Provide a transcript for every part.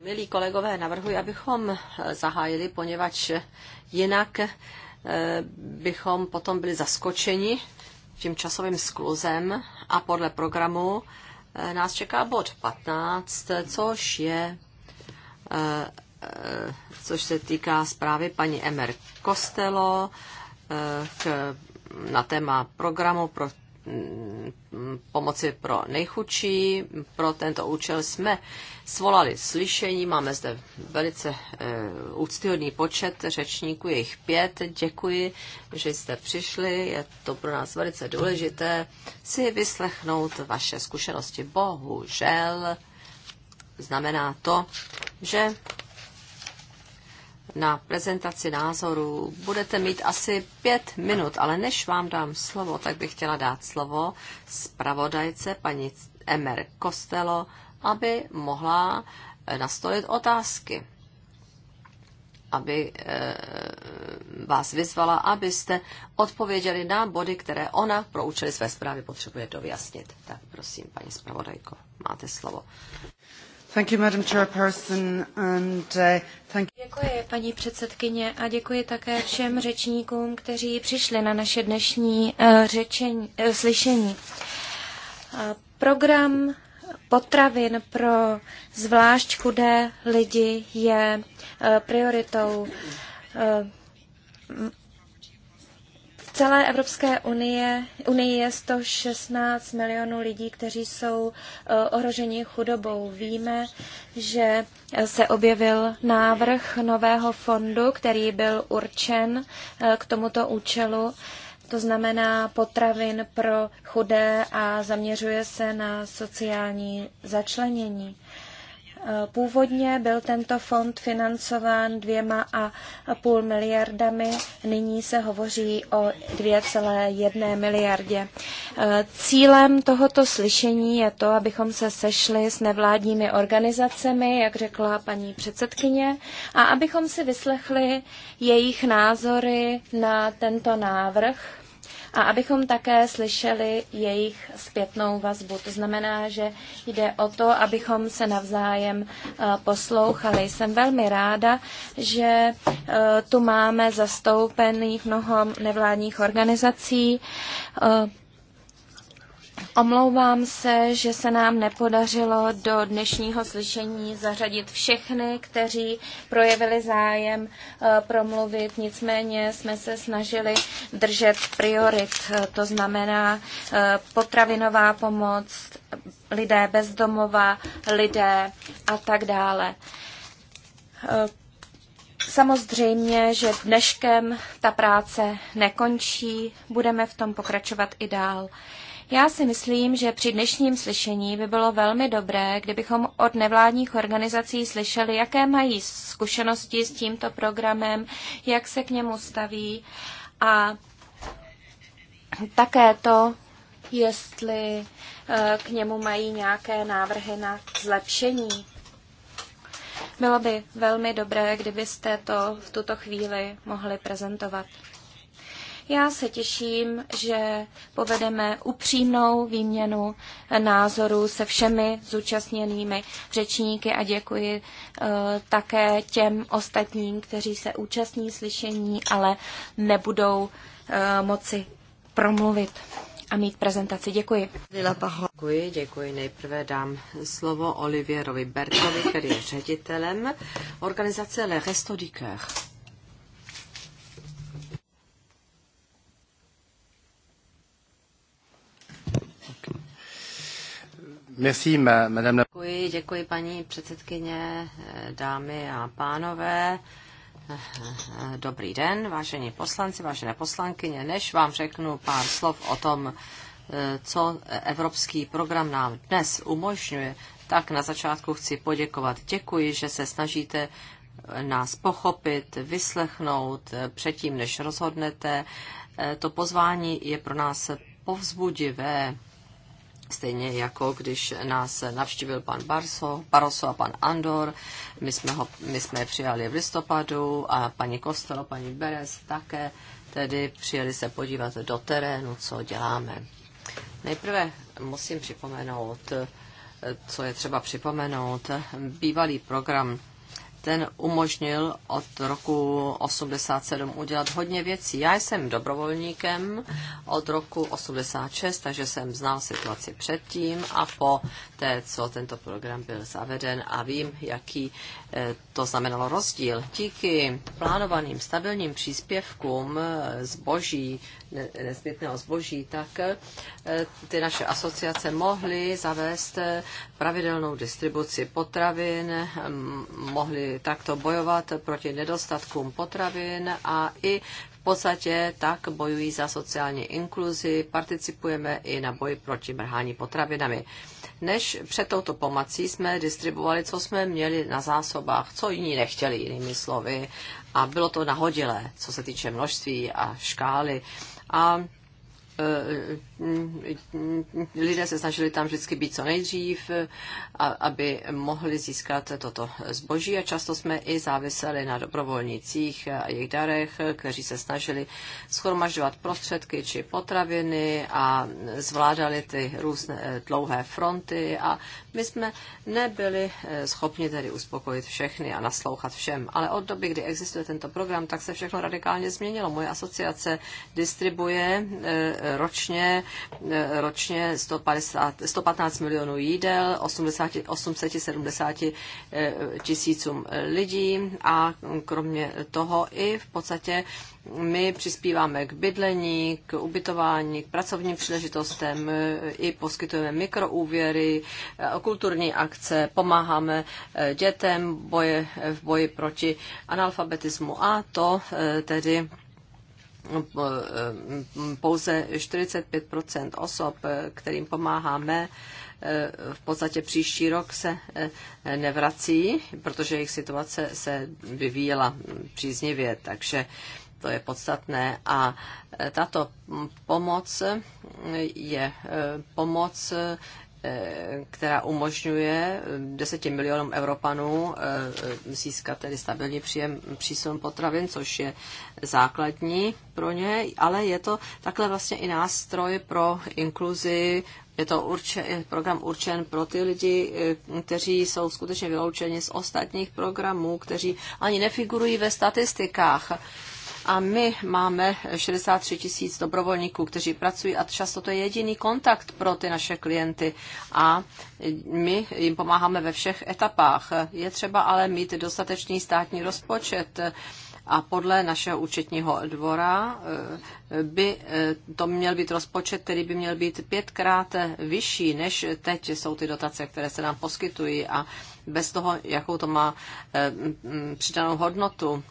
Milí kolegové, navrhuji, abychom eh, zahájili, poněvadž eh, jinak eh, bychom potom byli zaskočeni tím časovým skluzem a podle programu nás čeká bod 15, což je což se týká zprávy paní Emer Costello k, na téma programu pro Mm, pomoci pro nejchudší. Pro tento účel jsme svolali slyšení, máme zde velice eh, úctyhodný počet řečníků, jejich pět. Děkuji, že jste přišli, je to pro nás velice důležité si vyslechnout vaše zkušenosti. Bohužel znamená to, že na prezentaci názorů. Budete mít asi pět minut, ale než vám dám slovo, tak bych chtěla dát slovo zpravodajce paní Emer Kostelo, aby mohla eh, nastolit otázky aby eh, vás vyzvala, abyste odpověděli na body, které ona pro účely své zprávy potřebuje dovyjasnit. Tak prosím, paní zpravodajko, máte slovo. Uh, děkuji, paní předsedkyně, a děkuji také všem řečníkům, kteří přišli na naše dnešní uh, řečení, uh, slyšení. Uh, program potravin pro zvlášť chudé lidi je eh, prioritou celé Evropské unie, unii je 116 milionů lidí, kteří jsou eh, ohroženi chudobou. Víme, že se objevil návrh nového fondu, který byl určen eh, k tomuto účelu to znamená potravin pro chudé a zaměřuje se na sociální začlenění. Původně byl tento fond financován dvěma a půl miliardami, nyní se hovoří o 2,1 miliardě. Eh, cílem tohoto slyšení je to, abychom se sešli s nevládními organizacemi, jak řekla paní předsedkyně, a abychom si vyslechli jejich názory na tento návrh a abychom také slyšeli jejich zpětnou vazbu. To znamená, že jde o to, abychom se navzájem e, poslouchali. Jsem velmi ráda, že e, tu máme zastoupených mnoho nevládních organizací. E, Omlouvám se, že se nám nepodařilo do dnešního slyšení zařadit všechny, kteří projevili zájem eh, promluvit, nicméně jsme se snažili držet priorit, to znamená eh, potravinová pomoc, lidé bezdomova, lidé a tak dále. Eh, samozřejmě, že dneškem ta práce nekončí, budeme v tom pokračovat i dál. Já si myslím, že při dnešním slyšení by bylo velmi dobré, kdybychom od nevládních organizací slyšeli, jaké mají zkušenosti s tímto programem, jak se k němu staví a také to, jestli eh, k němu mají nějaké návrhy na zlepšení. Bylo by velmi dobré, kdybyste to v tuto chvíli mohli prezentovat. Já se těším, že povedeme upřímnou výměnu názorů se všemi zúčastněnými řečníky a děkuji uh, také těm ostatním, kteří se účastní slyšení, ale nebudou uh, moci promluvit a mít prezentaci. Děkuji. Děkuji, děkuji. Nejprve dám slovo Olivierovi Bertovi, který je ředitelem organizace Le Resto du Coeur. Merci, madame. Děkuji, děkuji paní předsedkyně, dámy a pánové. Dobrý den, vážení poslanci, vážené poslankyně. Než vám řeknu pár slov o tom, co evropský program nám dnes umožňuje, tak na začátku chci poděkovat. Děkuji, že se snažíte nás pochopit, vyslechnout předtím, než rozhodnete. To pozvání je pro nás povzbudivé Stejně jako když nás navštívil pan Barso, Barroso a pan Andor, my jsme, ho, my jsme je přijali v listopadu a paní Kostelo, paní Beres také, tedy přijeli se podívat do terénu, co děláme. Nejprve musím připomenout, co je třeba připomenout, bývalý program ten umožnil od roku 87 udělat hodně věcí. Já jsem dobrovolníkem od roku 86, takže jsem znal situaci předtím a po té, co tento program byl zaveden a vím, jaký eh, to znamenalo rozdíl. Díky plánovaným stabilním příspěvkům eh, zboží nezbytného zboží, tak eh, ty naše asociace mohly zavést eh, pravidelnou distribuci potravin, hm, mohly takto bojovat proti nedostatkům potravin a i v podstatě tak bojují za sociální inkluzi, participujeme i na boji proti mrhání potravinami. Než před touto pomocí jsme distribuovali, co jsme měli na zásobách, co jiní nechtěli, jinými slovy. A bylo to nahodilé, co se týče množství a škály a Eh, lidé se snažili tam vždycky být co nejdřív, aby mohli získat toto zboží a často jsme i záviseli na dobrovolnicích a jejich darech, kteří se snažili schromažďovat prostředky či potraviny a zvládali ty různé eh, dlouhé fronty a my jsme nebyli eh, schopni tedy uspokojit všechny a naslouchat všem. Ale od doby, kdy existuje tento program, tak se všechno radikálně změnilo. Moje asociace distribuje ročně, e, ročně 150, 115 milionů jídel, 80, 870 e, tisícům lidí a kromě toho i v podstatě my přispíváme k bydlení, k ubytování, k pracovním příležitostem, e, i poskytujeme mikroúvěry, kulturní akce, pomáháme dětem boje, v boji proti analfabetismu a to tedy Eh, pouze 45 osob, kterým pomáháme, eh, v podstatě příští rok se eh, nevrací, protože jejich situace se vyvíjela příznivě, takže to je podstatné. A tato pomoc je pomoc která umožňuje 10 milionům Evropanů eh, získat tedy stabilní příjem přísun potravin, což je základní pro ně, ale je to takhle vlastně i nástroj pro inkluzi, je to určen, program určen pro ty lidi, eh, kteří jsou skutečně vyloučeni z ostatních programů, kteří ani nefigurují ve statistikách a my máme 63 tisíc dobrovolníků, kteří pracují a často to je jediný kontakt pro ty naše klienty a my jim pomáháme ve všech etapách. Je třeba ale mít dostatečný státní rozpočet, a podle našeho účetního dvora eh, by eh, to měl být rozpočet, který by měl být pětkrát vyšší, než teď jsou ty dotace, které se nám poskytují a bez toho, jakou to má eh, přidanou hodnotu.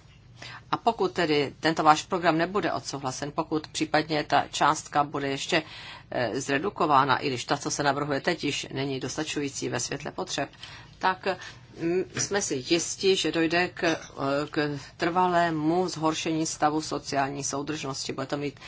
A pokud tedy tento váš program nebude odsouhlasen, pokud případně ta částka bude ještě e, zredukována, i když ta, co se navrhuje teď, již není dostačující ve světle potřeb, tak mm, jsme si jistí, že dojde k, e, k trvalému zhoršení stavu sociální soudržnosti. Bude to mít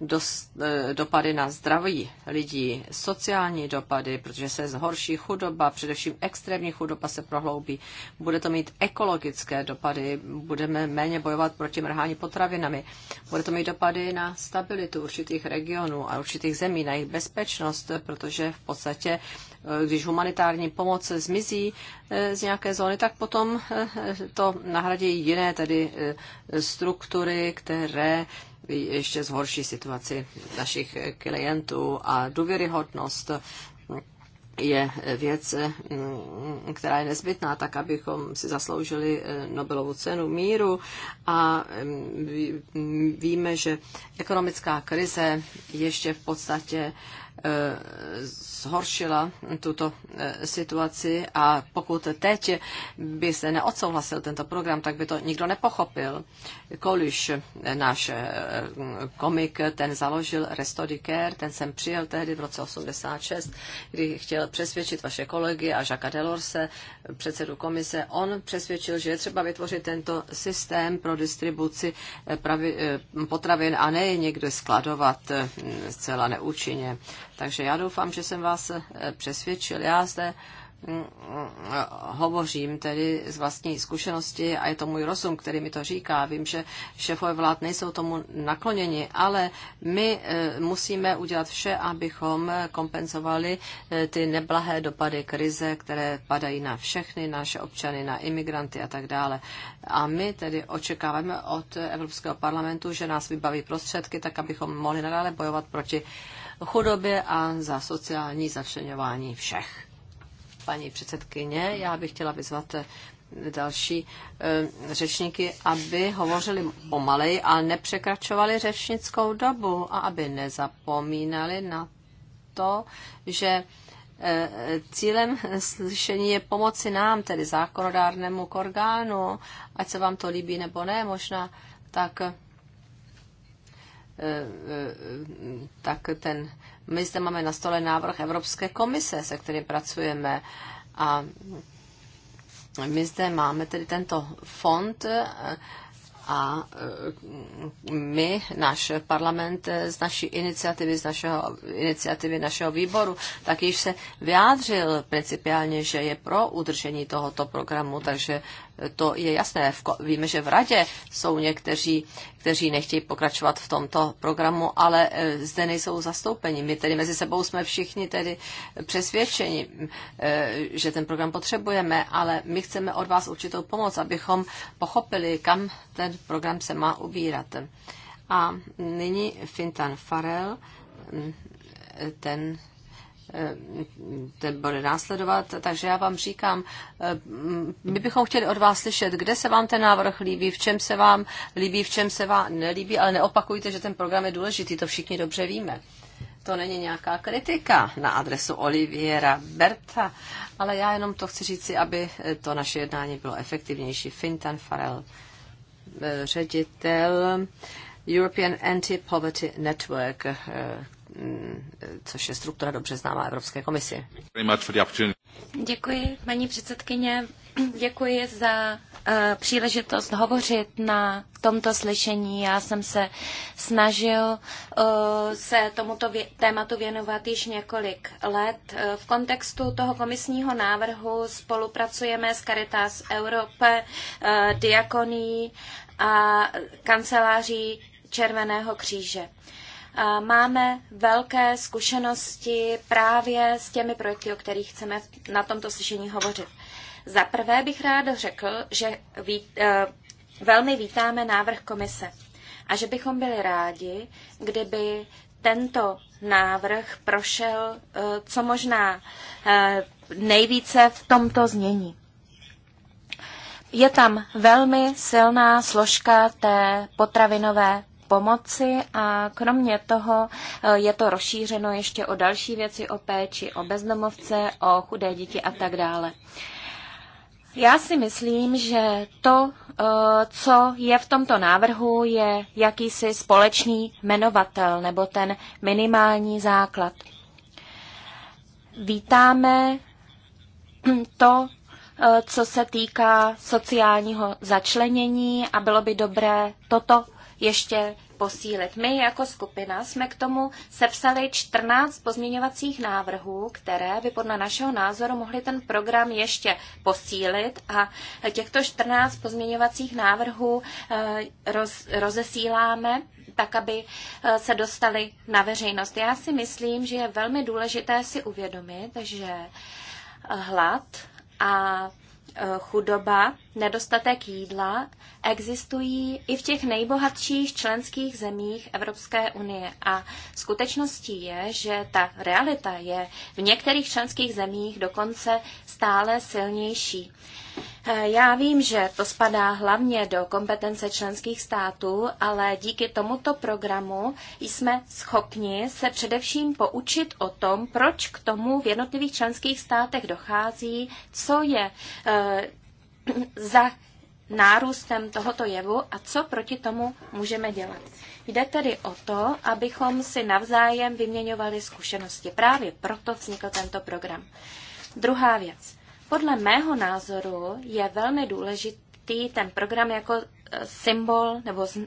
dos, e, dopady na zdraví lidí, sociální dopady, protože se zhorší chudoba, především extrémní chudoba se prohloubí. Bude to mít ekologické dopady, budeme méně bojovat proti mrhání potravinami. Bude to mít dopady na stabilitu určitých regionů a určitých zemí, na jejich bezpečnost, protože v podstatě e, když humanitární pomoc zmizí e, z nějaké zóny, tak potom to nahradí jiné tedy struktury, které ještě zhorší situaci našich klientů a důvěryhodnost je věc, mm, která je nezbytná, tak abychom si zasloužili eh, Nobelovu cenu míru. A mm, víme, že ekonomická krize ještě v podstatě eh, zhoršila tuto eh, situaci a pokud teď by se neodsouhlasil tento program, tak by to nikdo nepochopil. Koliš, náš eh, komik, ten založil Resto Care, ten jsem přijel tehdy v roce 86, kdy chtěl přesvědčit vaše kolegy a Žaka Delorse, předsedu komise. On přesvědčil, že je třeba vytvořit tento systém pro distribuci eh, pravi, eh, potravin a ne je někde skladovat zcela neúčinně. Takže já doufám, že jsem vás přesvědčil. Já zde hovořím tedy z vlastní zkušenosti a je to můj rozum, který mi to říká. Vím, že šéfové vlád nejsou tomu nakloněni, ale my eh, musíme udělat vše, abychom kompenzovali eh, ty neblahé dopady krize, které padají na všechny naše občany, na imigranty a tak dále. A my tedy očekáváme od Evropského parlamentu, že nás vybaví prostředky, tak abychom mohli nadále bojovat proti chudobě a za sociální zavšeňování všech paní předsedkyně. Já bych chtěla vyzvat eh, další e, řečníky, aby hovořili pomaleji a nepřekračovali řečnickou dobu a aby nezapomínali na to, že eh, Cílem slyšení je pomoci nám, tedy zákonodárnému orgánu, ať se vám to líbí nebo ne, možná tak, tak ten my zde máme na stole návrh Evropské komise, se kterým pracujeme a my zde máme tedy tento fond a e, my, náš parlament, z naší iniciativy, z našeho, iniciativy našeho výboru, tak již se vyjádřil principiálně, že je pro udržení tohoto programu, takže to je jasné. Víme, že v radě jsou někteří, kteří nechtějí pokračovat v tomto programu, ale eh, zde nejsou zastoupeni. My tedy mezi sebou jsme všichni tedy přesvědčeni, eh, že ten program potřebujeme, ale my chceme od vás určitou pomoc, abychom pochopili, kam ten program se má ubírat. A nyní Fintan Farel, mm, ten Eh, ten bude následovat. Takže já vám říkám, eh, my bychom chtěli od vás slyšet, kde se vám ten návrh líbí, v čem se vám líbí, v čem se vám nelíbí, ale neopakujte, že ten program je důležitý, to všichni dobře víme. To není nějaká kritika na adresu Oliviera Berta, ale já jenom to chci říci, aby to naše jednání bylo efektivnější. Fintan Farel, eh, ředitel European Anti-Poverty Network, Mm, což je struktura dobře známá Evropské komisi. Děkuji, paní předsedkyně. Děkuji za uh, příležitost hovořit na tomto slyšení. Já jsem se snažil uh, se tomuto vě- tématu věnovat již několik let. Uh, v kontextu toho komisního návrhu spolupracujeme s Caritas Europe, uh, Diakoní a kanceláří Červeného kříže. Uh, Máme velké zkušenosti právě s těmi projekty, o kterých chceme na tomto slyšení hovořit. Za prvé bych rád řekl, že ví, e, velmi vítáme návrh komise a že bychom byli rádi, kdyby tento návrh prošel e, co možná e, nejvíce v tomto znění. Je tam velmi silná složka té potravinové pomoci a kromě toho eh, je to rozšířeno ještě o další věci, o péči, o bezdomovce, o chudé děti a tak dále. Já si myslím, že to, eh, co je v tomto návrhu, je jakýsi společný jmenovatel nebo ten minimální základ. Vítáme to, eh, co se týká sociálního začlenění a bylo by dobré toto ještě posílit. My jako skupina jsme k tomu sepsali 14 pozměňovacích návrhů, které by podle našeho názoru mohly ten program ještě posílit a těchto 14 pozměňovacích návrhů eh, roz, rozesíláme tak, aby eh, se dostali na veřejnost. Já si myslím, že je velmi důležité si uvědomit, že hlad a eh, chudoba nedostatek jídla existují i v těch nejbohatších členských zemích Evropské unie. A skutečností je, že ta realita je v některých členských zemích dokonce stále silnější. Eh, já vím, že to spadá hlavně do kompetence členských států, ale díky tomuto programu jsme schopni se především poučit o tom, proč k tomu v jednotlivých členských státech dochází, co je eh, za nárůstem tohoto jevu a co proti tomu můžeme dělat. Jde tedy o to, abychom si navzájem vyměňovali zkušenosti. Právě proto vznikl tento program. Druhá věc. Podle mého názoru je velmi důležitý ten program jako e, symbol nebo e,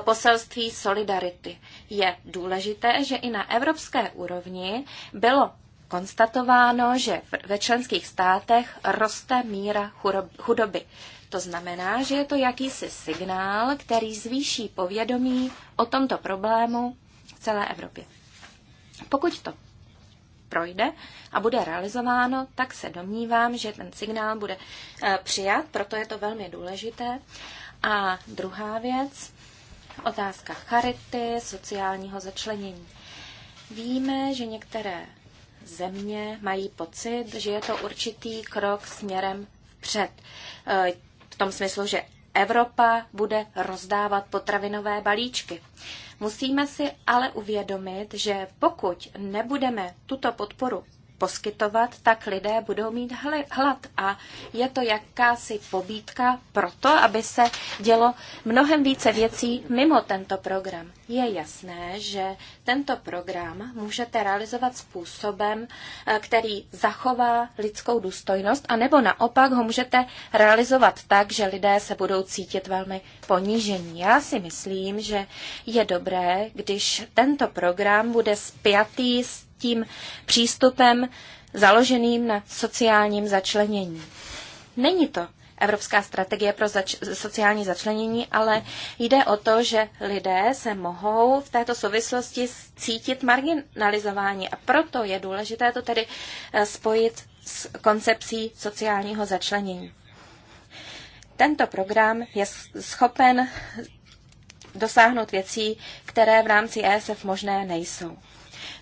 poselství solidarity. Je důležité, že i na evropské úrovni bylo konstatováno, že ve členských státech roste míra chudoby. To znamená, že je to jakýsi signál, který zvýší povědomí o tomto problému v celé Evropě. Pokud to projde a bude realizováno, tak se domnívám, že ten signál bude eh, přijat, proto je to velmi důležité. A druhá věc, otázka charity, sociálního začlenění. Víme, že některé země mají pocit, že je to určitý krok směrem vpřed. E, v tom smyslu, že Evropa bude rozdávat potravinové balíčky. Musíme si ale uvědomit, že pokud nebudeme tuto podporu poskytovat, tak lidé budou mít hlad. A je to jakási pobídka pro to, aby se dělo mnohem více věcí mimo tento program. Je jasné, že tento program můžete realizovat způsobem, eh, který zachová lidskou důstojnost, anebo naopak ho můžete realizovat tak, že lidé se budou cítit velmi ponížení. Já si myslím, že je dobré, když tento program bude spjatý s tím přístupem založeným na sociálním začlenění. Není to Evropská strategie pro zač- sociální začlenění, ale jde o to, že lidé se mohou v této souvislosti cítit marginalizování a proto je důležité to tedy eh, spojit s koncepcí sociálního začlenění. Tento program je schopen dosáhnout věcí, které v rámci ESF možné nejsou.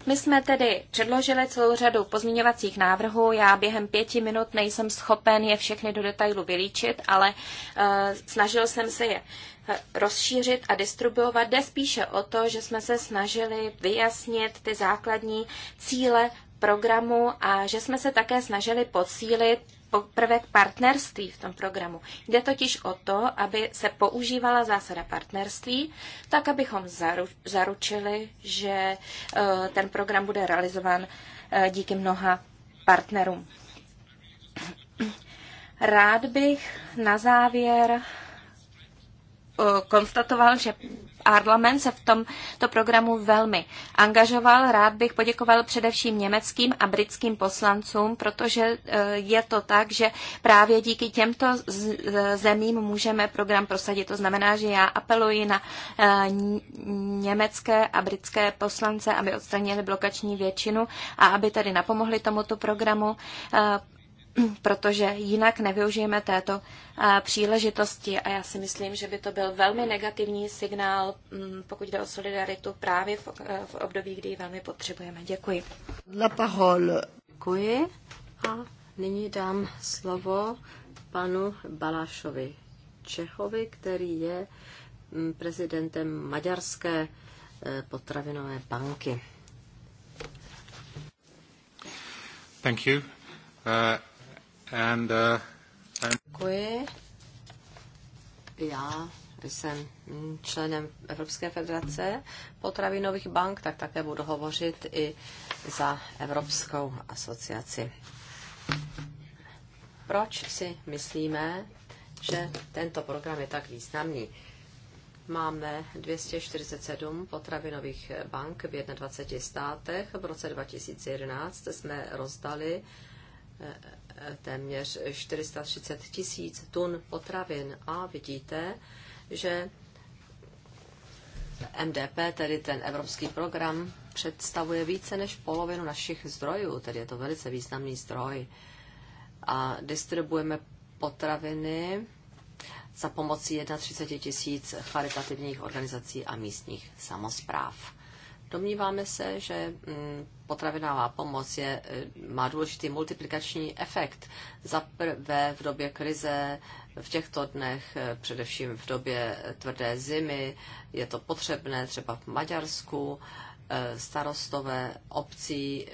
My jsme tedy předložili celou řadu pozměňovacích návrhů. Já během pěti minut nejsem schopen je všechny do detailu vylíčit, ale eh, snažil jsem se je eh, rozšířit a distribuovat. Jde spíše o to, že jsme se snažili vyjasnit ty základní cíle programu a že jsme se také snažili posílit prvek partnerství v tom programu. Jde totiž o to, aby se používala zásada partnerství, tak abychom zaru, zaručili, že e, ten program bude realizován e, díky mnoha partnerům. Rád bych na závěr e, konstatoval, že parlament se v tomto programu velmi angažoval. Rád bych poděkoval především německým a britským poslancům, protože eh, je to tak, že právě díky těmto zemím můžeme program prosadit. To znamená, že já apeluji na eh, německé a britské poslance, aby odstranili blokační většinu a aby tedy napomohli tomuto programu. Eh, protože jinak nevyužijeme této eh, příležitosti a já si myslím, že by to byl velmi negativní signál, mm, pokud jde o solidaritu právě eh, v období, kdy ji velmi potřebujeme. Děkuji. La parole. Děkuji a nyní dám slovo panu Balášovi Čechovi, který je mm, prezidentem Maďarské eh, potravinové banky. Thank you. Uh... And, uh, I'm... Děkuji. Já jsem členem Evropské federace potravinových bank, tak také budu hovořit i za Evropskou asociaci. Proč si myslíme, že tento program je tak významný? Máme 247 potravinových bank v 21 státech. V roce 2011 jsme rozdali eh, téměř 430 tisíc tun potravin. A vidíte, že MDP, tedy ten evropský program, představuje více než polovinu našich zdrojů, tedy je to velice významný zdroj. A distribuujeme potraviny za pomocí 31 tisíc charitativních organizací a místních samozpráv. Domníváme se, že mm, potravinová pomoc je, eh, má důležitý multiplikační efekt. Za prvé v době krize, v těchto dnech, eh, především v době eh, tvrdé zimy, je to potřebné třeba v Maďarsku, starostové obcí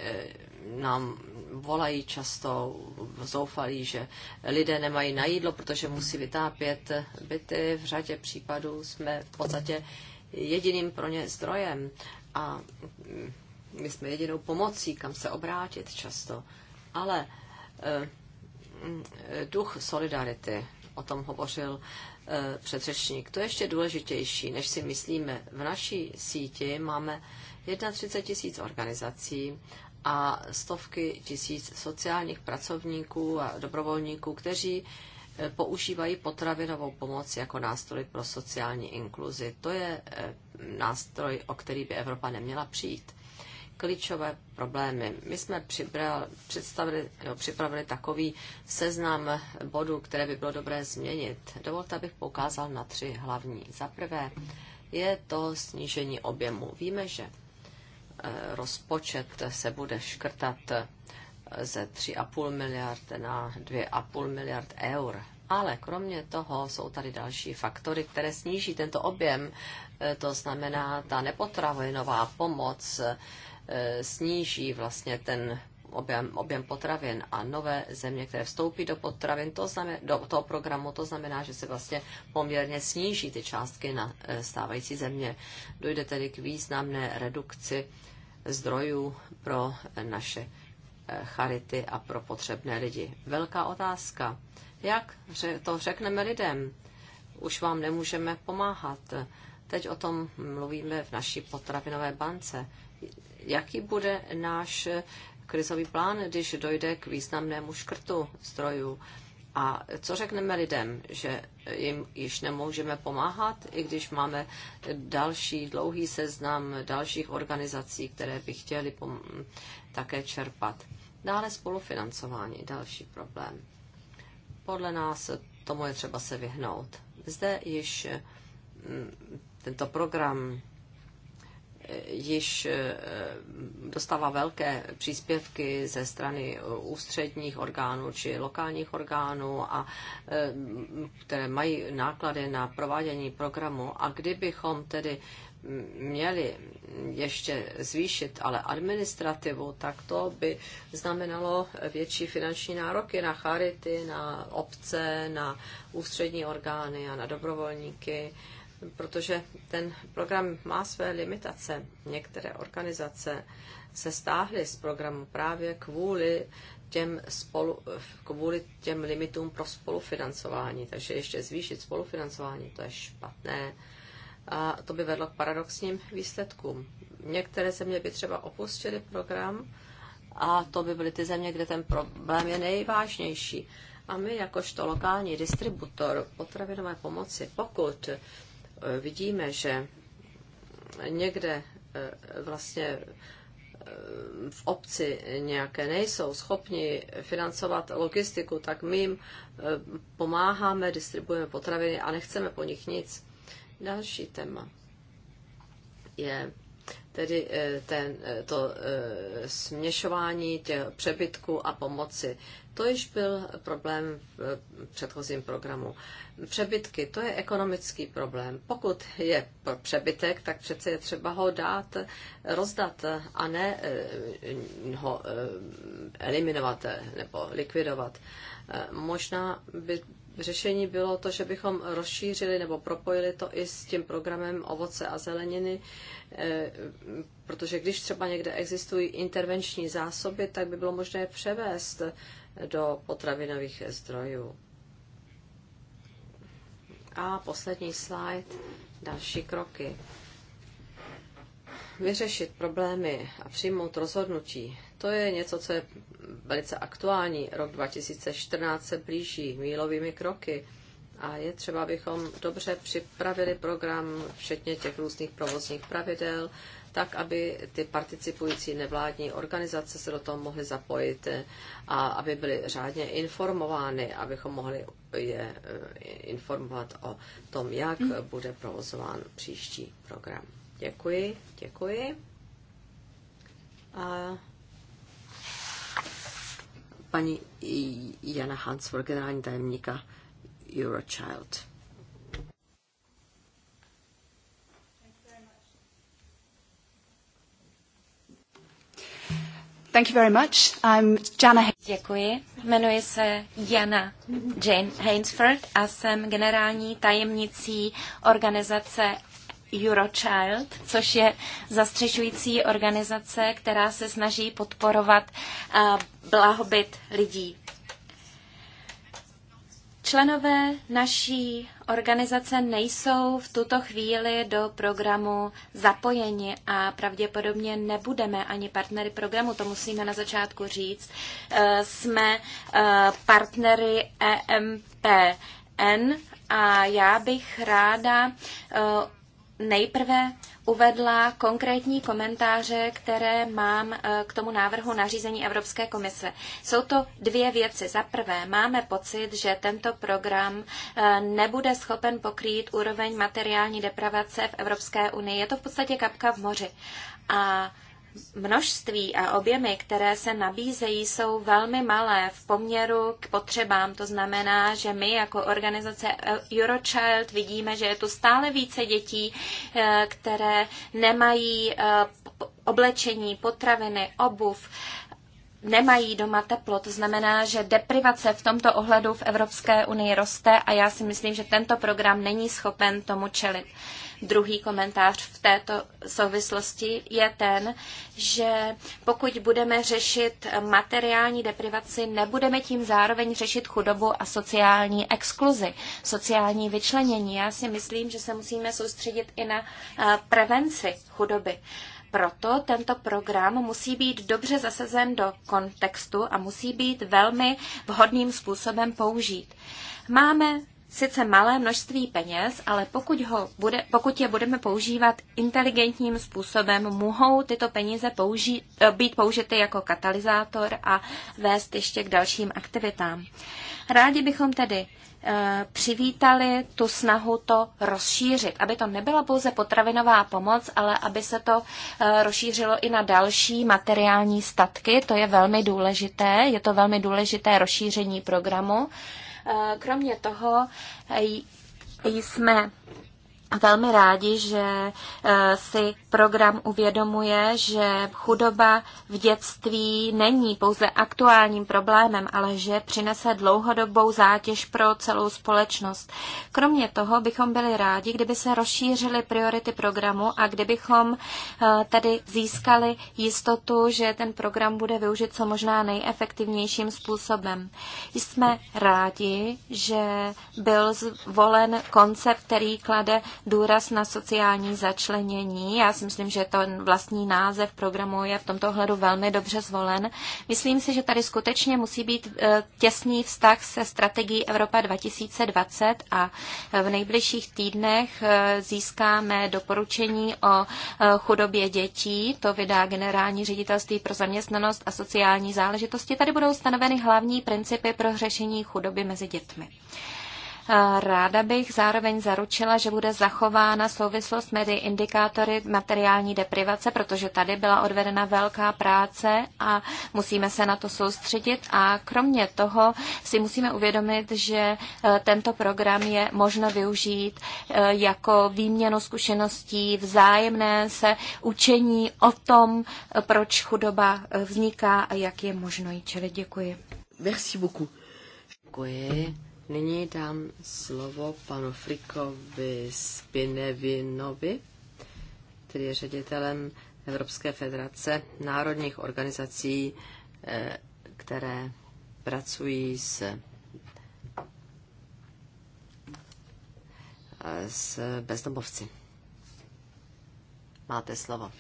nám volají často, zoufalí, že lidé nemají na jídlo, protože musí vytápět byty. V řadě případů jsme v podstatě jediným pro ně zdrojem a my jsme jedinou pomocí, kam se obrátit často. Ale eh, mm, duch solidarity, o tom hovořil eh, předřečník, to je ještě důležitější, než si myslíme. V naší síti máme 31 tisíc organizací a stovky tisíc sociálních pracovníků a dobrovolníků, kteří eh, používají potravinovou pomoc jako nástroj pro sociální inkluzi. To je nástroj, o který by Evropa neměla přijít. Klíčové problémy. My jsme přibral, představili, jo, připravili takový seznam bodů, které by bylo dobré změnit. Dovolte, abych poukázal na tři hlavní. Za prvé je to snížení objemu. Víme, že eh, rozpočet se bude škrtat eh, ze 3,5 miliard na 2,5 miliard eur. Ale kromě toho jsou tady další faktory, které sníží tento objem Eh, to znamená ta nepotravinová pomoc eh, sníží vlastně ten objem, objem potravin a nové země, které vstoupí do potravin, to znamená, do toho programu, to znamená, že se vlastně poměrně sníží ty částky na eh, stávající země. Dojde tedy k významné redukci zdrojů pro naše charity a pro potřebné lidi. Velká otázka. Jak to řekneme lidem? Už vám nemůžeme pomáhat Teď o tom mluvíme v naší potravinové bance. Jaký bude náš krizový plán, když dojde k významnému škrtu zdrojů? A co řekneme lidem, že jim již nemůžeme pomáhat, i když máme další dlouhý seznam dalších organizací, které by chtěly také čerpat? Dále spolufinancování, další problém. Podle nás tomu je třeba se vyhnout. Zde již mm, tento program eh, již eh, dostává velké příspěvky ze strany eh, ústředních orgánů či lokálních orgánů, a, které mají náklady na provádění programu. A kdybychom tedy mm, měli ještě zvýšit ale administrativu, tak to by znamenalo větší finanční nároky na charity, na obce, na ústřední orgány a na dobrovolníky protože ten program má své limitace. Některé organizace se stáhly z programu právě kvůli těm, spolu, kvůli těm limitům pro spolufinancování. Takže ještě zvýšit spolufinancování, to je špatné. A to by vedlo k paradoxním výsledkům. Některé země by třeba opustily program a to by byly ty země, kde ten problém je nejvážnější. A my jakožto lokální distributor potravinové pomoci, pokud vidíme, že někde eh, vlastně eh, v obci nějaké nejsou schopni financovat logistiku, tak my jim eh, pomáháme, distribuujeme potraviny a nechceme po nich nic. Další téma je tedy eh, ten, eh, to eh, směšování těch přebytků a pomoci. To již byl problém v předchozím programu. Přebytky, to je ekonomický problém. Pokud je přebytek, tak přece je třeba ho dát, rozdat a ne ho eliminovat nebo likvidovat. Možná by řešení bylo to, že bychom rozšířili nebo propojili to i s tím programem ovoce a zeleniny, eh, protože když třeba někde existují intervenční zásoby, tak by bylo možné převést do potravinových zdrojů. A poslední slide, další kroky. Vyřešit problémy a přijmout rozhodnutí to je něco, co je velice aktuální. Rok 2014 se blíží mílovými kroky a je třeba, abychom dobře připravili program, včetně těch různých provozních pravidel, tak, aby ty participující nevládní organizace se do toho mohly zapojit a aby byly řádně informovány, abychom mohli je eh, informovat o tom, jak bude provozován příští program. Děkuji, děkuji. A paní Jana Hansfor, generální tajemníka Eurochild. Thank you very much. I'm Jana Děkuji. Jmenuji se Jana Jane Hainsford a jsem generální tajemnicí organizace Eurochild, což je zastřešující organizace, která se snaží podporovat eh, blahobyt lidí. Členové naší organizace nejsou v tuto chvíli do programu zapojeni a pravděpodobně nebudeme ani partnery programu, to musíme na začátku říct. Eh, jsme eh, partnery EMPN a já bych ráda nejprve uvedla konkrétní komentáře, které mám eh, k tomu návrhu nařízení Evropské komise. Jsou to dvě věci. Za prvé, máme pocit, že tento program eh, nebude schopen pokrýt úroveň materiální depravace v Evropské unii. Je to v podstatě kapka v moři. A množství a objemy, které se nabízejí, jsou velmi malé v poměru k potřebám. To znamená, že my jako organizace Eurochild vidíme, že je tu stále více dětí, eh, které nemají eh, oblečení, potraviny, obuv, nemají doma teplo. To znamená, že deprivace v tomto ohledu v Evropské unii roste a já si myslím, že tento program není schopen tomu čelit. Druhý komentář v této souvislosti je ten, že pokud budeme řešit materiální deprivaci, nebudeme tím zároveň řešit chudobu a sociální exkluzi, sociální vyčlenění. Já si myslím, že se musíme soustředit i na eh, prevenci chudoby. Proto tento program musí být dobře zasazen do kontextu a musí být velmi vhodným způsobem použít. Máme sice malé množství peněz, ale pokud, ho bude, pokud je budeme používat inteligentním způsobem, mohou tyto peníze použi, eh, být použity jako katalyzátor a vést ještě k dalším aktivitám. Rádi bychom tedy eh, přivítali tu snahu to rozšířit, aby to nebyla pouze potravinová pomoc, ale aby se to eh, rozšířilo i na další materiální statky. To je velmi důležité, je to velmi důležité rozšíření programu. Eh, kromě toho eh, jsme velmi rádi, že eh, si program uvědomuje, že chudoba v dětství není pouze aktuálním problémem, ale že přinese dlouhodobou zátěž pro celou společnost. Kromě toho bychom byli rádi, kdyby se rozšířily priority programu a kdybychom eh, tedy získali jistotu, že ten program bude využit co možná nejefektivnějším způsobem. Jsme rádi, že byl zvolen koncept, který klade důraz na sociální začlenění. Já si myslím, že to vlastní název programu je v tomto ohledu velmi dobře zvolen. Myslím si, že tady skutečně musí být e, těsný vztah se strategií Evropa 2020 a e, v nejbližších týdnech e, získáme doporučení o chudobě dětí. To vydá generální ředitelství pro zaměstnanost a sociální záležitosti. Tady budou stanoveny hlavní principy pro řešení chudoby mezi dětmi. Ráda bych zároveň zaručila, že bude zachována souvislost mezi indikátory materiální deprivace, protože tady byla odvedena velká práce a musíme se na to soustředit. A kromě toho si musíme uvědomit, že e, tento program je možno využít e, jako výměnu zkušeností, vzájemné se učení o tom, proč chudoba e, vzniká a jak je možno jí čelit. Děkuji. Merci beaucoup. Děkuji. Nyní dám slovo panu Frikovi Spinevinovi, který je ředitelem Evropské federace národních organizací, eh, které pracují s, eh, s bezdomovci. Máte slovo.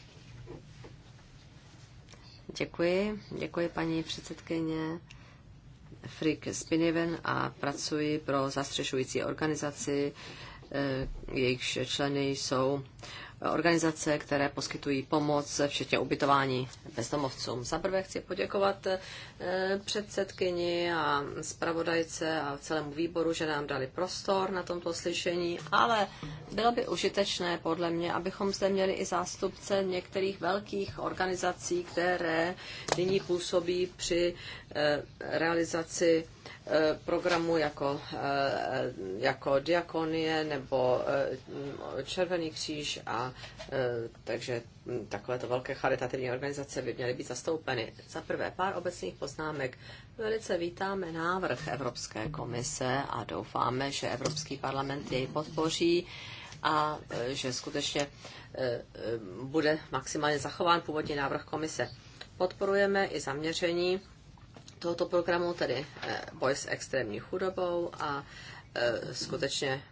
Děkuji, děkuji paní předsedkyně. Frik Spiniven a pracuji pro zastřešující organizaci, eh, jejichž členy jsou organizace, které poskytují pomoc, včetně ubytování bezdomovcům. Za prvé chci poděkovat eh, předsedkyni a zpravodajce a celému výboru, že nám dali prostor na tomto slyšení, ale bylo by užitečné podle mě, abychom zde měli i zástupce některých velkých organizací, které nyní působí při eh, realizaci Eh, programů jako, eh, jako Diakonie nebo eh, Červený kříž a takže hm, takovéto velké charitativní organizace by měly být zastoupeny. Za prvé pár obecných poznámek. Velice vítáme návrh Evropské komise a doufáme, že Evropský parlament jej podpoří a že skutečně bude maximálně zachován původní návrh komise. Podporujeme i zaměření tohoto programu, tedy eh, boj s extrémní chudobou a eh, skutečně,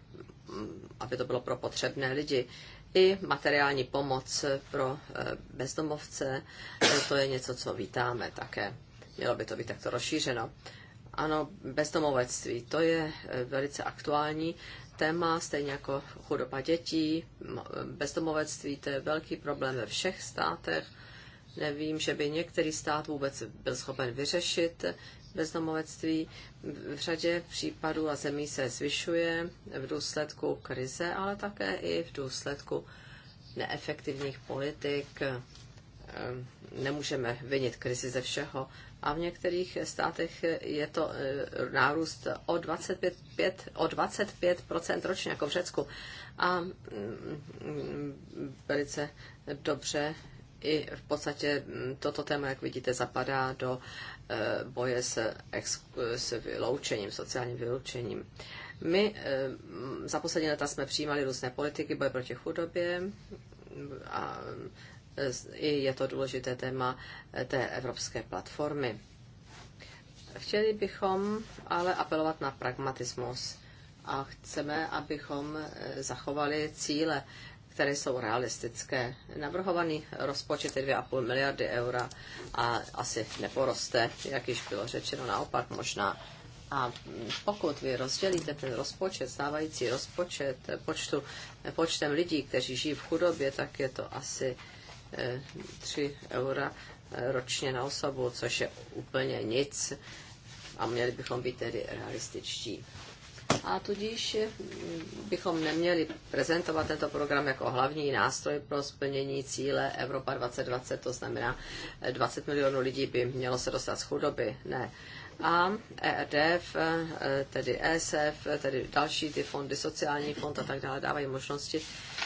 mm, aby to bylo pro potřebné lidi. I materiální pomoc pro eh, bezdomovce, to je něco, co vítáme také. Mělo by to být takto rozšířeno. Ano, bezdomovectví, to je velice aktuální téma, stejně jako chudoba dětí, bezdomovectví, to je velký problém ve všech státech Nevím, že by některý stát vůbec byl schopen vyřešit bezdomovectví. V řadě případů a zemí se zvyšuje v důsledku krize, ale také i v důsledku neefektivních politik. Ehm, nemůžeme vinit krizi ze všeho. A v některých státech je to eh, nárůst o 25, o 25 ročně, jako v Řecku. A mm, mm, velice dobře i v podstatě mm, toto téma, jak vidíte, zapadá do e, boje s, ex, s vyloučením, sociálním vyloučením. My e, za poslední leta jsme přijímali různé politiky, boje proti chudobě a e, i je to důležité téma té evropské platformy. Chtěli bychom ale apelovat na pragmatismus a chceme, abychom zachovali cíle které jsou realistické. Navrhovaný rozpočet je 2,5 miliardy eura a asi neporoste, jak již bylo řečeno, naopak možná. A pokud vy rozdělíte ten rozpočet, stávající rozpočet počtu, počtem lidí, kteří žijí v chudobě, tak je to asi 3 eh, eura eh, ročně na osobu, což je úplně nic a měli bychom být tedy realističtí. A tudíž eh, bychom neměli prezentovat tento program jako hlavní nástroj pro splnění cíle Evropa 2020, to znamená 20 eh, milionů lidí by mělo se dostat z chudoby. Ne, a ERDF, eh, tedy ESF, eh, tedy další ty fondy, sociální fond a tak dále, dávají možnosti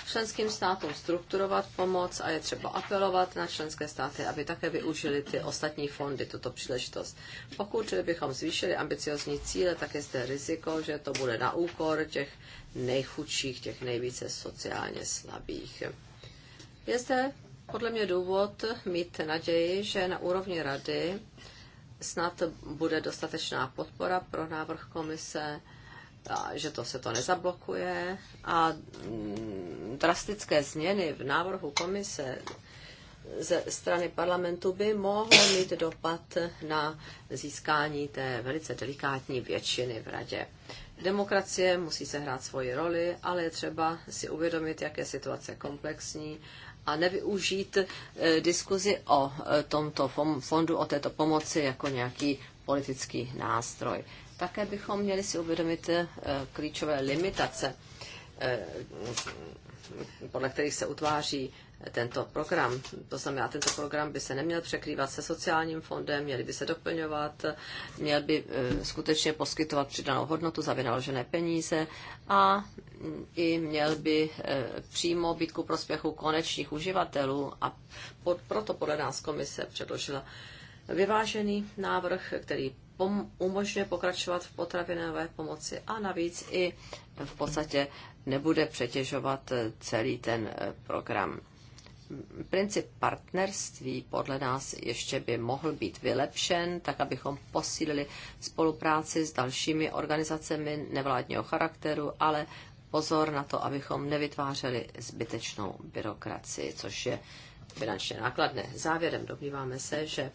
členským státům strukturovat pomoc a je třeba apelovat na členské státy, aby také využili ty ostatní fondy, tuto příležitost. Pokud bychom zvýšili ambiciozní cíle, tak je zde riziko, že to bude na úkor těch nejchudších, těch nejvíce sociálně slabých. Je zde podle mě důvod mít naději, že na úrovni rady snad bude dostatečná podpora pro návrh komise, že to se to nezablokuje a mm, drastické změny v návrhu komise ze strany parlamentu by mohly mít dopad na získání té velice delikátní většiny v radě. Demokracie musí se hrát svoji roli, ale je třeba si uvědomit, jak je situace komplexní a nevyužít eh, diskuzi o eh, tomto fondu, o této pomoci jako nějaký politický nástroj. Také bychom měli si uvědomit eh, klíčové limitace, podle kterých se utváří tento program. To znamená, tento program by se neměl překrývat se sociálním fondem, měly by se doplňovat, měl by eh, skutečně poskytovat přidanou hodnotu za vynaložené peníze a mm, i měl by eh, přímo být ku prospěchu konečných uživatelů a proto podle nás komise předložila vyvážený návrh, který umožňuje pokračovat v potravinové pomoci a navíc i v podstatě nebude přetěžovat eh, celý ten program princip partnerství podle nás ještě by mohl být vylepšen, tak abychom posílili spolupráci s dalšími organizacemi nevládního charakteru, ale pozor na to, abychom nevytvářeli zbytečnou byrokracii, což je finančně nákladné. Závěrem dobýváme se, že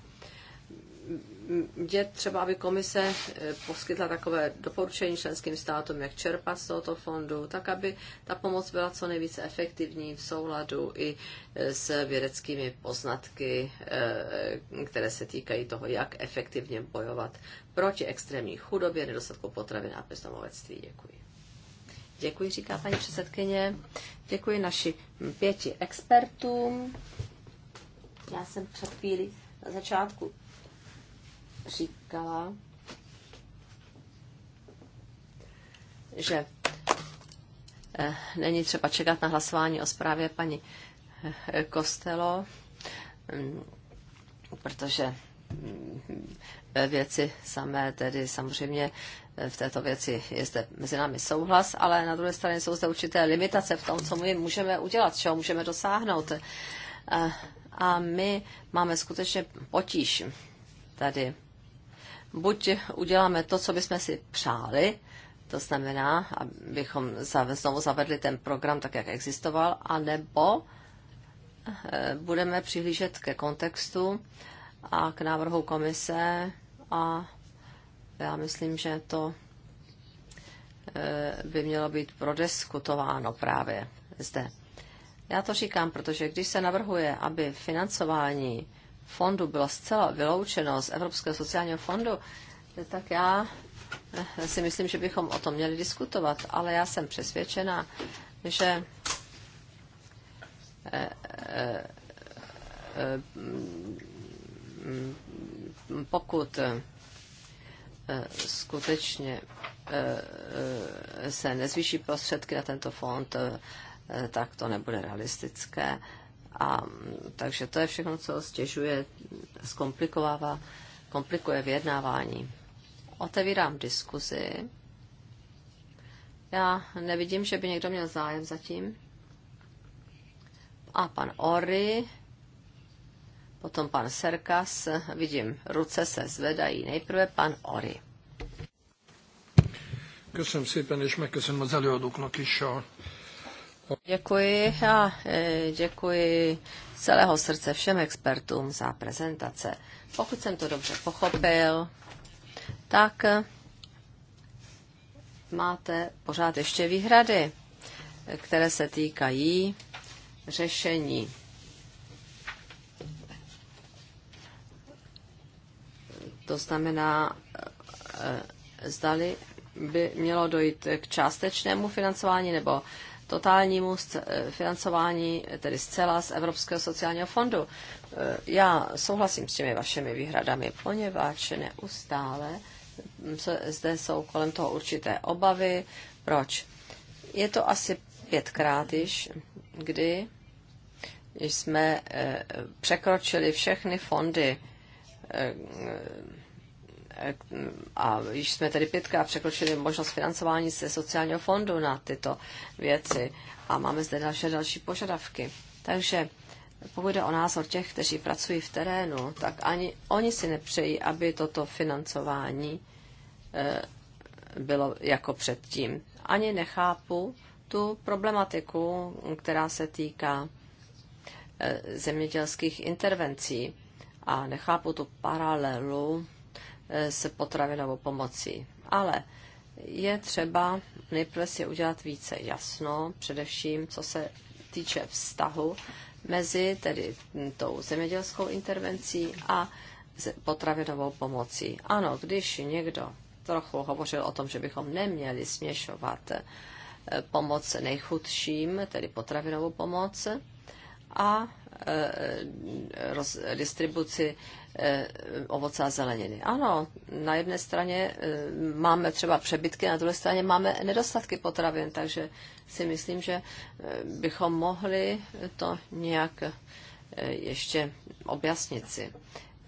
je třeba, aby komise eh, poskytla takové doporučení členským státům, jak čerpat z tohoto fondu, tak aby ta pomoc byla co nejvíce efektivní v souladu i eh, s vědeckými poznatky, eh, které se týkají toho, jak efektivně bojovat proti extrémní chudobě, nedostatku potravin a pestomovectví. Děkuji. Děkuji, říká paní předsedkyně. Děkuji naši pěti expertům. Já jsem před chvíli na začátku říkala, že eh, není třeba čekat na hlasování o zprávě paní eh, Kostelo, mm, protože mm, ve věci samé, tedy samozřejmě eh, v této věci je zde mezi námi souhlas, ale na druhé straně jsou zde určité limitace v tom, co my můžeme udělat, čeho můžeme dosáhnout. A my máme skutečně potíž tady buď uděláme to, co bychom si přáli, to znamená, abychom znovu zavedli ten program tak, jak existoval, anebo eh, budeme přihlížet ke kontextu a k návrhu komise a já myslím, že to eh, by mělo být prodiskutováno právě zde. Já to říkám, protože když se navrhuje, aby financování fondu bylo zcela vyloučeno z Evropského sociálního fondu, tak já eh, si myslím, že bychom o tom měli diskutovat, ale já jsem přesvědčena, že eh, eh, pokud skutečně se nezvýší prostředky na tento fond, tak to nebude realistické a takže to je všechno, co stěžuje, zkomplikovává, komplikuje vyjednávání. Otevírám diskuzi. Já nevidím, že by někdo měl zájem zatím. A pan Ory, potom pan Serkas, vidím, ruce se zvedají. Nejprve pan Ory. Köszönöm szépen, és megköszönöm az előadóknak is a Děkuji a e, děkuji celého srdce všem expertům za prezentace. Pokud jsem to dobře pochopil, tak máte pořád ještě výhrady, které se týkají řešení. To znamená, e, e, zdali by mělo dojít k částečnému financování nebo totálnímu eh, financování, tedy zcela z Evropského sociálního fondu. Eh, já souhlasím s těmi vašimi výhradami, poněvadž neustále hm, zde jsou kolem toho určité obavy. Proč? Je to asi pětkrát již, kdy jsme eh, překročili všechny fondy a již jsme tedy pětkrát překročili možnost financování ze sociálního fondu na tyto věci a máme zde další další požadavky. Takže pokud jde o názor těch, kteří pracují v terénu, tak ani oni si nepřejí, aby toto financování eh, bylo jako předtím. Ani nechápu tu problematiku, která se týká eh, zemědělských intervencí a nechápu tu paralelu Eh, s potravinovou pomocí. Ale je třeba nejprve si udělat více jasno, především co se týče vztahu mezi tedy tou zemědělskou intervencí a potravinovou pomocí. Ano, když někdo trochu hovořil o tom, že bychom neměli směšovat eh, pomoc nejchudším, tedy potravinovou pomoc, a eh, roz, distribuci Eh, ovoce a zeleniny. Ano, na jedné straně eh, máme třeba přebytky, na druhé straně máme nedostatky potravin, takže si myslím, že eh, bychom mohli to nějak ještě objasnit si.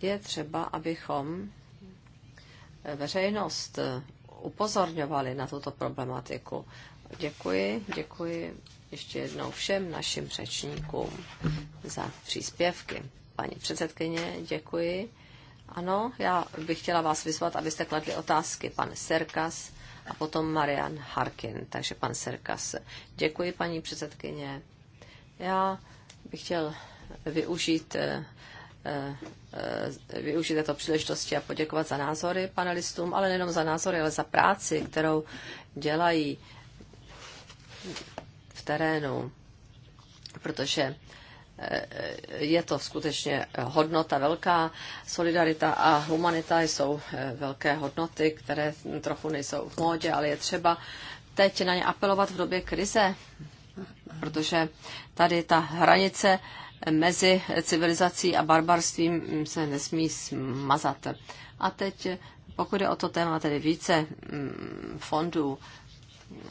Je třeba, abychom veřejnost upozorňovali na tuto problematiku. Děkuji, děkuji ještě jednou všem našim řečníkům za příspěvky. Paní předsedkyně, děkuji. Ano, já bych chtěla vás vyzvat, abyste kladli otázky pan Serkas a potom Marian Harkin. Takže pan Serkas. Děkuji, paní předsedkyně. Já bych chtěl využít eh, eh, využít této příležitosti a poděkovat za názory panelistům, ale nejenom za názory, ale za práci, kterou dělají v terénu, protože je to skutečně hodnota velká, solidarita a humanita jsou eh, velké hodnoty, které trochu nejsou v módě, ale je třeba teď na ně apelovat v době krize, protože tady ta hranice mezi civilizací a barbarstvím se nesmí smazat. A teď, pokud je o to téma, tedy více mm, fondů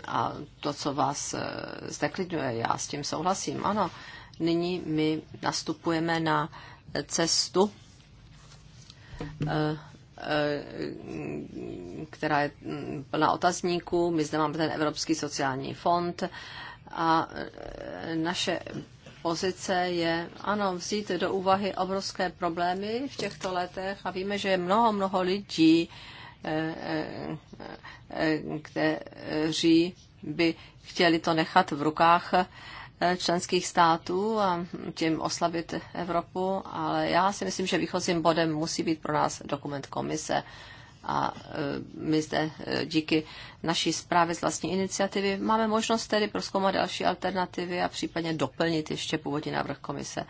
a to, co vás eh, zdeklidňuje, já s tím souhlasím, ano, nyní my nastupujeme na cestu, eh, eh, která je plná otazníků. My zde máme ten Evropský sociální fond a eh, naše pozice je, ano, vzít do úvahy obrovské problémy v těchto letech a víme, že je mnoho, mnoho lidí, kteří by chtěli to nechat v rukách Eh, členských států a tím oslabit Evropu, ale já si myslím, že výchozím bodem musí být pro nás dokument komise. A eh, my zde eh, díky naší zprávě z vlastní iniciativy máme možnost tedy proskoumat další alternativy a případně doplnit ještě původní návrh komise.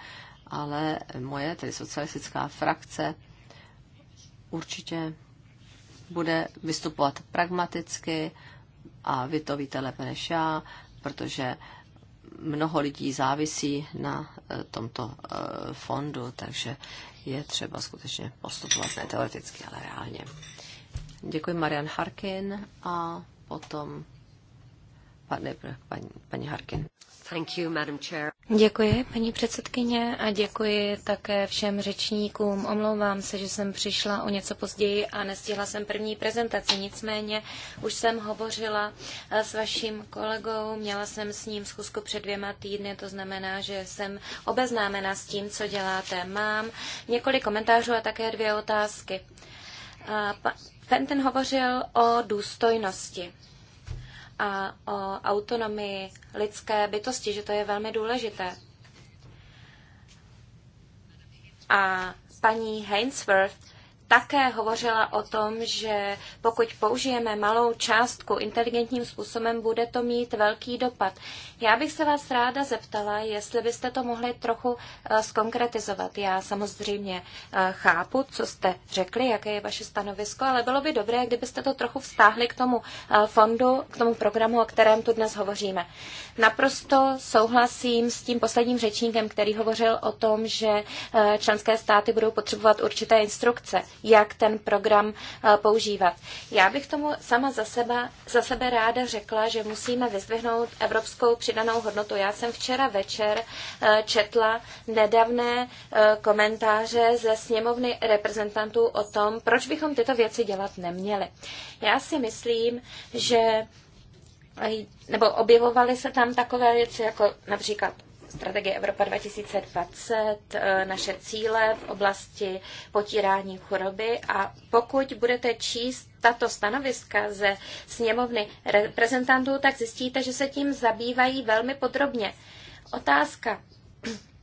Ale moje, tedy socialistická frakce, určitě bude vystupovat pragmaticky a vy to víte lépe než já, protože mnoho lidí závisí na eh, tomto eh, fondu, takže je třeba skutečně postupovat ne teoreticky, ale reálně. Děkuji Marian Harkin a potom Pane, paní, paní Harkin. Thank you, Madam Chair. Děkuji, paní předsedkyně, a děkuji také všem řečníkům. Omlouvám se, že jsem přišla o něco později a nestihla jsem první prezentaci. Nicméně už jsem hovořila eh, s vaším kolegou, měla jsem s ním schůzku před dvěma týdny, to znamená, že jsem obeznámena s tím, co děláte. Mám několik komentářů a také dvě otázky. Eh, Fenton hovořil o důstojnosti a o autonomii lidské bytosti, že to je velmi důležité. A paní Hainsworth také hovořila o tom, že pokud použijeme malou částku inteligentním způsobem, bude to mít velký dopad. Já bych se vás ráda zeptala, jestli byste to mohli trochu skonkretizovat. Eh, Já samozřejmě eh, chápu, co jste řekli, jaké je vaše stanovisko, ale bylo by dobré, kdybyste to trochu vztáhli k tomu eh, fondu, k tomu programu, o kterém tu dnes hovoříme. Naprosto souhlasím s tím posledním řečníkem, který hovořil o tom, že členské státy budou potřebovat určité instrukce jak ten program eh, používat. Já bych tomu sama za sebe, za sebe ráda řekla, že musíme vyzdvihnout evropskou přidanou hodnotu. Já jsem včera večer eh, četla nedávné eh, komentáře ze sněmovny reprezentantů o tom, proč bychom tyto věci dělat neměli. Já si myslím, že nebo objevovaly se tam takové věci jako například strategie Evropa 2020, eh, naše cíle v oblasti potírání choroby a pokud budete číst tato stanoviska ze sněmovny reprezentantů, tak zjistíte, že se tím zabývají velmi podrobně. Otázka,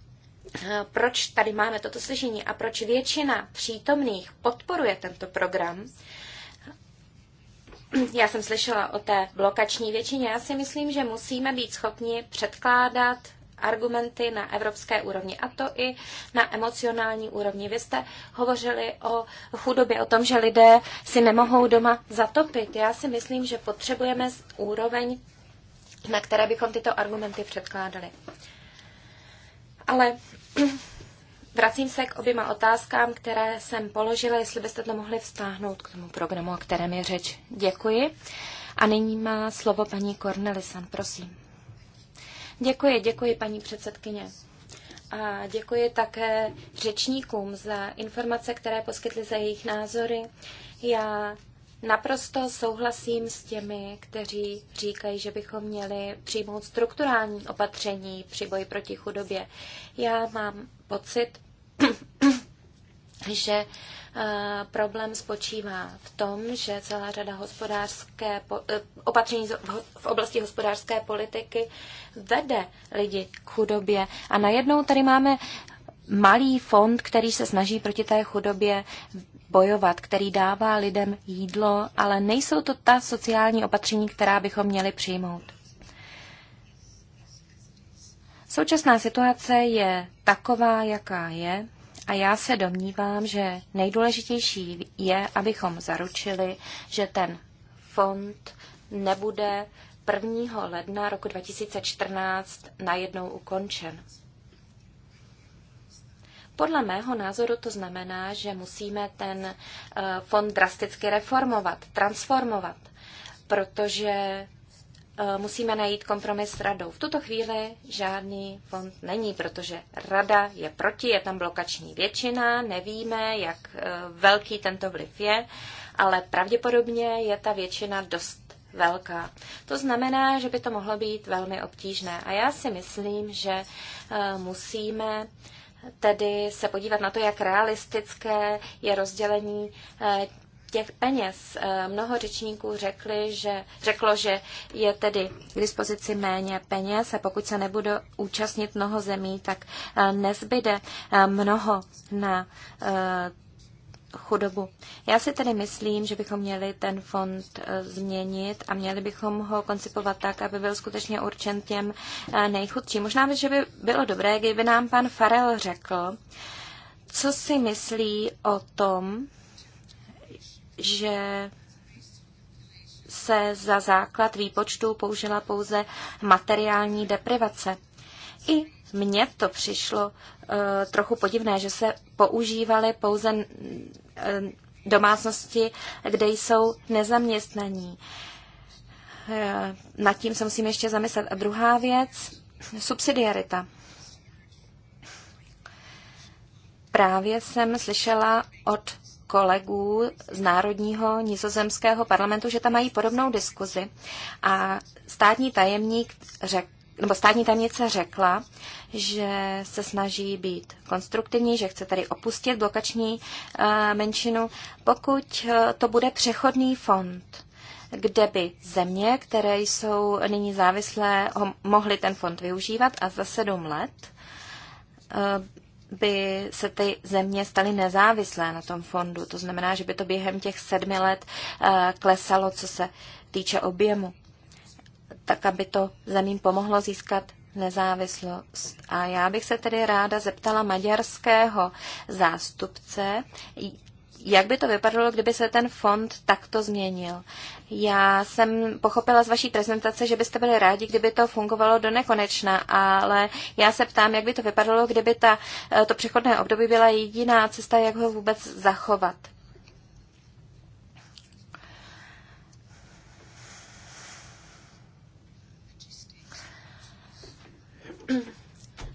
proč tady máme toto slyšení a proč většina přítomných podporuje tento program, já jsem slyšela o té blokační většině. Já si myslím, že musíme být schopni předkládat argumenty na evropské úrovni a to i na emocionální úrovni. Vy jste hovořili o chudobě, o tom, že lidé si nemohou doma zatopit. Já si myslím, že potřebujeme úroveň, na které bychom tyto argumenty předkládali. Ale vracím se k oběma otázkám, které jsem položila, jestli byste to mohli vztáhnout k tomu programu, o kterém je řeč. Děkuji. A nyní má slovo paní Cornelisan, prosím. Děkuji, děkuji paní předsedkyně. A děkuji také řečníkům za informace, které poskytly za jejich názory. Já Naprosto souhlasím s těmi, kteří říkají, že bychom měli přijmout strukturální opatření při boji proti chudobě. Já mám pocit, že eh, problém spočívá v tom, že celá řada hospodářské eh, opatření v oblasti hospodářské politiky vede lidi k chudobě. A najednou tady máme malý fond, který se snaží proti té chudobě bojovat, který dává lidem jídlo, ale nejsou to ta sociální opatření, která bychom měli přijmout. Současná situace je taková, jaká je. A já se domnívám, že nejdůležitější je, abychom zaručili, že ten fond nebude 1. ledna roku 2014 najednou ukončen. Podle mého názoru to znamená, že musíme ten eh, fond drasticky reformovat, transformovat, protože Eh, musíme najít kompromis s radou. V tuto chvíli žádný fond není, protože rada je proti, je tam blokační většina, nevíme, jak eh, velký tento vliv je, ale pravděpodobně je ta většina dost velká. To znamená, že by to mohlo být velmi obtížné. A já si myslím, že eh, musíme tedy se podívat na to, jak realistické je rozdělení těch peněz. Eh, mnoho řečníků řekli, že, řeklo, že je tedy k dispozici méně peněz a pokud se nebude účastnit mnoho zemí, tak eh, nezbyde eh, mnoho na chudobu. Já si tedy myslím, že bychom měli ten fond změnit a měli bychom ho koncipovat tak, aby byl skutečně určen těm nejchudším. Možná, že by bylo dobré, kdyby nám pan Farel řekl, co si myslí o tom, že se za základ výpočtu použila pouze materiální deprivace. I mně to přišlo uh, trochu podivné, že se používaly pouze uh, domácnosti, kde jsou nezaměstnaní. Uh, nad tím se musím ještě zamyslet. A druhá věc, subsidiarita. Právě jsem slyšela od kolegů z Národního nizozemského parlamentu, že tam mají podobnou diskuzi. A státní tajemník řekl, nebo státní tajemnice řekla, že se snaží být konstruktivní, že chce tady opustit blokační eh, menšinu, pokud eh, to bude přechodný fond kde by země, které jsou nyní závislé, ho mohly ten fond využívat a za sedm let eh, by se ty země staly nezávislé na tom fondu. To znamená, že by to během těch sedmi let eh, klesalo, co se týče objemu, tak aby to zemím pomohlo získat nezávislost. A já bych se tedy ráda zeptala maďarského zástupce, jak by to vypadalo, kdyby se ten fond takto změnil. Já jsem pochopila z vaší prezentace, že byste byli rádi, kdyby to fungovalo do nekonečna, ale já se ptám, jak by to vypadalo, kdyby ta, eh, to přechodné období byla jediná cesta, jak ho vůbec zachovat.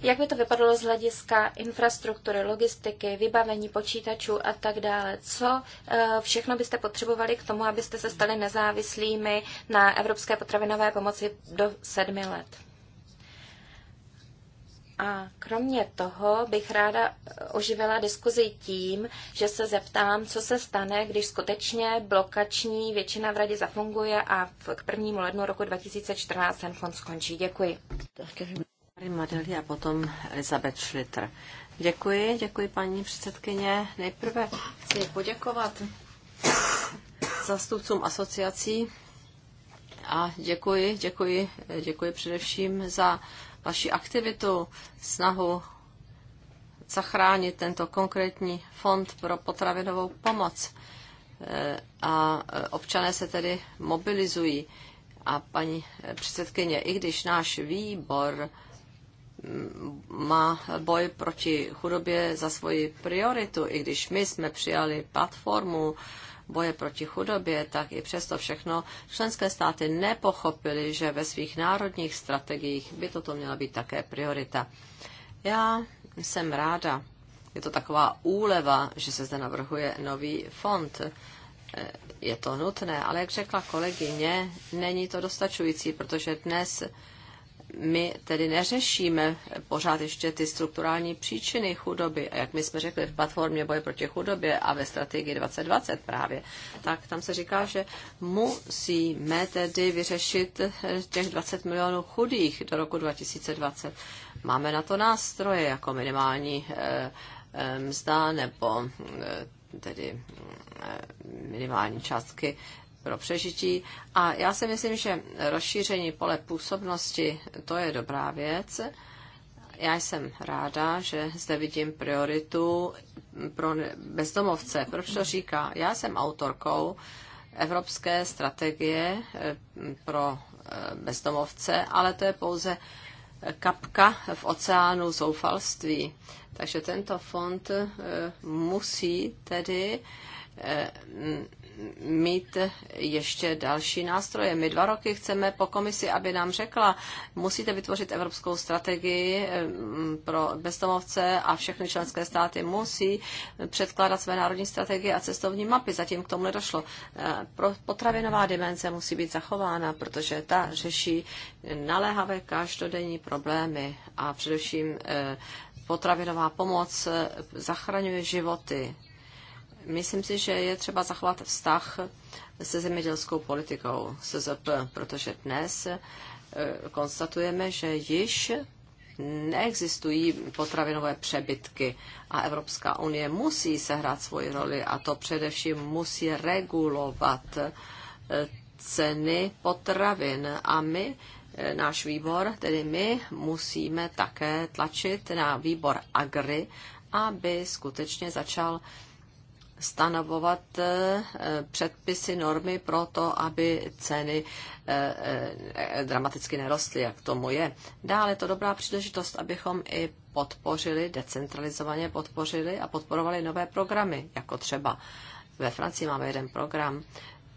jak by to vypadalo z hlediska infrastruktury, logistiky, vybavení počítačů a tak dále. Co eh, všechno byste potřebovali k tomu, abyste se stali nezávislými na evropské potravinové pomoci do sedmi let? A kromě toho bych ráda eh, oživila diskuzi tím, že se zeptám, co se stane, když skutečně blokační většina v radě zafunguje a k prvnímu lednu roku 2014 ten fond skončí. Děkuji. Madeli a potom Elizabeth Schlitter. Děkuji, děkuji paní předsedkyně. Nejprve chci poděkovat zastupcům asociací a děkuji, děkuji, děkuji především za vaši aktivitu, snahu zachránit tento konkrétní fond pro potravinovou pomoc. A občané se tedy mobilizují. A paní předsedkyně, i když náš výbor má boj proti chudobě za svoji prioritu. I když my jsme přijali platformu boje proti chudobě, tak i přesto všechno členské státy nepochopily, že ve svých národních strategiích by toto měla být také priorita. Já jsem ráda. Je to taková úleva, že se zde navrhuje nový fond je to nutné, ale jak řekla kolegyně, není to dostačující, protože dnes my tedy neřešíme pořád ještě ty strukturální příčiny chudoby. A jak my jsme řekli v platformě boje proti chudobě a ve strategii 2020 právě, tak tam se říká, že musíme tedy vyřešit těch 20 milionů chudých do roku 2020. Máme na to nástroje jako minimální eh, eh, mzda nebo eh, tedy minimální částky pro přežití. A já si myslím, že rozšíření pole působnosti, to je dobrá věc. Já jsem ráda, že zde vidím prioritu pro bezdomovce, Proč to říká, já jsem autorkou evropské strategie eh, pro eh, bezdomovce, ale to je pouze kapka v oceánu zoufalství. Takže tento fond eh, musí tedy mít ještě další nástroje. My dva roky chceme po komisi, aby nám řekla, musíte vytvořit evropskou strategii mm, pro bezdomovce a všechny členské státy musí předkládat své národní strategie a cestovní mapy. Zatím k tomu nedošlo. Eh, potravinová dimenze musí být zachována, protože ta řeší naléhavé každodenní problémy a především eh, potravinová pomoc eh, zachraňuje životy myslím si, že je třeba zachovat vztah se zemědělskou politikou SZP, protože dnes eh, konstatujeme, že již neexistují potravinové přebytky a Evropská unie musí sehrát svoji roli a to především musí regulovat eh, ceny potravin a my eh, náš výbor, tedy my musíme také tlačit na výbor Agri, aby skutečně začal stanovovat eh, předpisy, normy pro to, aby ceny eh, eh, dramaticky nerostly, jak tomu je. Dále je to dobrá příležitost, abychom i podpořili, decentralizovaně podpořili a podporovali nové programy, jako třeba ve Francii máme jeden program,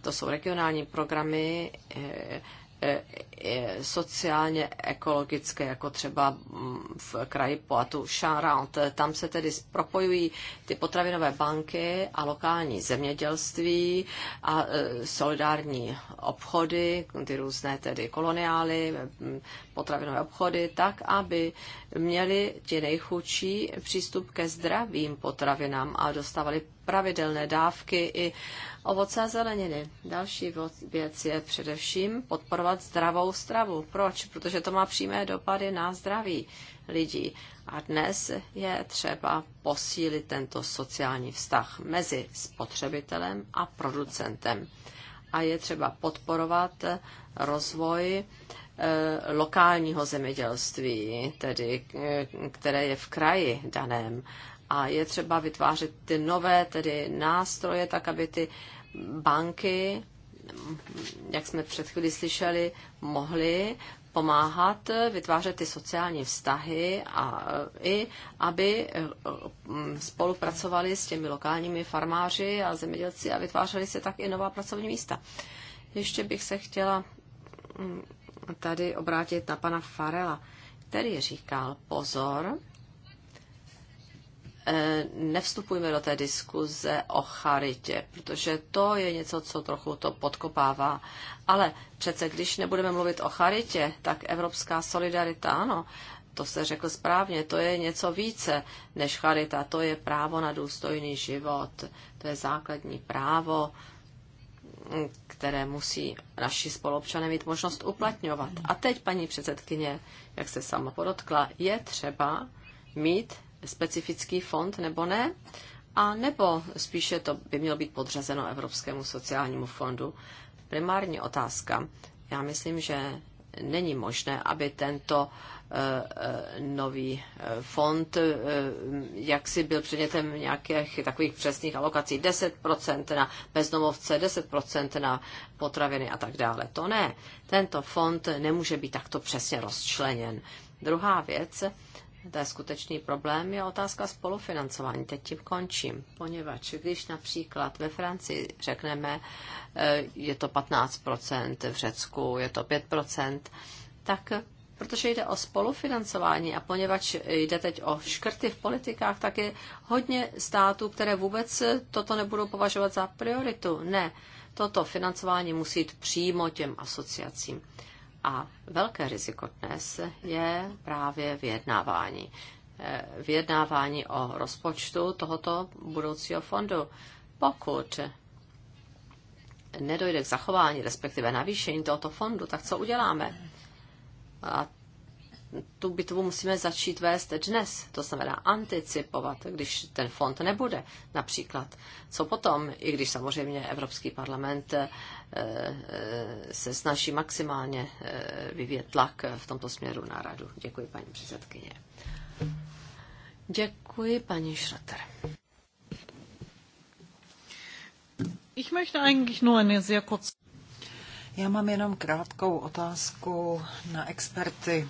to jsou regionální programy, E, e, sociálně ekologické, jako třeba mm, v kraji Poatu Charente. Tam se tedy propojují ty potravinové banky a lokální zemědělství a e, solidární obchody, ty různé tedy koloniály, mm, potravinové obchody, tak, aby měli ti nejchudší přístup ke zdravým potravinám a dostávali pravidelné dávky i ovoce a zeleniny. Další věc je především podporovat zdravou stravu. Proč? Protože to má přímé dopady na zdraví lidí. A dnes je třeba posílit tento sociální vztah mezi spotřebitelem a producentem. A je třeba podporovat rozvoj eh, lokálního zemědělství, tedy eh, které je v kraji daném a je třeba vytvářet ty nové tedy nástroje, tak aby ty banky, jak jsme před chvíli slyšeli, mohly pomáhat vytvářet ty sociální vztahy a i aby mm, spolupracovali s těmi lokálními farmáři a zemědělci a vytvářeli se tak i nová pracovní místa. Ještě bych se chtěla mm, tady obrátit na pana Farela, který říkal pozor, Eh, nevstupujme do té diskuze o charitě, protože to je něco, co trochu to podkopává. Ale přece, když nebudeme mluvit o charitě, tak evropská solidarita, ano, to se řekl správně, to je něco více než charita, to je právo na důstojný život, to je základní právo, které musí naši spolupčané mít možnost uplatňovat. A teď, paní předsedkyně, jak se sama podotkla, je třeba mít specifický fond nebo ne, a nebo spíše to by mělo být podřazeno Evropskému sociálnímu fondu. Primární otázka. Já myslím, že není možné, aby tento eh, eh, nový eh, fond, jak si byl předmětem nějakých takových přesných alokací, 10% na bezdomovce, 10% na potraviny a tak dále. To ne. Tento fond nemůže být takto přesně rozčleněn. Druhá věc, to je skutečný problém, je otázka spolufinancování. Teď tím končím, poněvadž když například ve Francii řekneme, e, je to 15%, v Řecku je to 5%, tak protože jde o spolufinancování a poněvadž jde teď o škrty v politikách, tak je hodně států, které vůbec toto nebudou považovat za prioritu. Ne, toto financování musí jít přímo těm asociacím. A velké riziko dnes je právě vyjednávání. Eh, vyjednávání o rozpočtu tohoto budoucího fondu. Pokud nedojde k zachování, respektive navýšení tohoto fondu, tak co uděláme? A tu bitvu musíme začít vést dnes, to znamená anticipovat, když ten fond nebude například. Co potom, i když samozřejmě Evropský parlament eh, Eh, eh, se snaží maximálně eh, vyvíjet tlak v tomto směru na radu. Děkuji, paní předsedkyně. Děkuji, paní Schrotter. já mám jenom krátkou otázku na experty.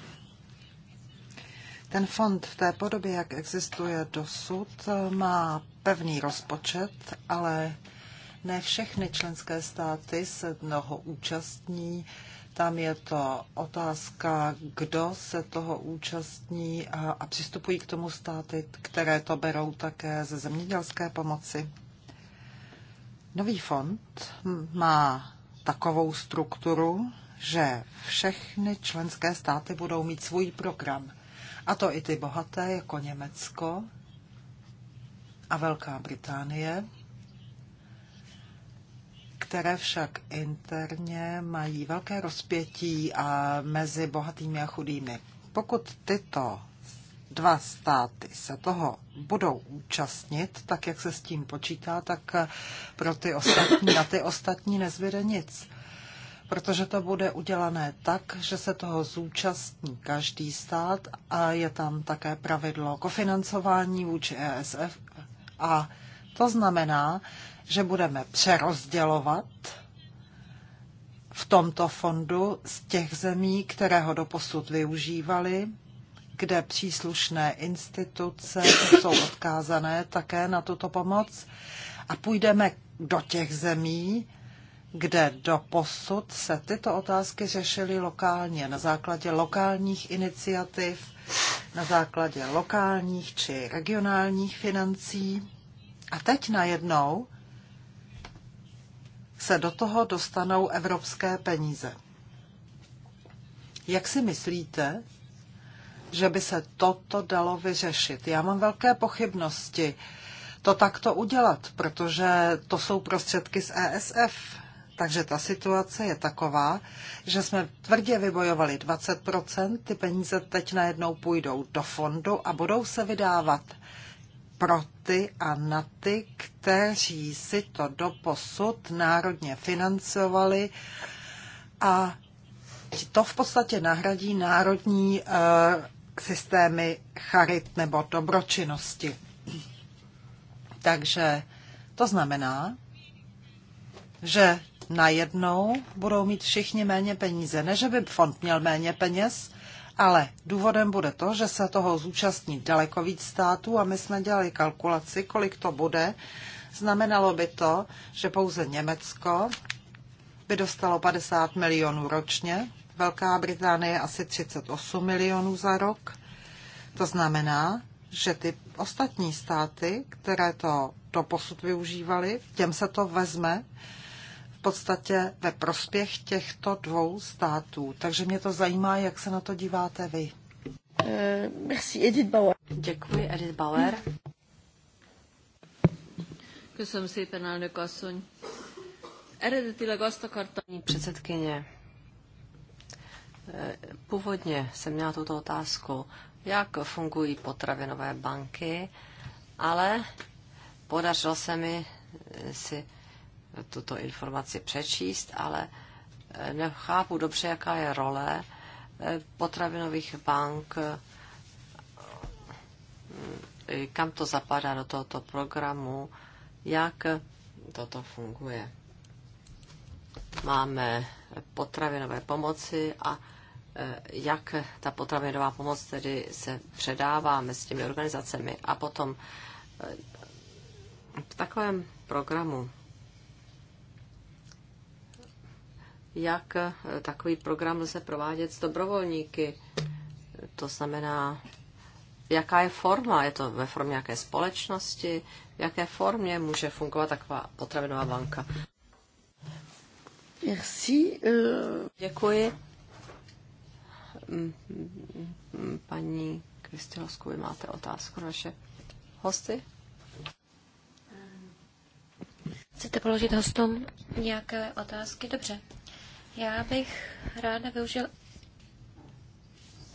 Ten fond v té podobě, jak existuje dosud, má pevný rozpočet, ale ne všechny členské státy se mnoho účastní. Tam je to otázka, kdo se toho účastní a, a přistupují k tomu státy, které to berou také ze zemědělské pomoci. Nový fond má takovou strukturu, že všechny členské státy budou mít svůj program. A to i ty bohaté, jako Německo a Velká Británie které však interně mají velké rozpětí a mezi bohatými a chudými. Pokud tyto dva státy se toho budou účastnit, tak jak se s tím počítá, tak pro ty ostatní, na ty ostatní nezbyde nic. Protože to bude udělané tak, že se toho zúčastní každý stát a je tam také pravidlo kofinancování vůči ESF a to znamená, že budeme přerozdělovat v tomto fondu z těch zemí, které ho doposud využívali, kde příslušné instituce jsou odkázané také na tuto pomoc a půjdeme do těch zemí, kde doposud se tyto otázky řešily lokálně, na základě lokálních iniciativ, na základě lokálních či regionálních financí. A teď najednou se do toho dostanou evropské peníze. Jak si myslíte, že by se toto dalo vyřešit? Já mám velké pochybnosti to takto udělat, protože to jsou prostředky z ESF. Takže ta situace je taková, že jsme tvrdě vybojovali 20%, ty peníze teď najednou půjdou do fondu a budou se vydávat pro ty a na ty, kteří si to doposud národně financovali a to v podstatě nahradí národní eh, systémy charit nebo dobročinnosti. Takže to znamená, že najednou budou mít všichni méně peníze. Ne, že by fond měl méně peněz, ale důvodem bude to, že se toho zúčastní daleko víc států a my jsme dělali kalkulaci, kolik to bude. Znamenalo by to, že pouze Německo by dostalo 50 milionů ročně, Velká Británie asi 38 milionů za rok. To znamená, že ty ostatní státy, které to doposud využívaly, těm se to vezme podstatě ve prospěch těchto dvou států. Takže mě to zajímá, jak se na to díváte vy. Eh, merci, Edith Bauer. Děkuji, Edith Bauer. Köszönöm szépen, elnök asszony. Eredetileg azt akartam... Předsedkyně, eh, původně jsem měla tuto otázku, jak fungují potravinové banky, ale podařilo se mi si tuto informaci přečíst, ale eh, nechápu dobře, jaká je role eh, potravinových bank, eh, kam to zapadá do tohoto programu, jak toto funguje. Máme potravinové pomoci a jak ta potravinová pomoc tedy se předává mezi těmi organizacemi. A potom v takovém programu jak eh, takový program lze provádět s dobrovolníky. To znamená, jaká je forma, je to ve formě jaké společnosti, v jaké formě může fungovat taková potravinová banka. Merci. Eh. Děkuji. Paní Kristilovskou, vy máte otázku na naše hosty? Chcete položit hostům nějaké otázky? Dobře. Já bych ráda využil.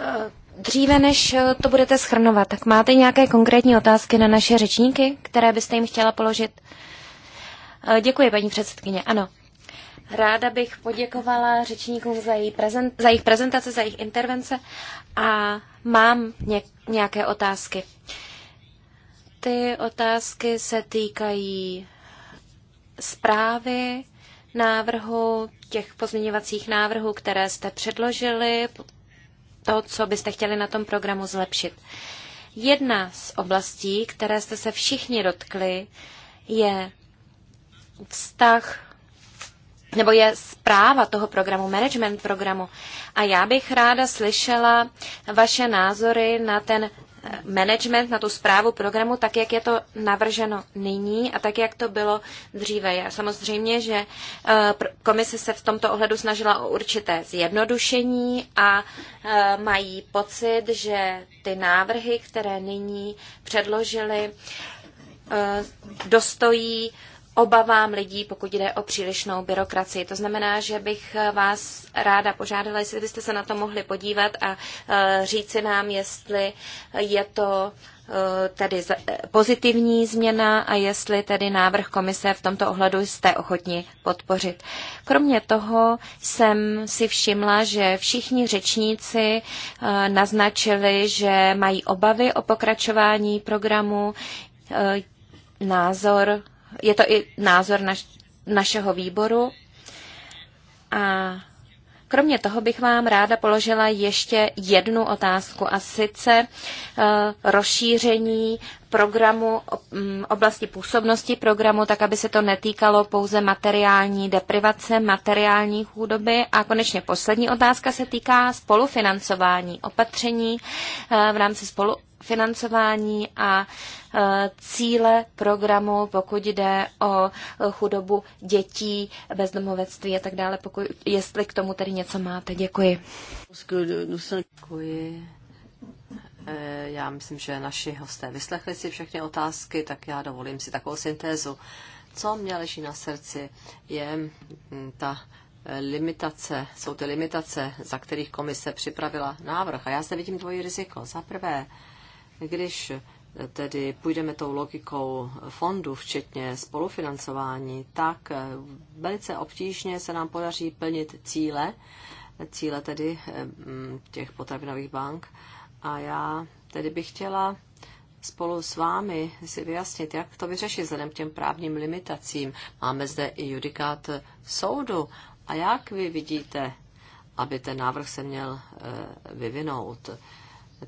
Eh, dříve než eh, to budete schrnovat, tak máte nějaké konkrétní otázky na naše řečníky, které byste jim chtěla položit? Eh, děkuji, paní předsedkyně. Ano. Ráda bych poděkovala řečníkům za, její prezent, za jejich prezentace, za jejich intervence a mám ně, nějaké otázky. Ty otázky se týkají zprávy, návrhu, těch pozměňovacích návrhů, které jste předložili, to, co byste chtěli na tom programu zlepšit. Jedna z oblastí, které jste se všichni dotkli, je vztah nebo je zpráva toho programu, management programu. A já bych ráda slyšela vaše názory na ten management, na tu zprávu programu, tak jak je to navrženo nyní a tak jak to bylo dříve. Já samozřejmě, že e, komise se v tomto ohledu snažila o určité zjednodušení a e, mají pocit, že ty návrhy, které nyní předložili, e, dostojí obavám lidí, pokud jde o přílišnou byrokracii. To znamená, že bych vás ráda požádala, jestli byste se na to mohli podívat a e, říci nám, jestli je to e, tedy e, pozitivní změna a jestli tedy návrh komise v tomto ohledu jste ochotni podpořit. Kromě toho jsem si všimla, že všichni řečníci naznačili, že mají obavy o pokračování programu. Názor je to i názor naš, našeho výboru. A kromě toho bych vám ráda položila ještě jednu otázku, a sice eh, rozšíření programu, mm, oblasti působnosti programu, tak aby se to netýkalo pouze materiální deprivace, materiální chudoby. A konečně poslední otázka se týká spolufinancování opatření eh, v rámci spolu financování a e, cíle programu, pokud jde o chudobu dětí, bezdomovectví a tak dále, pokud, jestli k tomu tedy něco máte. Děkuji. Děkuji. E, já myslím, že naši hosté vyslechli si všechny otázky, tak já dovolím si takovou syntézu. Co mě leží na srdci, je ta limitace, jsou ty limitace, za kterých komise připravila návrh. A já zde vidím dvojí riziko. Za prvé, když tedy půjdeme tou logikou fondu, včetně spolufinancování, tak velice obtížně se nám podaří plnit cíle, cíle tedy mm, těch potravinových bank. A já tedy bych chtěla spolu s vámi si vyjasnit, jak to vyřešit vzhledem k těm právním limitacím. Máme zde i judikát soudu. A jak vy vidíte, aby ten návrh se měl eh, vyvinout?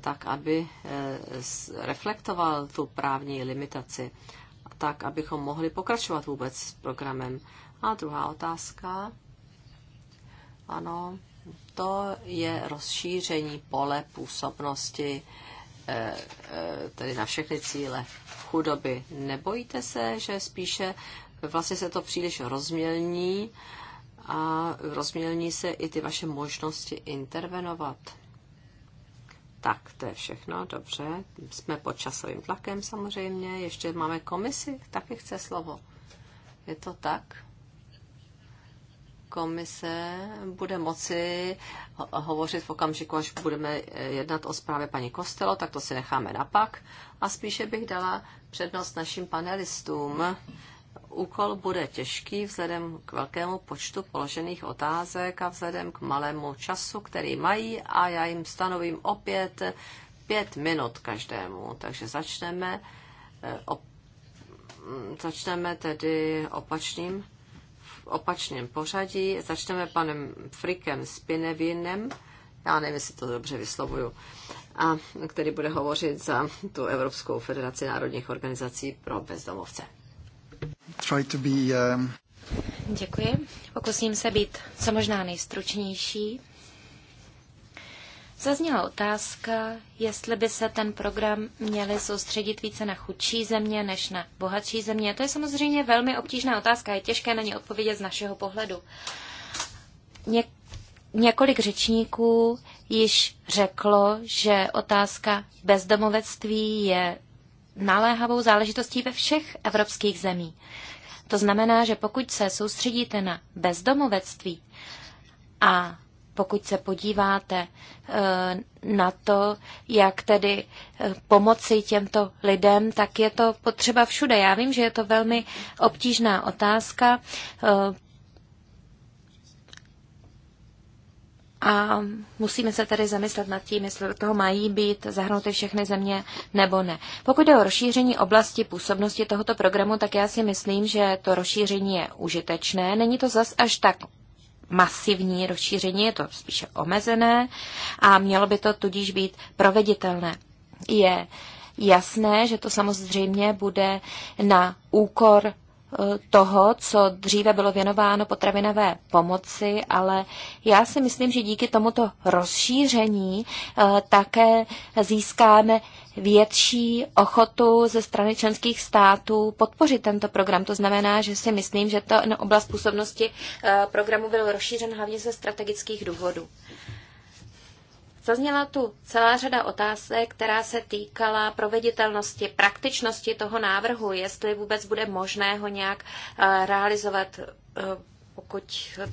tak aby eh, reflektoval tu právní limitaci, tak abychom mohli pokračovat vůbec s programem. A druhá otázka. Ano, to je rozšíření pole působnosti eh, eh, tedy na všechny cíle chudoby. Nebojíte se, že spíše vlastně se to příliš rozmělní a rozmělní se i ty vaše možnosti intervenovat? Tak, to je všechno, dobře. Jsme pod časovým tlakem samozřejmě. Ještě máme komisi, taky chce slovo. Je to tak? Komise bude moci hovořit v okamžiku, až budeme jednat o zprávě paní Kostelo, tak to si necháme napak. A spíše bych dala přednost našim panelistům úkol bude těžký vzhledem k velkému počtu položených otázek a vzhledem k malému času, který mají a já jim stanovím opět pět minut každému. Takže začneme, eh, op, mm, začneme tedy opačným v opačném pořadí. Začneme panem Frikem Spinevinem, já nevím, jestli to dobře vyslovuju, a který bude hovořit za tu Evropskou federaci národních organizací pro bezdomovce. Try to be, um... Děkuji. Pokusím se být co možná nejstručnější. Zazněla otázka, jestli by se ten program měli soustředit více na chudší země než na bohatší země. To je samozřejmě velmi obtížná otázka, je těžké na ně odpovědět z našeho pohledu. Ně- několik řečníků již řeklo, že otázka bezdomovectví je naléhavou záležitostí ve všech evropských zemí. To znamená, že pokud se soustředíte na bezdomovectví a pokud se podíváte e, na to, jak tedy e, pomoci těmto lidem, tak je to potřeba všude. Já vím, že je to velmi obtížná otázka. E, A musíme se tedy zamyslet nad tím, jestli do toho mají být zahrnuty všechny země nebo ne. Pokud jde o rozšíření oblasti působnosti tohoto programu, tak já si myslím, že to rozšíření je užitečné. Není to zas až tak masivní rozšíření, je to spíše omezené a mělo by to tudíž být proveditelné. Je jasné, že to samozřejmě bude na úkor toho, co dříve bylo věnováno potravinové pomoci, ale já si myslím, že díky tomuto rozšíření eh, také získáme větší ochotu ze strany členských států podpořit tento program. To znamená, že si myslím, že to na oblast působnosti eh, programu byl rozšířen hlavně ze strategických důvodů. Zazněla tu celá řada otázek, která se týkala proveditelnosti, praktičnosti toho návrhu, jestli vůbec bude možné ho nějak eh, realizovat eh, pokud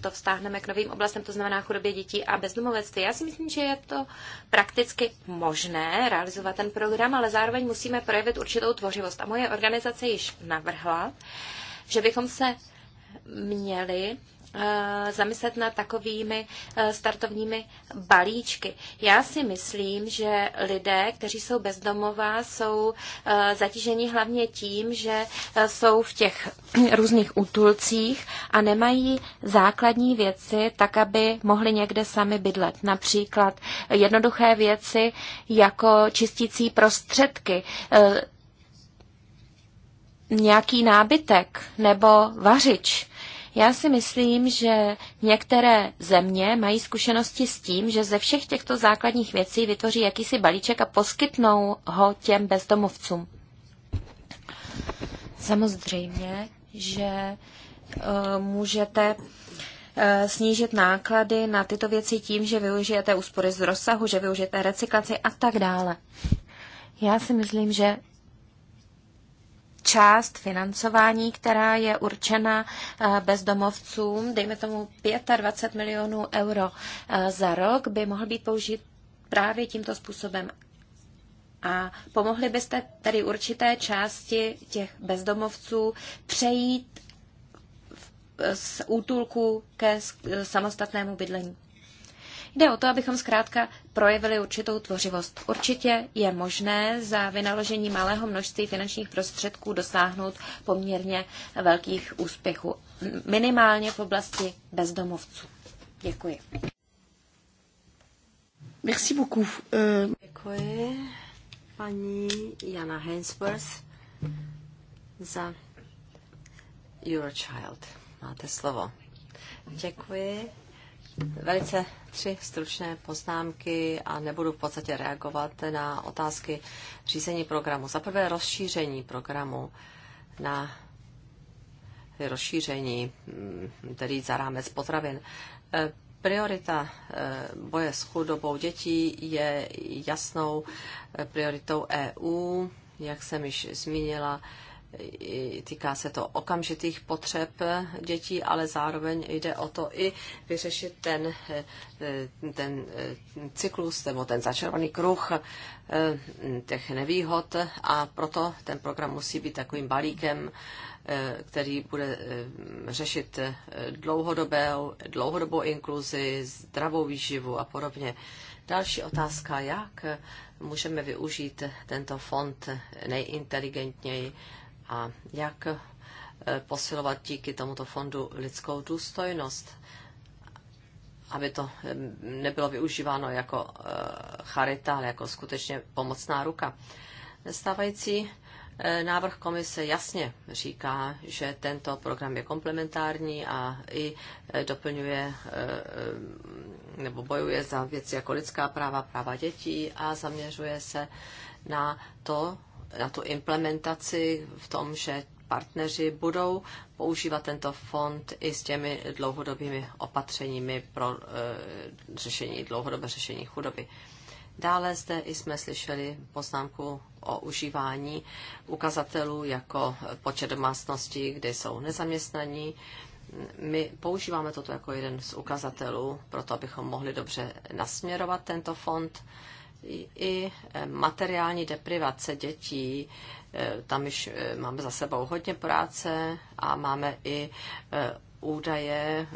to vztáhneme k novým oblastem, to znamená chudobě dětí a bezdomovectví. Já si myslím, že je to prakticky možné realizovat ten program, ale zároveň musíme projevit určitou tvořivost. A moje organizace již navrhla, že bychom se měli Eh, zamyslet nad takovými eh, startovními balíčky. Já si myslím, že lidé, kteří jsou bezdomová, jsou eh, zatíženi hlavně tím, že jsou v těch různých útulcích a nemají základní věci tak, aby mohli někde sami bydlet. Například jednoduché věci jako čistící prostředky, nějaký nábytek nebo vařič já si myslím, že některé země mají zkušenosti s tím, že ze všech těchto základních věcí vytvoří jakýsi balíček a poskytnou ho těm bezdomovcům. Samozřejmě, že e, můžete e, snížit náklady na tyto věci tím, že využijete úspory z rozsahu, že využijete recyklaci a tak dále. Já si myslím, že část financování, která je určena eh, bezdomovcům, dejme tomu 25 milionů euro eh, za rok, by mohl být použit právě tímto způsobem. A pomohli byste tedy určité části těch bezdomovců přejít z útulku ke samostatnému bydlení. Jde o to, abychom zkrátka projevili určitou tvořivost. Určitě je možné za vynaložení malého množství finančních prostředků dosáhnout poměrně velkých úspěchů, minimálně v oblasti bezdomovců. Děkuji. Merci beaucoup. Euh, Děkuji paní Jana Hainsworth za Your Child. Máte slovo. Děkuji. Velice tři stručné poznámky a nebudu v podstatě reagovat na otázky řízení programu. Za prvé rozšíření programu na rozšíření, mm, tedy za rámec potravin. E, priorita e, boje s chudobou dětí je jasnou prioritou EU, jak jsem již zmínila týká se to okamžitých potřeb dětí, ale zároveň jde o to i vyřešit ten, ten cyklus nebo ten začarovaný kruh eh, těch nevýhod a proto ten program musí být takovým balíkem, eh, který bude eh, řešit dlouhodobou, dlouhodobou inkluzi, zdravou výživu a podobně. Další otázka, jak můžeme využít tento fond nejinteligentněji a jak eh, posilovat díky tomuto fondu lidskou důstojnost, aby to eh, nebylo využíváno jako eh, charita, ale jako skutečně pomocná ruka. Stávající návrh komise jasně říká, že tento program je komplementární a i doplňuje nebo bojuje za věci jako lidská práva, práva dětí a zaměřuje se na to, na tu implementaci v tom, že partneři budou používat tento fond i s těmi dlouhodobými opatřeními pro e, řešení, dlouhodobé řešení chudoby. Dále zde jsme slyšeli poznámku o užívání ukazatelů jako počet domácností, kde jsou nezaměstnaní. My používáme toto jako jeden z ukazatelů, proto abychom mohli dobře nasměrovat tento fond i e, materiální deprivace dětí. E, tam již e, máme za sebou hodně práce a máme i údaje,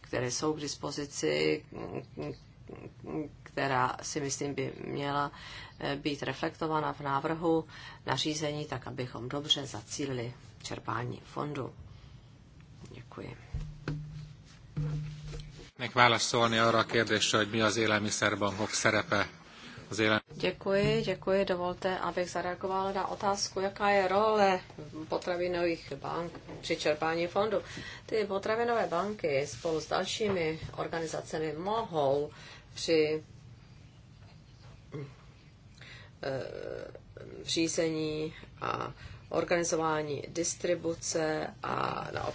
které jsou k dispozici, která si myslím by měla být reflektována v návrhu nařízení, tak abychom dobře zacílili čerpání fondu. Děkuji. Nek válaszolni arra a kérdésre, hogy mi az élelmiszerbankok szerepe Děkuji, děkuji. Dovolte, abych zareagovala na otázku, jaká je role potravinových bank při čerpání fondu. Ty potravinové banky spolu s dalšími organizacemi mohou při eh, řízení a organizování distribuce a na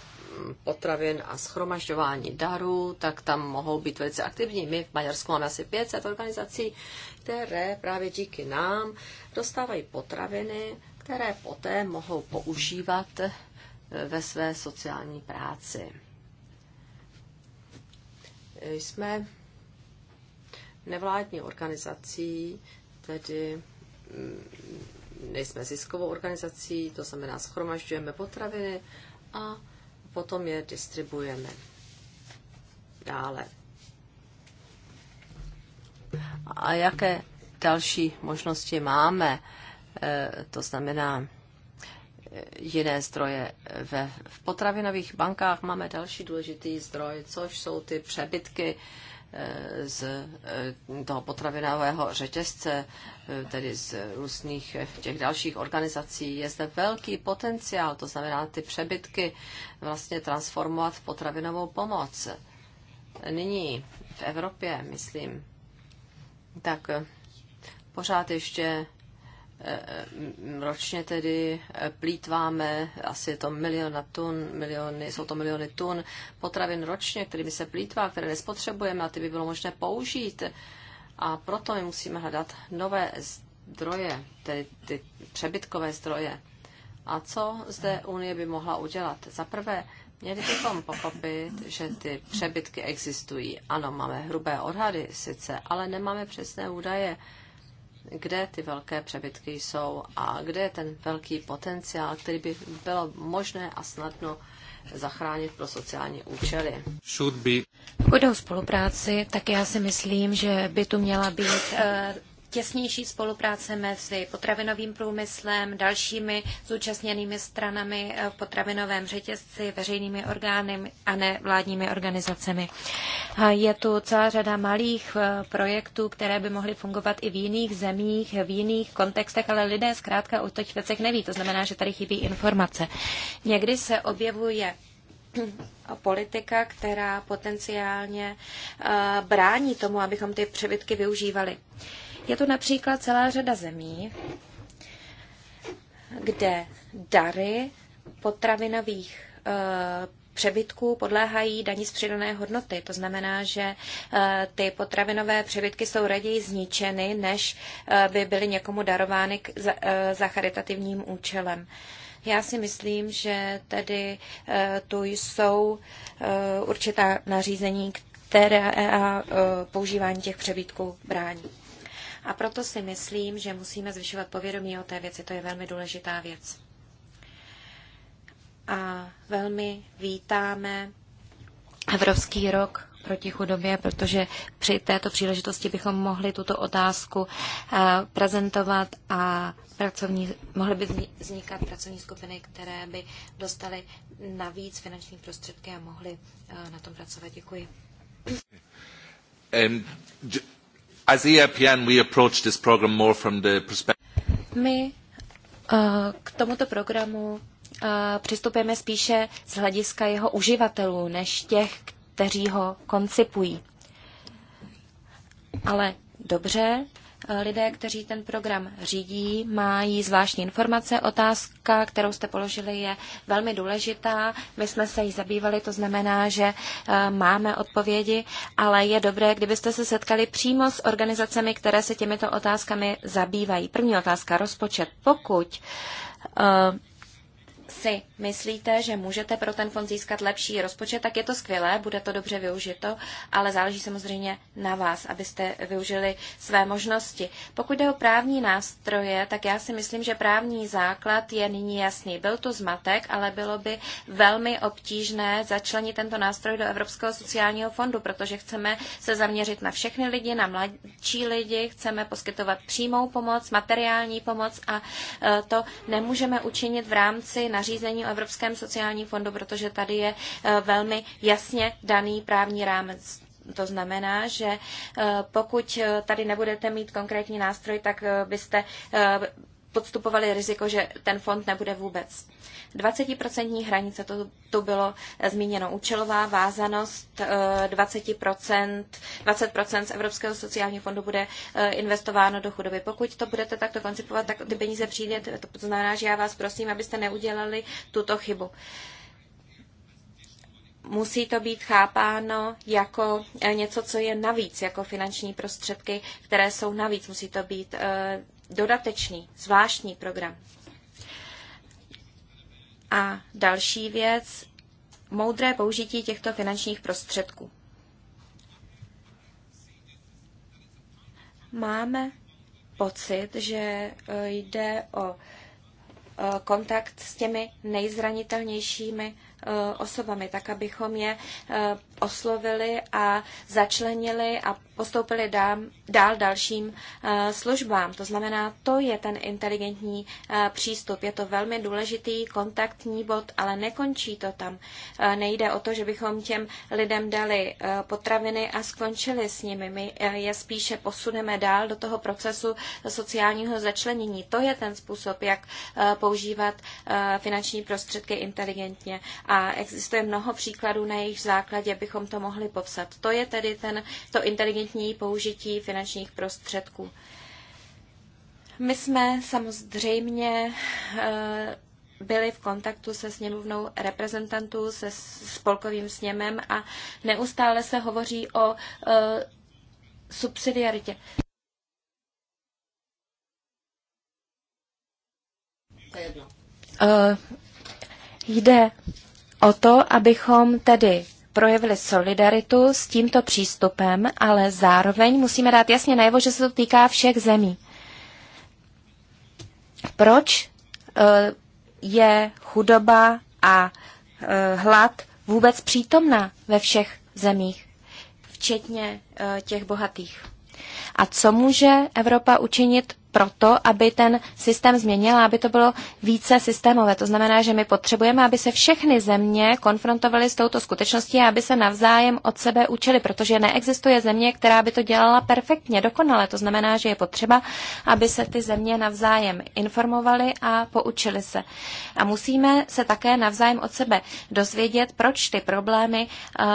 potravin a schromažďování darů, tak tam mohou být velice aktivní. My v Maďarsku máme asi 500 organizací, které právě díky nám dostávají potraviny, které poté mohou používat eh, ve své sociální práci. Jsme nevládní organizací, tedy mm, nejsme ziskovou organizací, to znamená schromažďujeme potraviny a potom je distribuujeme dále. A jaké další možnosti máme? E, to znamená e, jiné zdroje. Ve, v potravinových bankách máme další důležitý zdroj, což jsou ty přebytky z eh, toho potravinového řetězce, eh, tedy z různých eh, těch dalších organizací, je zde velký potenciál, to znamená ty přebytky vlastně transformovat v potravinovou pomoc. Nyní v Evropě, myslím, tak pořád ještě Eh, ročně tedy eh, plítváme, asi je to milion tun, miliony, jsou to miliony tun potravin ročně, kterými se plítvá, které nespotřebujeme a ty by bylo možné použít. A proto my musíme hledat nové zdroje, tedy ty přebytkové zdroje. A co zde Unie by mohla udělat? Za prvé, měli bychom pochopit, že ty přebytky existují. Ano, máme hrubé odhady sice, ale nemáme přesné údaje kde ty velké přebytky jsou a kde je ten velký potenciál, který by bylo možné a snadno zachránit pro sociální účely. Pokud o spolupráci, tak já si myslím, že by tu měla být eh, těsnější spolupráce mezi potravinovým průmyslem, dalšími zúčastněnými stranami v eh, potravinovém řetězci, veřejnými orgány a ne vládními organizacemi. Je tu celá řada malých eh, projektů, které by mohly fungovat i v jiných zemích, v jiných kontextech, ale lidé zkrátka o těch věcech neví. To znamená, že tady chybí informace. Někdy se objevuje politika, která potenciálně eh, brání tomu, abychom ty přebytky využívali. Je to například celá řada zemí, kde dary potravinových eh, přebytků podléhají daní z přidané hodnoty. To znamená, že eh, ty potravinové přebytky jsou raději zničeny, než eh, by byly někomu darovány za charitativním účelem. Já si myslím, že tedy tu jsou určitá nařízení, které používání těch přebytků brání. A proto si myslím, že musíme zvyšovat povědomí o té věci. To je velmi důležitá věc. A velmi vítáme Evropský rok proti chudobě, protože při této příležitosti bychom mohli tuto otázku eh, prezentovat a pracovní, mohly by vznikat pracovní skupiny, které by dostaly navíc finanční prostředky a mohly eh, na tom pracovat. Děkuji. Um, my eh, k tomuto programu eh, přistupujeme spíše z hlediska jeho uživatelů, než těch, kteří ho koncipují. Ale dobře, lidé, kteří ten program řídí, mají zvláštní informace. Otázka, kterou jste položili, je velmi důležitá. My jsme se jí zabývali, to znamená, že eh, máme odpovědi, ale je dobré, kdybyste se setkali přímo s organizacemi, které se těmito otázkami zabývají. První otázka, rozpočet. Pokud eh, si myslíte, že můžete pro ten fond získat lepší rozpočet, tak je to skvělé, bude to dobře využito, ale záleží samozřejmě na vás, abyste využili své možnosti. Pokud jde o právní nástroje, tak já si myslím, že právní základ je nyní jasný. Byl to zmatek, ale bylo by velmi obtížné začlenit tento nástroj do Evropského sociálního fondu, protože chceme se zaměřit na všechny lidi, na mladší lidi, chceme poskytovat přímou pomoc, materiální pomoc a e, to nemůžeme učinit v rámci na nařízení o Evropském sociálním fondu, protože tady je eh, velmi jasně daný právní rámec. To znamená, že eh, pokud eh, tady nebudete mít konkrétní nástroj, tak byste podstupovali riziko, že ten fond nebude vůbec. 20% hranice, to, to bylo eh, zmíněno, účelová vázanost 20%, eh, 20% z Evropského sociálního fondu bude eh, investováno do chudoby. Pokud to budete takto koncipovat, tak ty peníze přijde, to znamená, že já vás prosím, abyste neudělali tuto chybu musí to být chápáno jako něco, co je navíc, jako finanční prostředky, které jsou navíc. Musí to být dodatečný, zvláštní program. A další věc, moudré použití těchto finančních prostředků. Máme pocit, že e, jde o e, kontakt s těmi nejzranitelnějšími Eh, osobami, tak abychom je eh, oslovili a začlenili a postoupili dál, dál dalším eh, službám. To znamená, to je ten inteligentní přístup. Je to velmi důležitý kontaktní bod, ale nekončí to tam. Nejde o to, že bychom těm lidem dali potraviny a skončili s nimi. My je spíše posuneme dál do toho procesu sociálního začlenění. To je ten způsob, jak používat finanční prostředky inteligentně. A a existuje mnoho příkladů, na jejich základě bychom to mohli popsat. To je tedy ten, to inteligentní použití finančních prostředků. My jsme samozřejmě eh, byli v kontaktu se sněmovnou reprezentantů, se spolkovým sněmem a neustále se hovoří o eh, subsidiaritě. To je jedno. Uh, jde o to, abychom tedy projevili solidaritu s tímto přístupem, ale zároveň musíme dát jasně najevo, že se to týká všech zemí. Proč eh, je chudoba a eh, hlad vůbec přítomna ve všech zemích, včetně eh, těch bohatých? A co může Evropa učinit proto, aby ten systém změnila, aby to bylo více systémové. To znamená, že my potřebujeme, aby se všechny země konfrontovaly s touto skutečností a aby se navzájem od sebe učili, protože neexistuje země, která by to dělala perfektně, dokonale. To znamená, že je potřeba, aby se ty země navzájem informovaly a poučily se. A musíme se také navzájem od sebe dozvědět, proč ty problémy uh,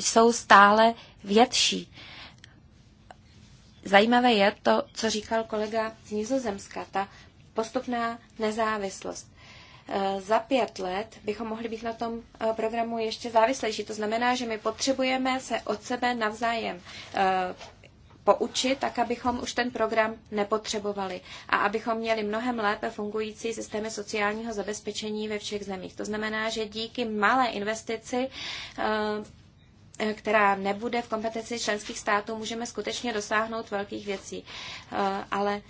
jsou stále větší. Zajímavé je to, co říkal kolega z Nizozemska, ta postupná nezávislost. E, za pět let bychom mohli být na tom e, programu ještě závislejší. To znamená, že my potřebujeme se od sebe navzájem e, poučit, tak abychom už ten program nepotřebovali a abychom měli mnohem lépe fungující systémy sociálního zabezpečení ve všech zemích. To znamená, že díky malé investici Eh, která nebude v kompetenci členských států, můžeme skutečně dosáhnout velkých věcí. Eh, ale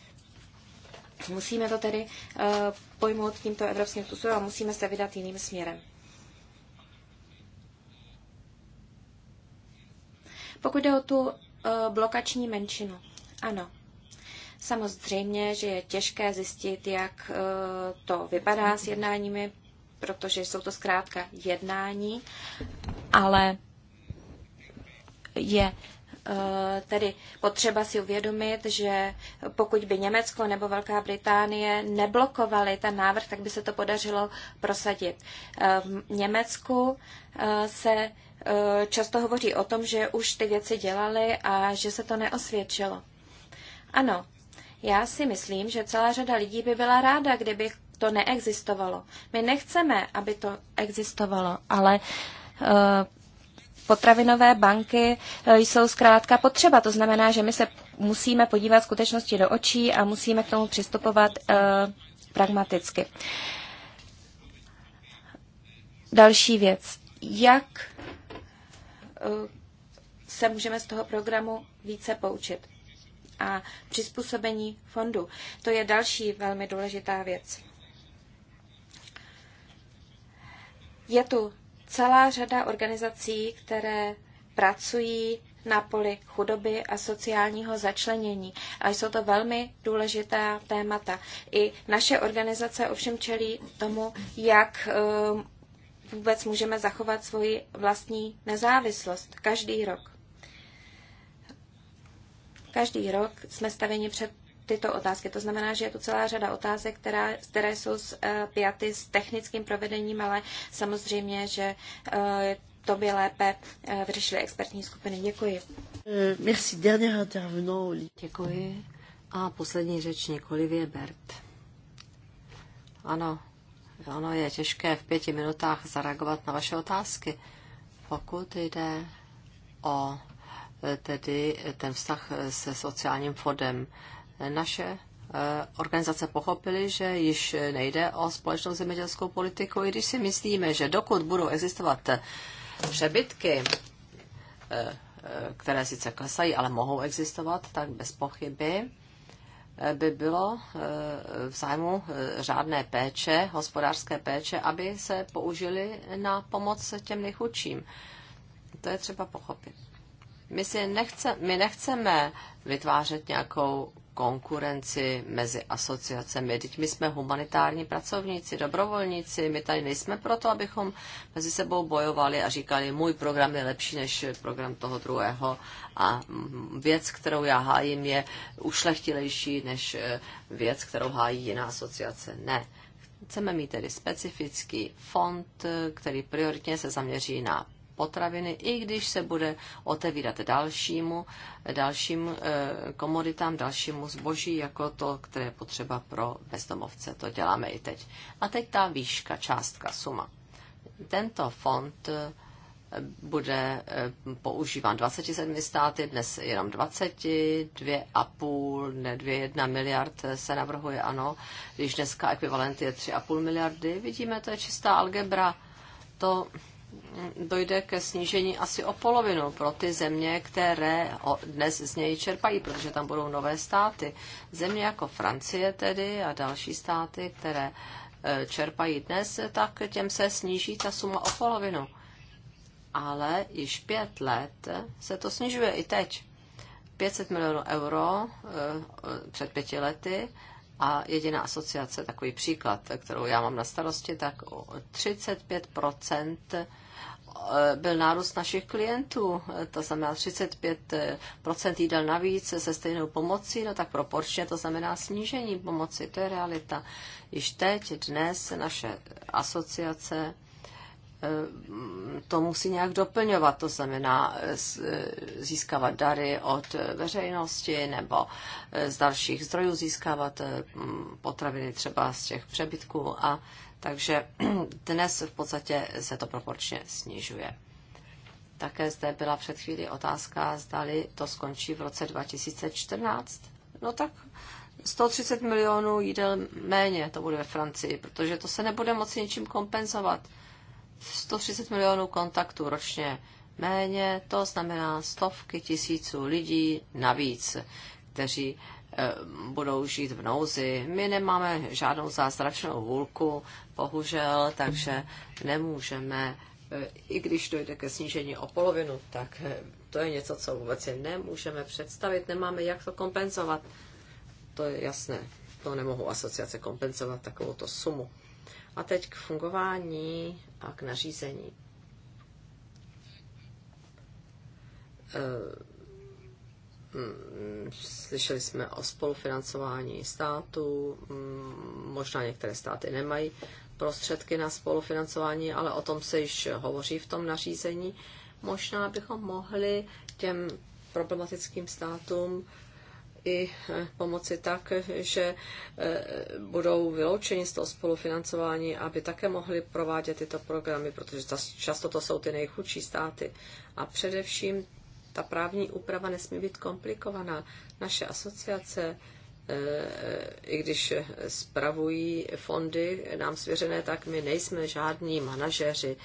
musíme to tedy eh, pojmout tímto evropským způsobem a musíme se vydat jiným směrem. Pokud jde o tu blokační menšinu, ano. Samozřejmě, že je těžké zjistit, jak to vypadá s jednáními, protože jsou to zkrátka jednání, ale je eh, tedy potřeba si uvědomit, že pokud by Německo nebo Velká Británie neblokovaly ten návrh, tak by se to podařilo prosadit. Eh, v Německu eh, se často hovoří o tom, že už ty věci dělali a že se to neosvědčilo. Ano, já si myslím, že celá řada lidí by byla ráda, kdyby to neexistovalo. My nechceme, aby to existovalo, ale potravinové banky e, jsou zkrátka potřeba. To znamená, že my se musíme podívat skutečnosti do očí a musíme k tomu přistupovat e, pragmaticky. Další věc. Jak e, se můžeme z toho programu více poučit? A přizpůsobení fondu. To je další velmi důležitá věc. Je tu celá řada organizací, které pracují na poli chudoby a sociálního začlenění. A jsou to velmi důležitá témata. I naše organizace ovšem čelí tomu, jak eh, vůbec můžeme zachovat svoji vlastní nezávislost každý rok. Každý rok jsme staveni před tyto otázky. To znamená, že je tu celá řada otázek, která, které jsou eh, pjaty s technickým provedením, ale samozřejmě, že eh, to by lépe eh, vyřešili expertní skupiny. Děkuji. Merci, intervenant. Děkuji. A poslední řečník, Olivier Bert. Ano, ono je těžké v pěti minutách zareagovat na vaše otázky. Pokud jde o tedy ten vztah se sociálním fondem, naše eh, organizace pochopily, že již nejde o společnou zemědělskou politiku, i když si myslíme, že dokud budou existovat přebytky, eh, eh, které sice klesají, ale mohou existovat, tak bez pochyby by bylo v zájmu řádné péče, hospodářské péče, aby se použili na pomoc těm nejchudším. To je třeba pochopit. My, si nechce, my nechceme vytvářet nějakou konkurenci mezi asociacemi. Teď my jsme humanitární pracovníci, dobrovolníci, my tady nejsme proto, abychom mezi sebou bojovali a říkali, můj program je lepší než program toho druhého a věc, kterou já hájím, je ušlechtilejší než eh, věc, kterou hájí jiná asociace. Ne. Chceme mít tedy specifický fond, eh, který prioritně se zaměří na potraviny, i když se bude otevírat dalšímu, dalším eh, komoditám, dalšímu zboží, jako to, které je potřeba pro bezdomovce. To děláme i teď. A teď ta výška, částka, suma. Tento fond eh, bude eh, používán 27 státy, dnes jenom 20, 2,5, ne 2,1 miliard se navrhuje, ano, když dneska ekvivalent je 3,5 miliardy, vidíme, to je čistá algebra, to dojde ke snížení asi o polovinu pro ty země, které dnes z něj čerpají, protože tam budou nové státy. Země jako Francie tedy a další státy, které e, čerpají dnes, tak těm se sníží ta suma o polovinu. Ale již pět let se to snižuje i teď. 500 milionů euro e, před pěti lety a jediná asociace, takový příklad, kterou já mám na starosti, tak 35 Eh, byl nárůst našich klientů, eh, to znamená 35% eh, jídel navíc se stejnou pomocí, no tak proporčně to znamená snížení pomoci, to je realita. Již teď, dnes naše asociace to musí nějak doplňovat, to znamená získávat dary od veřejnosti nebo z dalších zdrojů získávat potraviny třeba z těch přebytků a takže dnes v podstatě se to proporčně snižuje. Také zde byla před chvíli otázka, zdali to skončí v roce 2014. No tak 130 milionů jídel méně to bude ve Francii, protože to se nebude moci ničím kompenzovat. 130 milionů kontaktů ročně méně, to znamená stovky tisíců lidí navíc, kteří eh, budou žít v nouzi. My nemáme žádnou zázračnou hůlku, bohužel, takže nemůžeme, eh, i když dojde ke snížení o polovinu, tak eh, to je něco, co vůbec si nemůžeme představit, nemáme jak to kompenzovat. To je jasné, to nemohou asociace kompenzovat takovou sumu. A teď k fungování a k nařízení. Eh, mm, slyšeli jsme o spolufinancování států, mm, možná některé státy nemají prostředky na spolufinancování, ale o tom se již hovoří v tom nařízení. Možná bychom mohli těm problematickým státům i eh, pomoci tak, že eh, budou vyloučeni z toho spolufinancování, aby také mohli provádět tyto programy, protože často to jsou ty nejchudší státy. A především ta právní úprava nesmí být komplikovaná. Naše asociace Eh, i když spravují fondy nám svěřené, tak my nejsme žádní manažeři.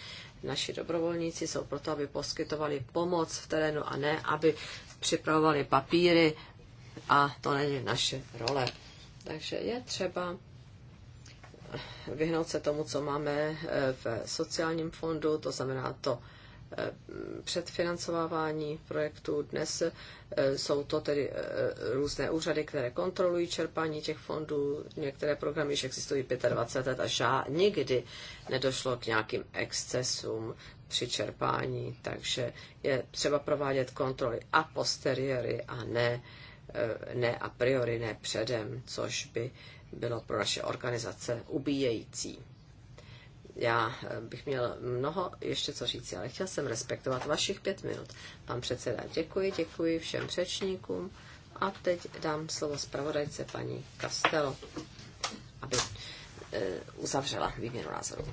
Naši dobrovolníci jsou proto, aby poskytovali pomoc v terénu a ne, aby připravovali papíry a to není naše role. Takže je třeba vyhnout se tomu, co máme eh, v sociálním fondu, to znamená to Eh, předfinancovávání projektů. Dnes eh, jsou to tedy eh, různé úřady, které kontrolují čerpání těch fondů. Některé programy již existují 25 let a žá nikdy nedošlo k nějakým excesům při čerpání, takže je třeba provádět kontroly a posteriory a ne, ne a priori, ne předem, což by bylo pro naše organizace ubíjející. Já eh, bych měl mnoho ještě co říct, ale chtěl jsem respektovat vašich pět minut. Pan předseda, děkuji, děkuji všem řečníkům a teď dám slovo zpravodajce paní Castelo, aby Eh, uzavřela výměnu názorů.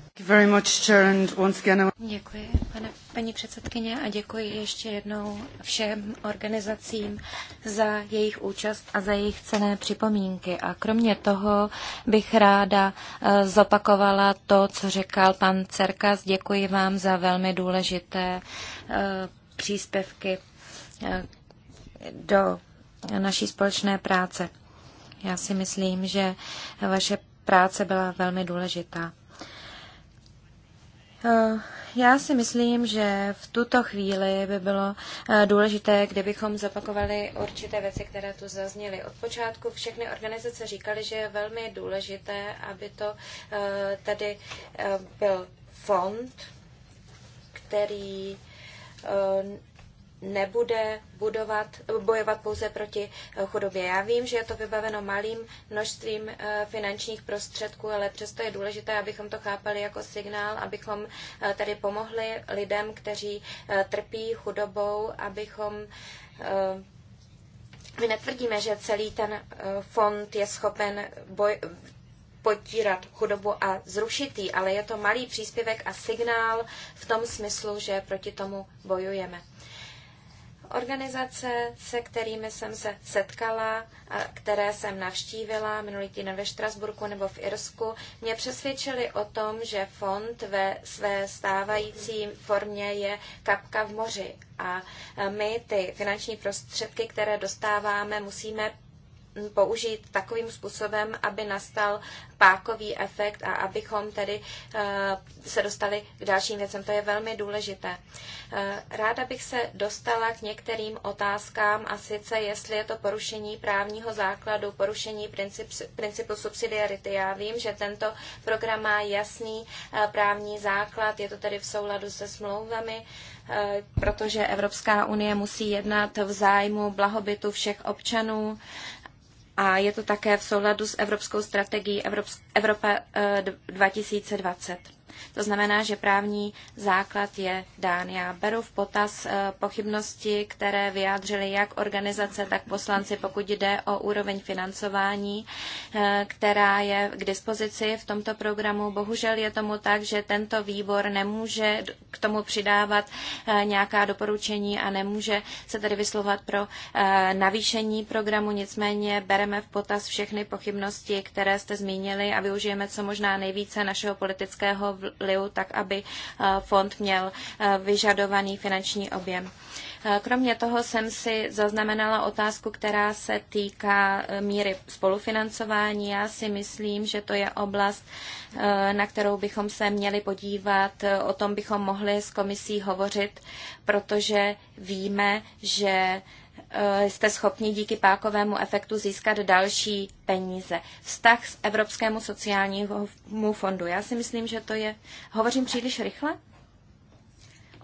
Děkuji, pane, paní předsedkyně, a děkuji ještě jednou všem organizacím za jejich účast a za jejich cené připomínky. A kromě toho bych ráda eh, zopakovala to, co řekl pan Cerkas. Děkuji vám za velmi důležité eh, příspěvky do naší společné práce. Já si myslím, že vaše práce byla velmi důležitá. Eh, já si myslím, že v tuto chvíli by bylo eh, důležité, kdybychom zopakovali určité věci, které tu zazněly. Od počátku všechny organizace říkaly, že je velmi důležité, aby to eh, tady byl fond, který nebude budovat, bojovat pouze proti eh, chudobě. Já vím, že je to vybaveno malým množstvím eh, finančních prostředků, ale přesto je důležité, abychom to chápali jako signál, abychom eh, tady pomohli lidem, kteří trpí chudobou, abychom my netvrdíme, že celý ten fond je schopen boj, potírat chudobu a zrušit ji, ale je to malý příspěvek a signál v tom smyslu, že proti tomu bojujeme. Organizace, se kterými jsem se setkala, a které jsem navštívila minulý týden ve Štrasburku nebo v Irsku, mě přesvědčili o tom, že fond ve své stávající formě je kapka v moři a e, my ty finanční prostředky, které dostáváme, musíme použít takovým způsobem, aby nastal pákový efekt a abychom tedy eh, se dostali k dalším věcem. To je velmi důležité. Eh, ráda bych se dostala k některým otázkám a sice, jestli je to porušení právního základu, porušení princip, principu subsidiarity. Já vím, že tento program má jasný eh, právní základ, je to tedy v souladu se smlouvami, protože Evropská unie musí jednat v zájmu blahobytu všech občanů a je to také v souladu s Evropskou strategií Evropa 2020. Eh, to znamená, že právní základ je dán. Já beru v potaz eh, pochybnosti, které vyjádřily jak organizace, tak poslanci, pokud jde o úroveň financování, eh, která je k dispozici v tomto programu. Bohužel je tomu tak, že tento výbor nemůže k tomu přidávat eh, nějaká doporučení a nemůže se tedy vyslovovat pro navýšení programu. Nicméně bereme v potaz všechny pochybnosti, které jste zmínili a využijeme co možná nejvíce našeho politického vlivu, tak aby eh, fond měl eh, vyžadovaný finanční objem. Eh, kromě toho jsem si zaznamenala otázku, která se týká míry spolufinancování. Já si myslím, že to je oblast, na kterou bychom se měli podívat. O tom bychom mohli s komisí hovořit, protože víme, že Eh, jste schopni díky pákovému efektu získat další peníze. Vztah s Evropskému sociálnímu fondu. Já si myslím, že to je... Hovořím příliš rychle?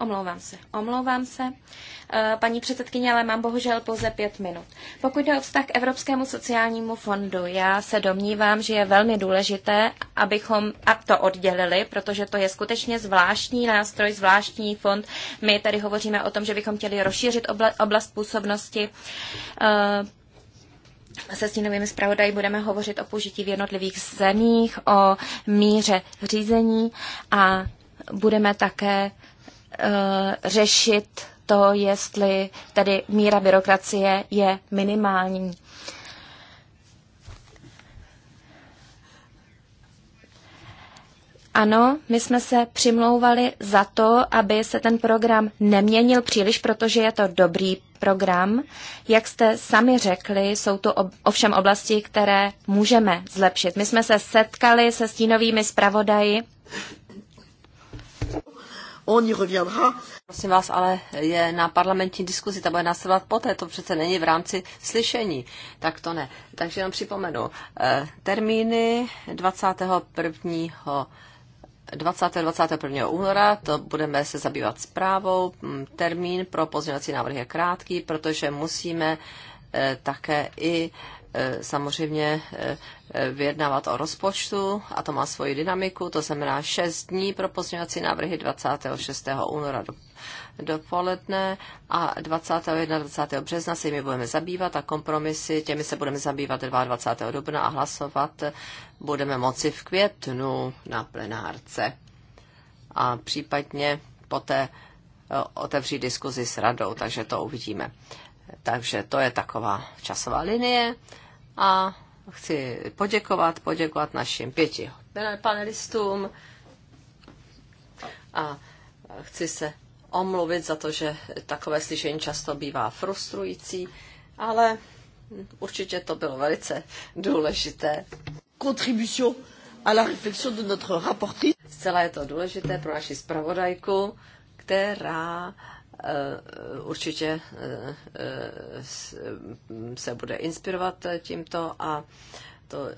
Omlouvám se, omlouvám se. Eh, paní předsedkyně, ale mám bohužel pouze pět minut. Pokud jde o vztah k Evropskému sociálnímu fondu, já se domnívám, že je velmi důležité, abychom a to oddělili, protože to je skutečně zvláštní nástroj, zvláštní fond. My tady hovoříme o tom, že bychom chtěli rozšířit oblast působnosti eh, se stínovými zpravodají budeme hovořit o použití v jednotlivých zemích, o míře řízení a budeme také Eh, řešit to, jestli tedy míra byrokracie je minimální. Ano, my jsme se přimlouvali za to, aby se ten program neměnil příliš, protože je to dobrý program. Jak jste sami řekli, jsou to ovšem oblasti, které můžeme zlepšit. My jsme se setkali se stínovými zpravodaji on y reviendra. Prosím vás, ale je na parlamentní diskuzi, ta bude následovat poté, to přece není v rámci slyšení, tak to ne. Takže jenom připomenu, eh, termíny 21. 20. 21. února to budeme se zabývat zprávou. Mm, termín pro pozměňovací návrh je krátký, protože musíme eh, také i eh, samozřejmě vyjednávat o rozpočtu a to má svoji dynamiku, to znamená 6 dní pro pozměňovací návrhy 26. února do, dopoledne a 21. 20. března se jimi budeme zabývat a kompromisy, těmi se budeme zabývat 22. dubna a hlasovat budeme moci v květnu na plenárce a případně poté eh, otevřít diskuzi s radou, takže to uvidíme. Takže to je taková časová linie a chci poděkovat, poděkovat našim pěti panelistům a chci se omluvit za to, že takové slyšení často bývá frustrující, ale určitě to bylo velice důležité. Contribution à la réflexion de notre rapportrice. Zcela je to důležité pro naši zpravodajku, která Eh, určitě eh, se bude inspirovat tímto a to,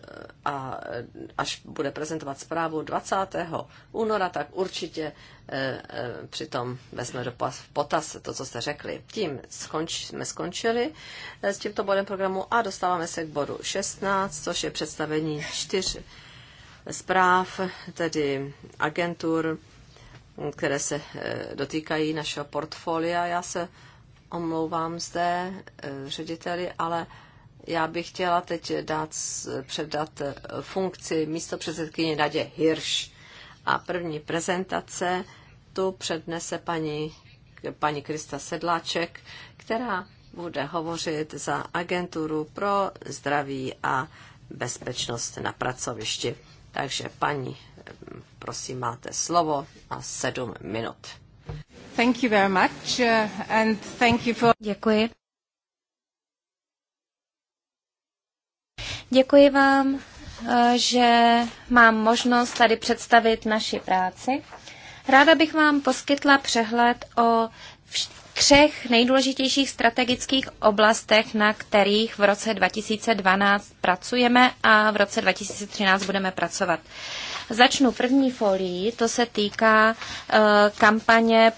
a až bude prezentovat zprávu 20. února, tak určitě e, e, přitom vezme do v potaz to, co jste řekli. Tím skonč, jsme skončili s tímto bodem programu a dostáváme se k bodu 16, což je představení čtyř zpráv, tedy agentur, které se eh, dotýkají našeho portfolia. Já se omlouvám zde eh, řediteli, ale já bych chtěla teď dát, předat eh, funkci místo předsedkyně Nadě Hirš. A první prezentace tu přednese paní, paní Krista Sedláček, která bude hovořit za agenturu pro zdraví a bezpečnost na pracovišti. Takže paní Prosím, máte slovo a sedm minut. Thank you very much uh, and thank you for... Děkuji. Děkuji vám, uh, že mám možnost tady představit naši práci. Ráda bych vám poskytla přehled o třech nejdůležitějších strategických oblastech, na kterých v roce 2012 pracujeme a v roce 2013 budeme pracovat. Začnu první folií, to se týká eh, kampaně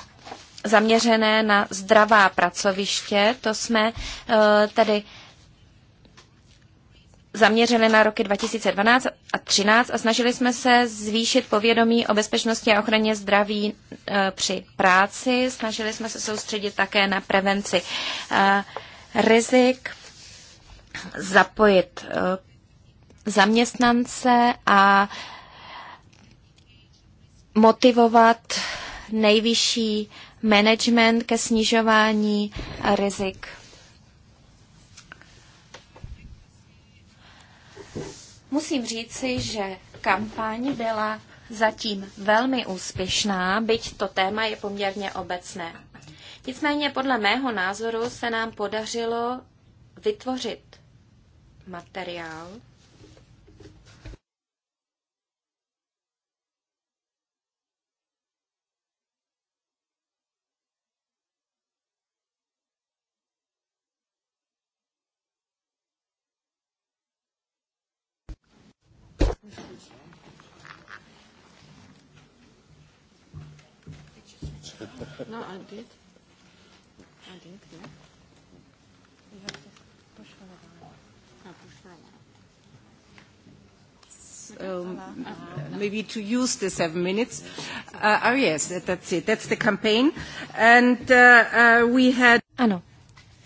zaměřené na zdravá pracoviště. To jsme eh, tedy zaměřili na roky 2012 a 2013 a snažili jsme se zvýšit povědomí o bezpečnosti a ochraně zdraví e, při práci. Snažili jsme se soustředit také na prevenci e, rizik, zapojit e, zaměstnance a motivovat nejvyšší management ke snižování rizik Musím říci, že kampaň byla zatím velmi úspěšná, byť to téma je poměrně obecné. Nicméně podle mého názoru se nám podařilo vytvořit materiál, No, I did. I did, yeah. You have to push for a while. I push for a while. Um, uh, maybe to use the seven minutes. Uh, oh yes, that's it. That's the campaign. And uh, uh, we had. Ano,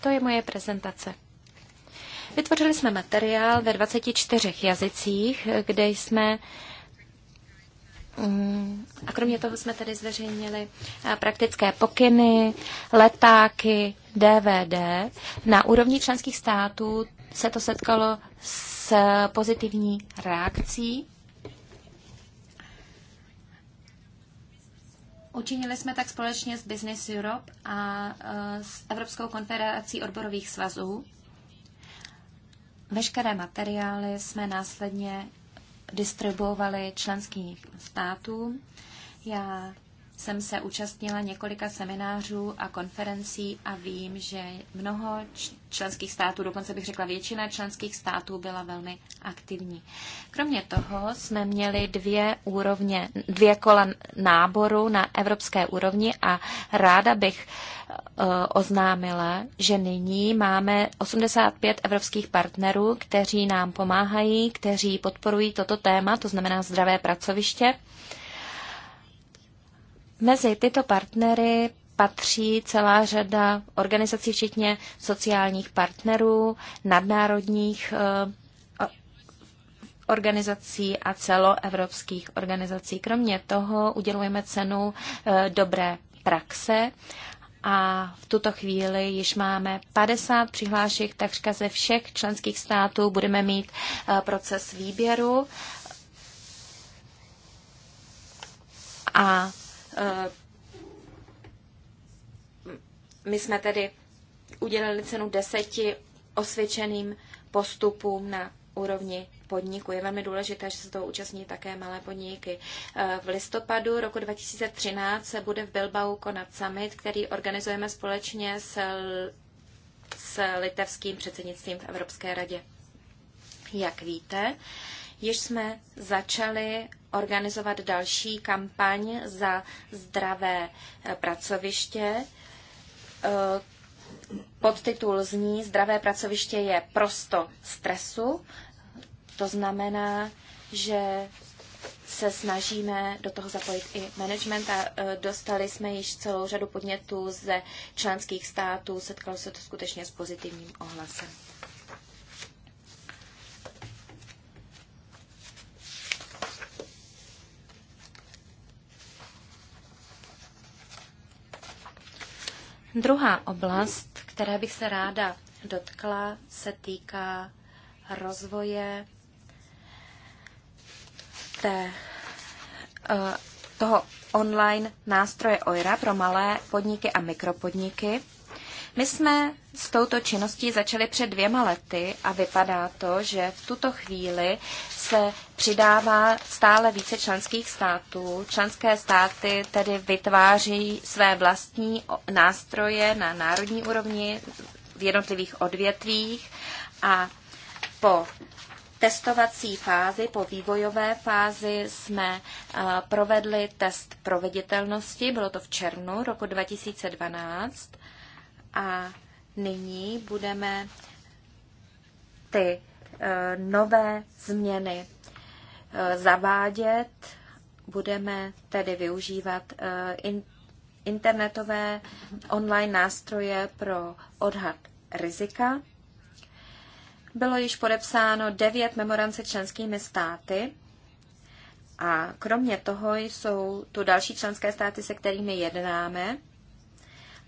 to je moje prezentace. Vytvořili jsme materiál ve 24 jazycích, kde jsme mm, a kromě toho jsme tady zveřejnili eh, praktické pokyny, letáky, DVD. Na úrovni členských států se to setkalo s pozitivní reakcí. Učinili jsme tak společně s Business Europe a eh, s Evropskou konfederací odborových svazů. Veškeré materiály jsme následně distribuovali členským státům. Já jsem se účastnila několika seminářů a konferencí a vím, že mnoho členských států, dokonce bych řekla většina členských států, byla velmi aktivní. Kromě toho jsme měli dvě, úrovně, dvě kola náboru na evropské úrovni a ráda bych eh, oznámila, že nyní máme 85 evropských partnerů, kteří nám pomáhají, kteří podporují toto téma, to znamená zdravé pracoviště. Mezi tyto partnery patří celá řada organizací, včetně sociálních partnerů, nadnárodních eh, organizací a celoevropských organizací. Kromě toho udělujeme cenu eh, dobré praxe a v tuto chvíli již máme 50 přihlášek takřka ze všech členských států. Budeme mít eh, proces výběru a Eh, my jsme tedy udělali cenu deseti osvědčeným postupům na úrovni podniku. Je velmi důležité, že se toho účastní také malé podniky. Eh, v listopadu roku 2013 se bude v Bilbao konat summit, který organizujeme společně s, s litevským předsednictvím v Evropské radě. Jak víte, Již jsme začali organizovat další kampaň za zdravé eh, pracoviště. Eh, podtitul zní Zdravé pracoviště je prosto stresu. To znamená, že se snažíme do toho zapojit i management a eh, dostali jsme již celou řadu podnětů ze členských států. Setkalo se to skutečně s pozitivním ohlasem. Druhá oblast, které bych se ráda dotkla, se týká rozvoje té, eh, toho online nástroje OIRA pro malé podniky a mikropodniky. My jsme s touto činností začali před dvěma lety a vypadá to, že v tuto chvíli se přidává stále více členských států. Členské státy tedy vytváří své vlastní nástroje na národní úrovni v jednotlivých odvětvích a po testovací fázi, po vývojové fázi jsme eh, provedli test proveditelnosti, bylo to v červnu roku 2012 a nyní budeme ty eh, nové změny eh, zavádět. Budeme tedy využívat eh, internetové online nástroje pro odhad rizika. Bylo již podepsáno devět memorance členskými státy a kromě toho jsou tu další členské státy, se kterými jednáme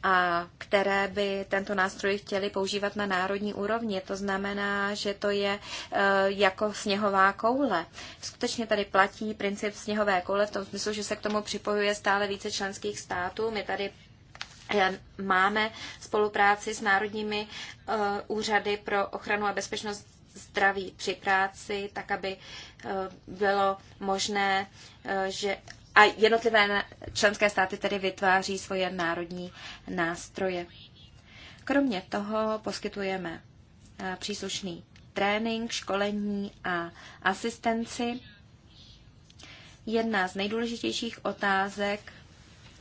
a které by tento nástroj chtěli používat na národní úrovni. To znamená, že to je e, jako sněhová koule. Skutečně tady platí princip sněhové koule v tom smyslu, že se k tomu připojuje stále více členských států. My tady e, máme spolupráci s národními e, úřady pro ochranu a bezpečnost zdraví při práci, tak aby bylo možné, že a jednotlivé členské státy tedy vytváří svoje národní nástroje. Kromě toho poskytujeme eh, příslušný trénink, školení a asistenci. Jedna z nejdůležitějších otázek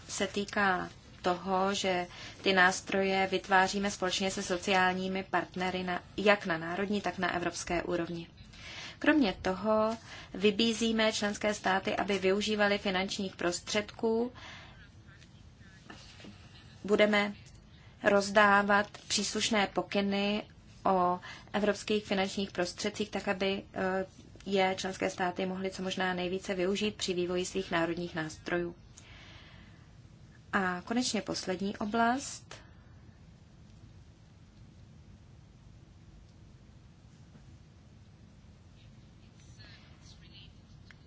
se týká toho, že ty nástroje vytváříme společně se sociálními partnery na, jak na národní, tak na evropské úrovni. Kromě toho vybízíme členské státy, aby využívali finančních prostředků. Budeme rozdávat příslušné pokyny o evropských finančních prostředcích, tak aby eh, je členské státy mohly co možná nejvíce využít při vývoji svých národních nástrojů. A konečně poslední oblast –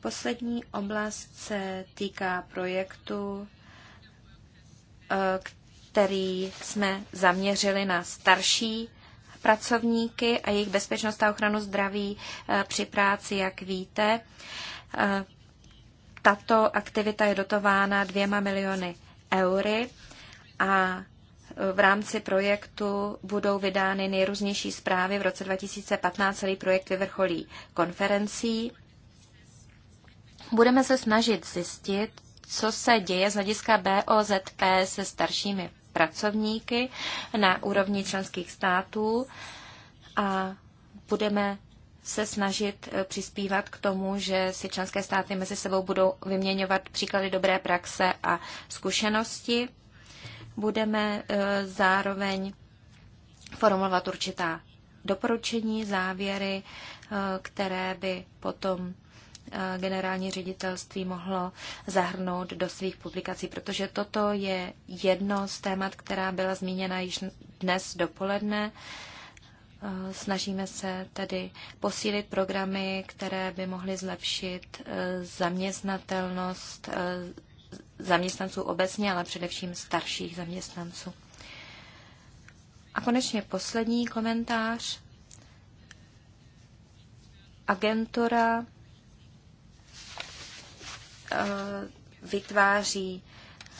Poslední oblast se týká projektu, eh, který jsme zaměřili na starší pracovníky a jejich bezpečnost a ochranu zdraví eh, při práci, jak víte. Eh, tato aktivita je dotována dvěma miliony eury a v rámci projektu budou vydány nejrůznější zprávy. V roce 2015 celý projekt vyvrcholí konferencí. Budeme se snažit zjistit, co se děje z hlediska BOZP se staršími pracovníky na úrovni členských států a budeme se snažit eh, přispívat k tomu, že si členské státy mezi sebou budou vyměňovat příklady dobré praxe a zkušenosti. Budeme eh, zároveň formulovat určitá doporučení, závěry, eh, které by potom generální ředitelství mohlo zahrnout do svých publikací, protože toto je jedno z témat, která byla zmíněna již dnes dopoledne. Snažíme se tedy posílit programy, které by mohly zlepšit e, zaměstnatelnost e, zaměstnanců obecně, ale především starších zaměstnanců. A konečně poslední komentář. Agentura Eh, vytváří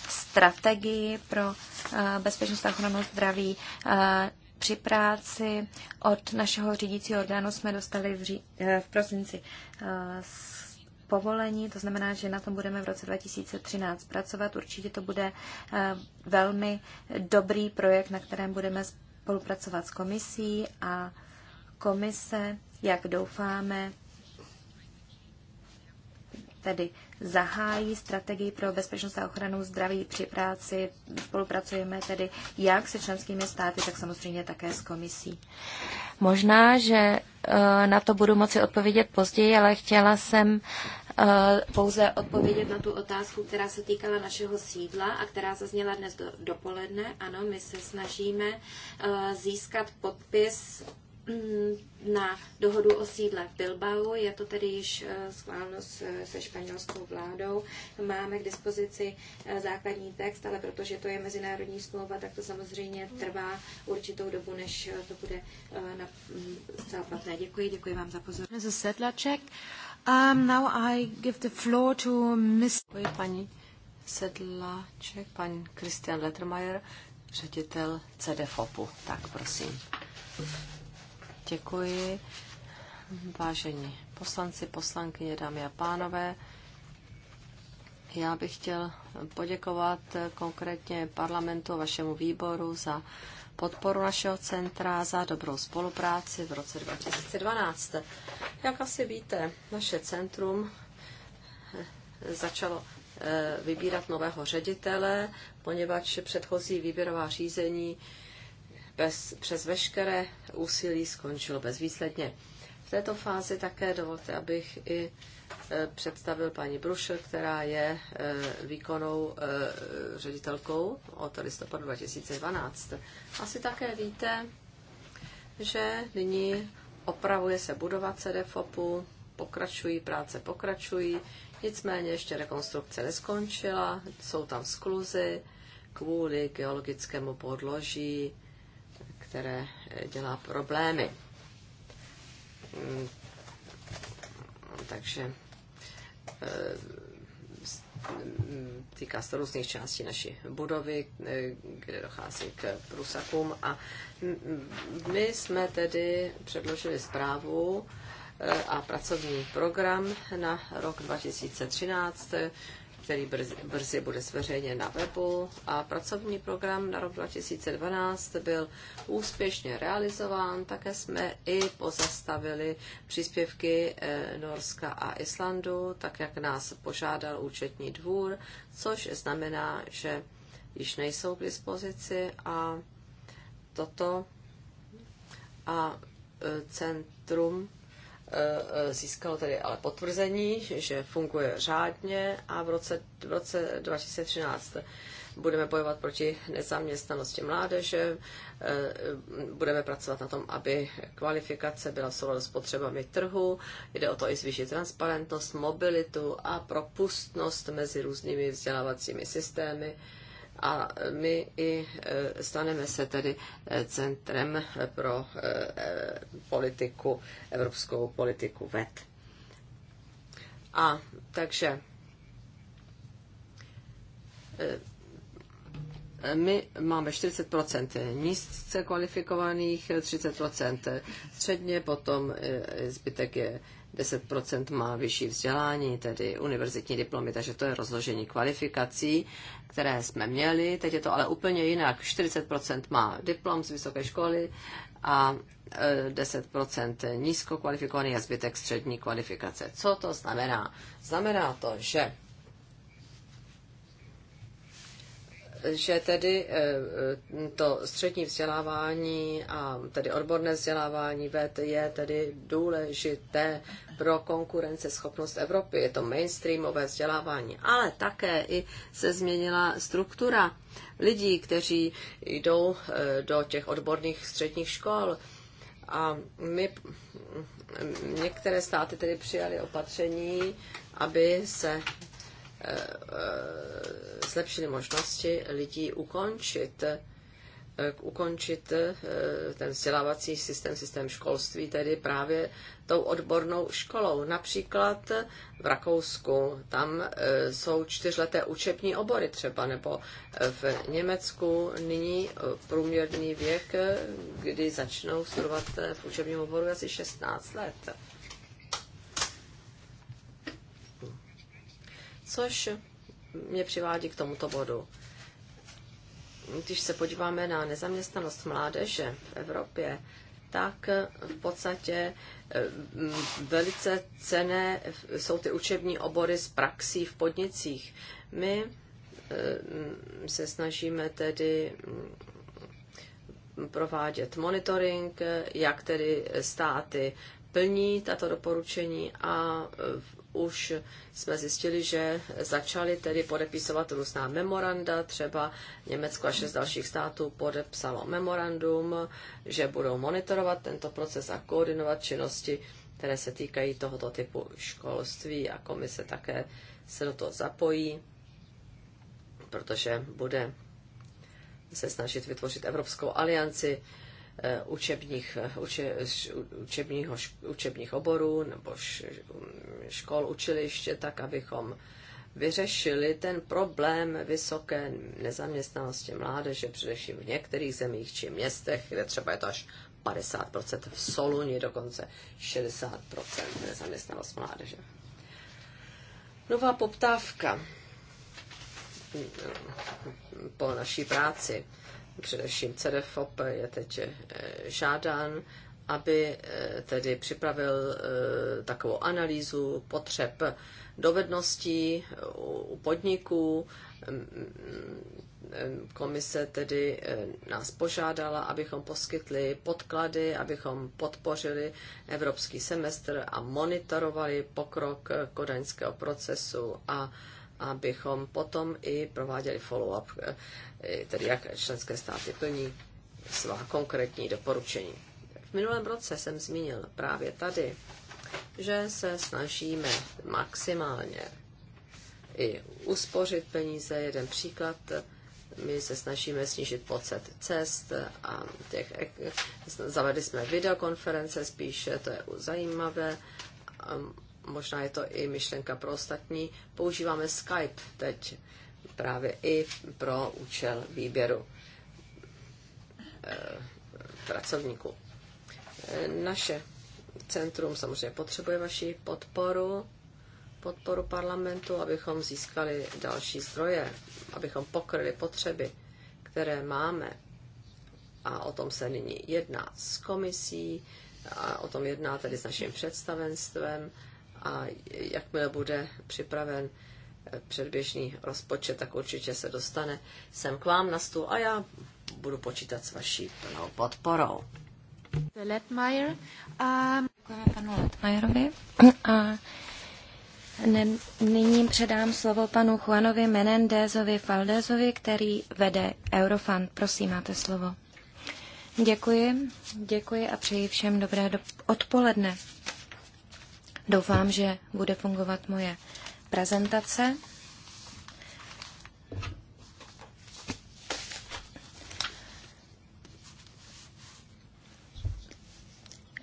strategii pro eh, bezpečnost a ochranu zdraví eh, při práci. Od našeho řídícího orgánu jsme dostali v, ří, v prosinci povolení, to znamená, že na tom budeme v roce 2013 pracovat. Určitě to bude velmi dobrý projekt, na kterém budeme spolupracovat s komisí a komise, jak doufáme, tedy zahájí strategii pro bezpečnost a ochranu zdraví při práci. Spolupracujeme tedy jak se členskými státy, tak samozřejmě také s komisí. Možná, že e, na to budu moci odpovědět později, ale chtěla jsem e, pouze odpovědět na tu otázku, která se týkala našeho sídla a která zazněla dnes do, dopoledne. Ano, my se snažíme e, získat podpis na dohodu o sídle v Bilbao. Je to tedy již eh, schváleno se španělskou vládou. Máme k dispozici eh, základní text, ale protože to je mezinárodní smlouva, tak to samozřejmě trvá určitou dobu, než eh, to bude na mm, zcela platné. Děkuji, děkuji vám za pozornost. Mrs. Sedlaček. Um, now I give the floor to Miss... paní Sedlaček, pan Christian Lettermeier, ředitel CDFOPu. Tak prosím. Děkuji. Vážení poslanci, poslankyně, dámy a pánové, já bych chtěl poděkovat konkrétně parlamentu a vašemu výboru za podporu našeho centra, za dobrou spolupráci v roce 2012. Jak asi víte, naše centrum eh, začalo eh, vybírat nového ředitele, poněvadž předchozí výběrová řízení bez, přes veškeré úsilí skončilo bezvýsledně. V této fázi také dovolte, abych i e, představil paní Brušel, která je e, výkonnou e, ředitelkou od listopadu 2012. Asi také víte, že nyní opravuje se budova CDFOPu, pokračují, práce pokračují, nicméně ještě rekonstrukce neskončila, jsou tam skluzy kvůli geologickému podloží, které eh, dělá problémy. Mm. Takže eh, mm, týká se různých částí naší budovy, eh, kde dochází k průsakům. A mm, my jsme tedy předložili zprávu a pracovní program na rok 2013, který brzy, brzy bude zveřejněn na webu. A pracovní program na rok 2012 byl úspěšně realizován. Také jsme i pozastavili příspěvky eh, Norska a Islandu, tak jak nás požádal účetní dvůr, což znamená, že již nejsou k dispozici a toto a eh, centrum Eh, eh, získalo tedy ale potvrzení, že funguje řádně a v roce, v roce 2013 budeme bojovat proti nezaměstnanosti mládeže, eh, budeme pracovat na tom, aby kvalifikace byla v souladu s potřebami trhu, jde o to i zvýšit transparentnost, mobilitu a propustnost mezi různými vzdělávacími systémy a my i e, staneme se tedy e, centrem pro e, politiku, evropskou politiku VET. A takže my máme 40% nízce kvalifikovaných, 30% středně, potom zbytek je 10% má vyšší vzdělání, tedy univerzitní diplomy, takže to je rozložení kvalifikací, které jsme měli. Teď je to ale úplně jinak. 40% má diplom z vysoké školy a 10% e, nízko kvalifikovaný a zbytek střední kvalifikace. Co to znamená? Znamená to, že že tedy eh, eh, to střední vzdělávání a tedy odborné vzdělávání VET je tedy důležité pro konkurenceschopnost Evropy. Je to mainstreamové vzdělávání, ale také i se změnila struktura lidí, kteří jdou eh, do těch odborných středních škol. A my, mm, některé státy tedy přijali opatření, aby se Eh, zlepšili možnosti lidí ukončit eh, ukončit eh, ten vzdělávací systém, systém školství, tedy právě tou odbornou školou. Například v Rakousku, tam jsou čtyřleté učební obory třeba, nebo v Německu nyní průměrný věk, kdy začnou studovat v učebním oboru asi 16 let. což mě přivádí k tomuto bodu. Když se podíváme na nezaměstnanost mládeže v Evropě, tak v podstatě eh, velice cené jsou ty učební obory z praxí v podnicích. My eh, se snažíme tedy mm, provádět monitoring, jak tedy státy plní tato doporučení a eh, už jsme zjistili, že začali tedy podepisovat různá memoranda, třeba Německo a šest dalších států podepsalo memorandum, že budou monitorovat tento proces a koordinovat činnosti, které se týkají tohoto typu školství a komise také se do toho zapojí, protože bude se snažit vytvořit Evropskou alianci Eh, učebních, eh, uče, učebního, učebních oborů nebo škol, učiliště, tak abychom vyřešili ten problém vysoké nezaměstnanosti mládeže, především v některých zemích či městech, kde třeba je to až 50%, v Soluni dokonce 60% nezaměstnanost mládeže. Nová poptávka po naší práci především CDFOP je teď eh, žádán, aby eh, tedy připravil eh, takovou analýzu potřeb dovedností u podniků. Mm, mm, komise tedy nás požádala, abychom poskytli podklady, abychom podpořili evropský semestr a monitorovali pokrok kodaňského procesu a abychom potom i prováděli follow-up, eh, tedy jak členské státy plní svá konkrétní doporučení. V minulém roce jsem zmínil právě tady, že se snažíme maximálně i uspořit peníze. Jeden příklad, my se snažíme snížit počet cest a těch, eh, zavedli jsme videokonference spíše, to je zajímavé možná je to i myšlenka pro ostatní, používáme Skype teď právě i pro účel výběru eh, pracovníků. Eh, naše centrum samozřejmě potřebuje vaši podporu, podporu parlamentu, abychom získali další zdroje, abychom pokryli potřeby, které máme. A o tom se nyní jedná s komisí, a o tom jedná tedy s naším představenstvem a jakmile bude připraven eh, předběžný rozpočet, tak určitě se dostane sem k vám na stůl a já budu počítat s vaší plnou podporou. Letmajer. A... Děkujeme panu Letmajerovi. A nyní předám slovo panu Juanovi Menendezovi, Faldezovi, který vede Eurofund. Prosím, máte slovo. Děkuji, děkuji a přeji všem dobré do, odpoledne. Doufám, že bude fungovat moje prezentace.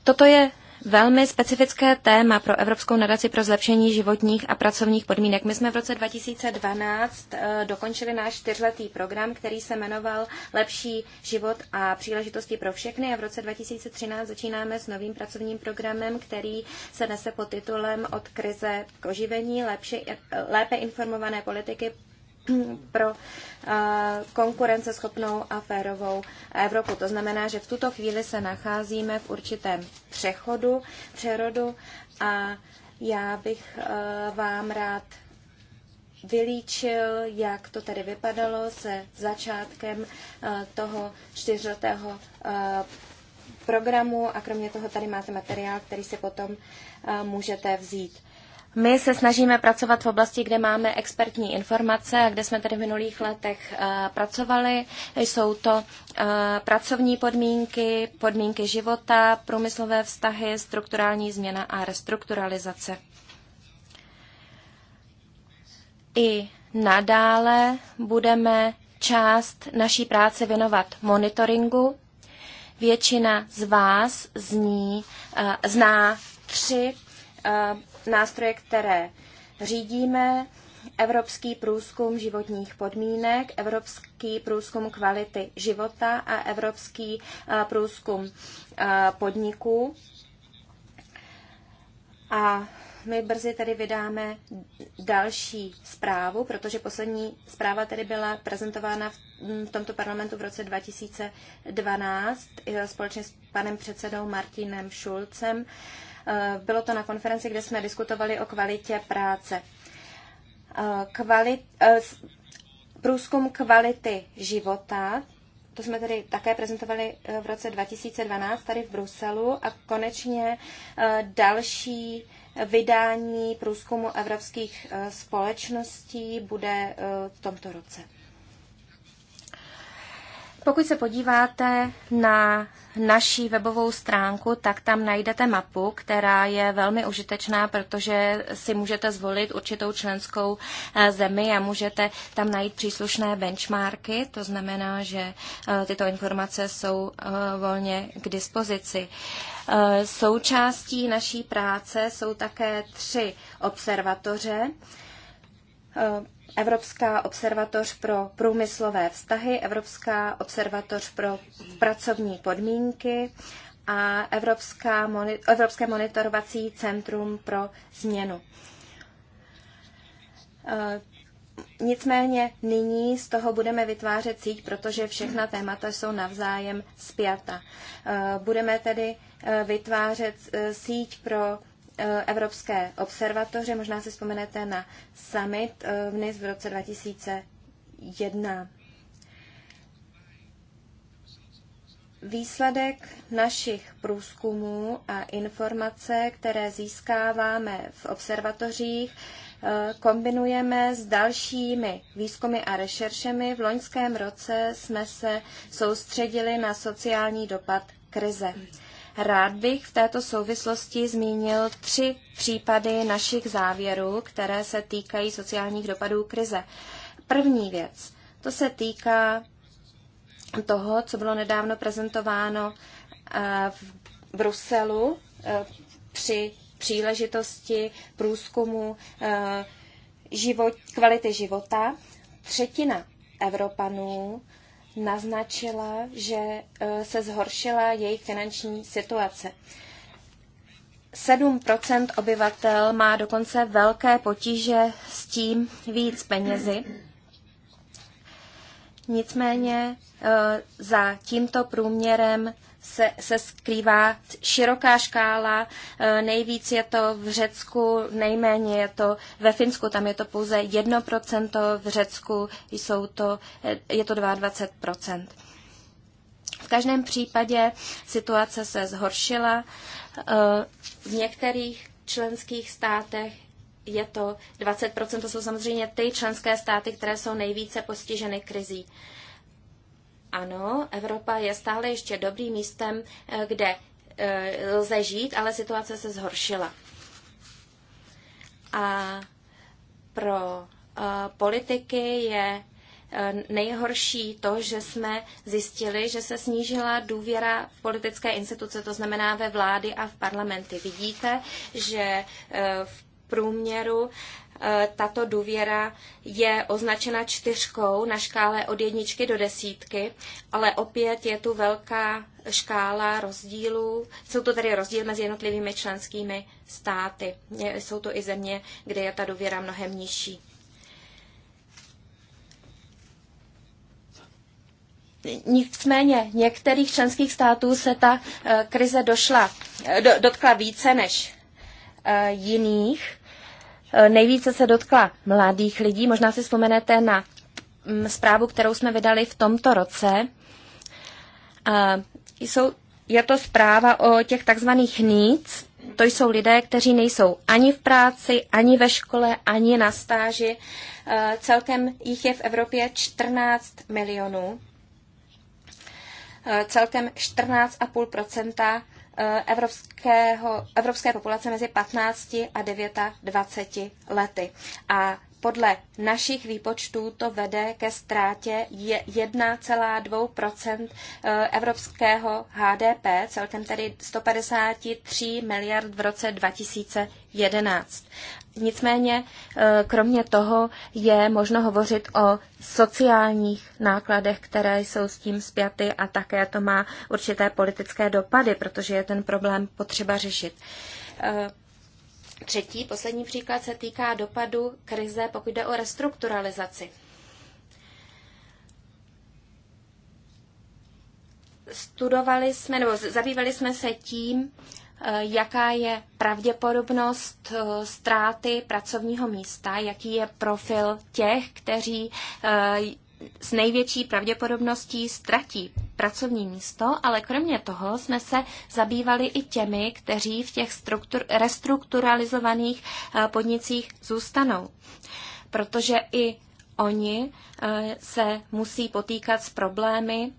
Toto je velmi specifické téma pro Evropskou nadaci pro zlepšení životních a pracovních podmínek. My jsme v roce 2012 eh, dokončili náš čtyřletý program, který se jmenoval Lepší život a příležitosti pro všechny a v roce 2013 začínáme s novým pracovním programem, který se nese pod titulem Od krize k oživení eh, lépe informované politiky pro eh, konkurenceschopnou a férovou Evropu. To znamená, že v tuto chvíli se nacházíme v určitém přechodu, přerodu a já bych eh, vám rád vylíčil, jak to tady vypadalo se začátkem eh, toho čtyřletého programu a kromě toho tady máte materiál, který si potom můžete vzít. My se snažíme pracovat v oblasti, kde máme expertní informace a kde jsme tedy v minulých letech eh, pracovali. Jsou to eh, pracovní podmínky, podmínky života, průmyslové vztahy, strukturální změna a restrukturalizace. I nadále budeme část naší práce věnovat monitoringu. Většina z vás zní, eh, zná tři nástroje, které řídíme, Evropský průzkum životních podmínek, Evropský průzkum kvality života a Evropský eh, průzkum eh, podniků. A my brzy tedy vydáme další zprávu, protože poslední zpráva tedy byla prezentována v, tomto parlamentu v roce 2012 eh, společně s panem předsedou Martinem Šulcem. Eh, bylo to na konferenci, kde jsme diskutovali o kvalitě práce. Eh, kvalit, eh, průzkum kvality života, to jsme tedy také prezentovali v roce 2012 tady v Bruselu a konečně další vydání průzkumu evropských společností bude v tomto roce. Pokud se podíváte na naší webovou stránku, tak tam najdete mapu, která je velmi užitečná, protože si můžete zvolit určitou členskou eh, zemi a můžete tam najít příslušné benchmarky. To znamená, že eh, tyto informace jsou eh, volně k dispozici. Součástí naší práce jsou také tři observatoře Evropská observatoř pro průmyslové vztahy, Evropská observatoř pro pracovní podmínky a Evropská, Evropské monitorovací centrum pro změnu. Eh, nicméně nyní z toho budeme vytvářet síť, protože všechna témata jsou navzájem spjata. Eh, budeme tedy eh, vytvářet síť pro Eh, Evropské observatoře. Možná si vzpomenete na summit eh, v NIS v roce 2001. Výsledek našich průzkumů a informace, které získáváme v observatořích, eh, kombinujeme s dalšími výzkumy a rešeršemi. V loňském roce jsme se soustředili na sociální dopad krize. Rád bych v této souvislosti zmínil tři případy našich závěrů, které se týkají sociálních dopadů krize. První věc, to se týká toho, co bylo nedávno prezentováno eh, v Bruselu eh, při příležitosti průzkumu eh, život, kvality života. Třetina Evropanů naznačila, že e, se zhoršila její finanční situace. 7 obyvatel má dokonce velké potíže s tím víc penězi. Nicméně e, za tímto průměrem se, se skrývá široká škála, e, nejvíc je to v Řecku, nejméně je to ve Finsku, tam je to pouze 1%, v Řecku jsou to, e, je to 22%. V každém případě situace se zhoršila. E, v některých členských státech je to 20%, to jsou samozřejmě ty členské státy, které jsou nejvíce postiženy krizí. Ano, Evropa je stále ještě dobrým místem, eh, kde eh, lze žít, ale situace se zhoršila. A pro eh, politiky je nejhorší to, že jsme zjistili, že se snížila důvěra v politické instituce, to znamená ve vlády a v parlamenty. Vidíte, že v průměru Eh, tato důvěra je označena čtyřkou na škále od jedničky do desítky, ale opět je tu velká škála rozdílů. Jsou to tady rozdíly mezi jednotlivými členskými státy. Jsou to i země, kde je ta důvěra mnohem nižší. Nicméně některých členských států se ta eh, krize došla, eh, do, dotkla více než jiných. Eh, nejvíce se dotkla mladých lidí. Možná si vzpomenete na mm, zprávu, kterou jsme vydali v tomto roce. Eh, jsou, je to zpráva o těch takzvaných needs. To jsou lidé, kteří nejsou ani v práci, ani ve škole, ani na stáži. Eh, celkem jich je v Evropě 14 milionů. Celkem 14,5 evropského, evropské populace mezi 15 a 29 lety. A podle našich výpočtů to vede ke ztrátě 1,2 eh, evropského HDP, celkem tedy 153 miliard v roce 2011. Nicméně, eh, kromě toho je možno hovořit o sociálních nákladech, které jsou s tím spjaty a také to má určité politické dopady, protože je ten problém potřeba řešit. Eh, Třetí, poslední příklad se týká dopadu krize, pokud jde o restrukturalizaci. Studovali jsme, nebo zabývali jsme se tím, eh, jaká je pravděpodobnost eh, ztráty pracovního místa, jaký je profil těch, kteří eh, s největší pravděpodobností ztratí pracovní místo, ale kromě toho jsme se zabývali i těmi, kteří v těch struktur, restrukturalizovaných eh, podnicích zůstanou. Protože i oni eh, se musí potýkat s problémy,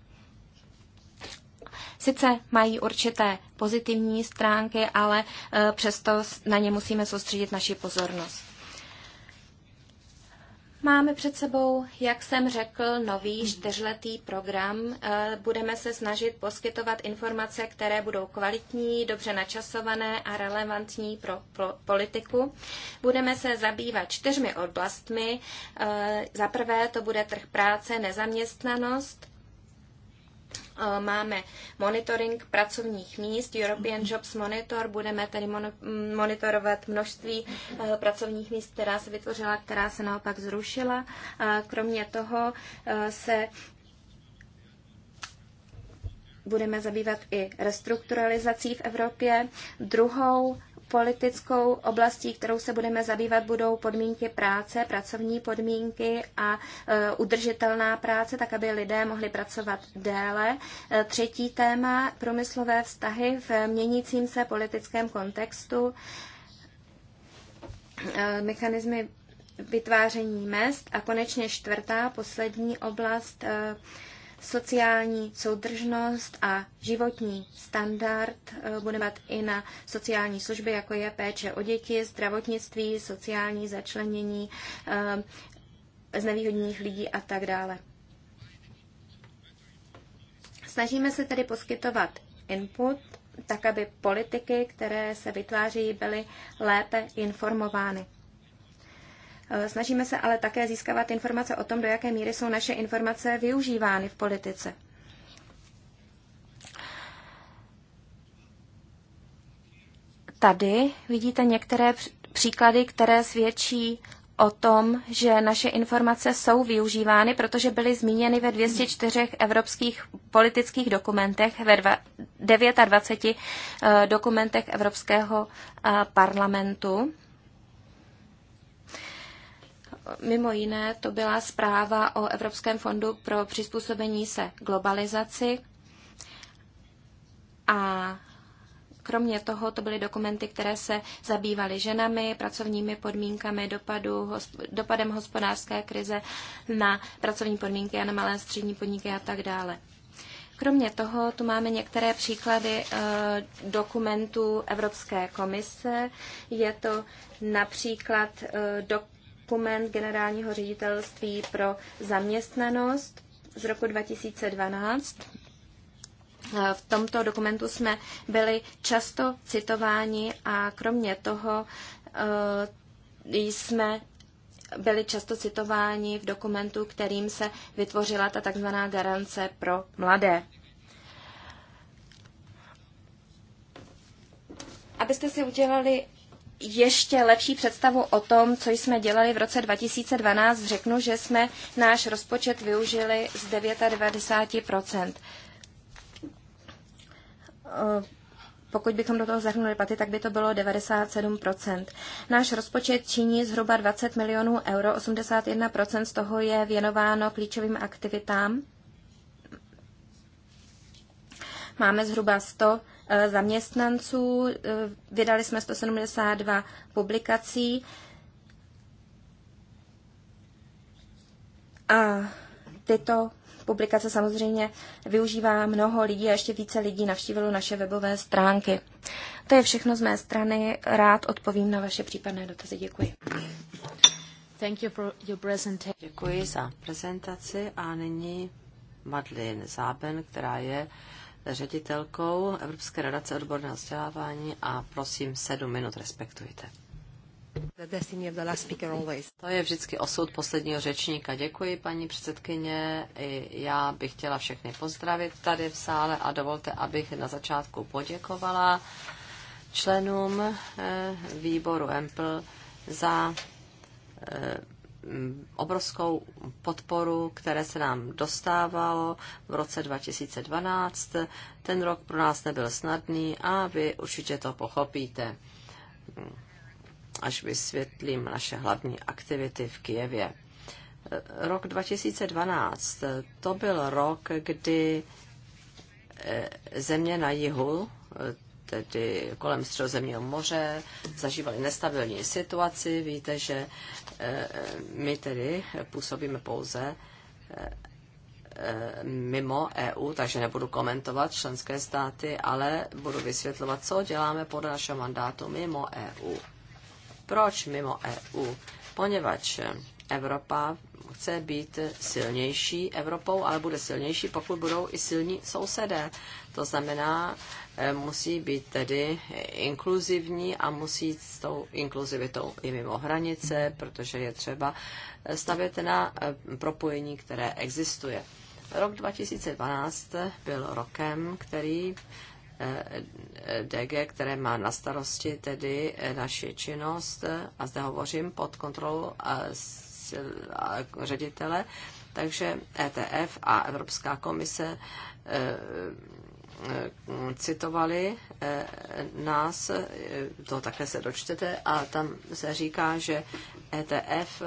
Sice mají určité pozitivní stránky, ale eh, přesto na ně musíme soustředit naši pozornost. Máme před sebou, jak jsem řekl, nový čtyřletý program. Eh, budeme se snažit poskytovat informace, které budou kvalitní, dobře načasované a relevantní pro politiku. Budeme se zabývat čtyřmi oblastmi. Eh, za prvé to bude trh práce, nezaměstnanost, Eh, máme monitoring pracovních míst, European mhm. Jobs Monitor, budeme tedy mm, monitorovat množství eh, pracovních míst, která se vytvořila, která se naopak zrušila. Eh, kromě toho se budeme zabývat i restrukturalizací v Evropě. Druhou politickou oblastí, kterou se budeme zabývat, budou podmínky práce, pracovní podmínky a e, udržitelná práce, tak aby lidé mohli pracovat déle. E, třetí téma, průmyslové vztahy v měnícím se politickém kontextu, e, mechanismy vytváření mest a konečně čtvrtá, poslední oblast, sociální soudržnost a životní standard eh, Budeme mít i na sociální služby, jako je péče o děti, zdravotnictví, sociální začlenění eh, znevýhodněných lidí a tak dále. Snažíme se tedy poskytovat input, tak aby politiky, které se vytváří, byly lépe informovány. Eh, snažíme se ale také získávat informace o tom, do jaké míry jsou naše informace využívány v politice. Tady vidíte některé příklady, které svědčí o tom, že naše informace jsou využívány, protože byly zmíněny ve 204 evropských politických dokumentech, ve 29 eh, dokumentech Evropského eh, parlamentu mimo jiné to byla zpráva o Evropském fondu pro přizpůsobení se globalizaci a Kromě toho to byly dokumenty, které se zabývaly ženami, pracovními podmínkami, dopadu, dopadem hospodářské krize na pracovní podmínky a na malé střední podniky a tak dále. Kromě toho tu máme některé příklady e, dokumentů Evropské komise. Je to například e, eh, dokument dokument generálního ředitelství pro zaměstnanost z roku 2012. V tomto dokumentu jsme byli často citováni a kromě toho eh, jsme byli často citováni v dokumentu, kterým se vytvořila ta tzv. garance pro mladé. Abyste si udělali ještě lepší představu o tom, co jsme dělali v roce 2012, řeknu, že jsme náš rozpočet využili z 99%. Pokud bychom do toho zahrnuli paty, tak by to bylo 97%. Náš rozpočet činí zhruba 20 milionů euro, 81% z toho je věnováno klíčovým aktivitám. Máme zhruba 100 Eh, zaměstnanců, eh, vydali jsme 172 publikací a tyto publikace samozřejmě využívá mnoho lidí a ještě více lidí navštívilo naše webové stránky. To je všechno z mé strany. Rád odpovím na vaše případné dotazy. Děkuji. Thank you for your presentation. Děkuji za prezentaci a nyní Madeleine Záben, která je uh, ředitelkou Evropské radace odborného vzdělávání a prosím, sedm minut respektujte. To je vždycky osud posledního řečníka. Děkuji, paní předsedkyně. I já bych chtěla všechny pozdravit tady v sále a dovolte, abych na začátku poděkovala členům eh, výboru EMPL za eh, obrovskou podporu, které se nám dostávalo v roce 2012. Ten rok pro nás nebyl snadný a vy určitě to pochopíte, až vysvětlím naše hlavní aktivity v Kijevě. Rok 2012 to byl rok, kdy eh, země na jihu tedy kolem Středozemního moře, zažívali nestabilní situaci. Víte, že eh, my tedy působíme pouze eh, eh, mimo EU, takže nebudu komentovat členské státy, ale budu vysvětlovat, co děláme podle našeho mandátu mimo EU. Proč mimo EU? Poněvadž Evropa chce být silnější Evropou, ale bude silnější, pokud budou i silní sousedé. To znamená, eh, musí být tedy inkluzivní a musí jít s tou inkluzivitou i mimo hranice, protože je třeba stavět na eh, propojení, které existuje. Rok 2012 byl rokem, který eh, DG, které má na starosti tedy naši činnost, a zde hovořím pod kontrolou Eh, ředitele. Takže ETF a Evropská komise eh, eh, citovali nás, to také se dočtete, a tam se říká, že ETF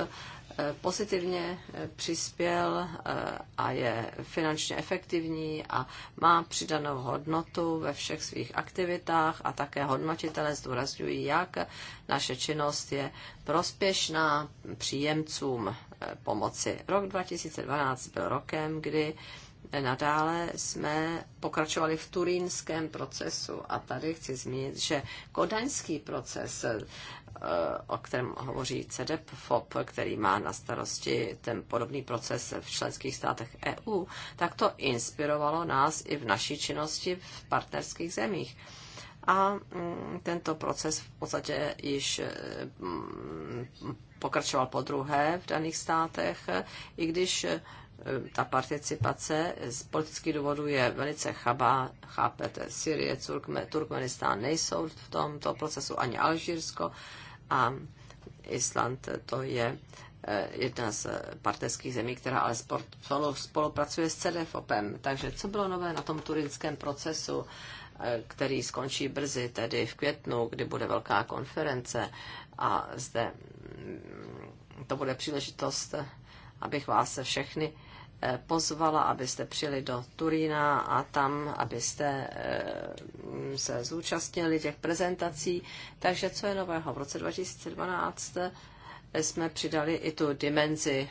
pozitivně eh, přispěl eh, a je finančně efektivní a má přidanou hodnotu ve všech svých aktivitách a také hodnotitelé zdůrazňují, jak naše činnost je prospěšná příjemcům eh, pomoci. Rok 2012 byl rokem, kdy nadále jsme pokračovali v turínském procesu a tady chci zmínit, že kodaňský proces Eh, o kterém hovoří FOP, který má na starosti ten podobný proces v členských státech EU, tak to inspirovalo nás i v naší činnosti v partnerských zemích. A mm, tento proces v podstatě již eh, mm, pokračoval po druhé v daných státech, i když eh, ta participace z politických důvodů je velice chabá, chápete, Syrie, Turkmenistán nejsou v tomto procesu, ani Alžírsko, a Island to je eh, jedna z partnerských zemí, která ale spolupracuje s CDFOPem. Takže co bylo nové na tom turinském procesu, eh, který skončí brzy, tedy v květnu, kdy bude velká konference a zde mm, to bude příležitost, eh, abych vás všechny Eh, pozvala, abyste přijeli do Turína a tam, abyste eh, se zúčastnili těch prezentací. Takže co je nového? V roce 2012 eh, jsme přidali i tu dimenzi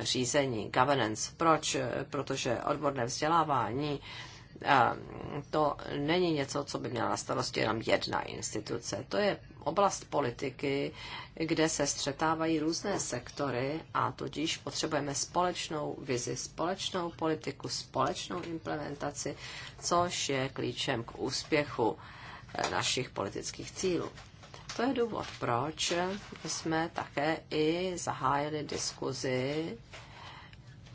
řízení, governance. Proč? Protože odborné vzdělávání to není něco, co by měla na starosti jenom jedna instituce. To je oblast politiky, kde se střetávají různé sektory a tudíž potřebujeme společnou vizi, společnou politiku, společnou implementaci, což je klíčem k úspěchu eh, našich politických cílů. To je důvod, proč jsme také i zahájili diskuzi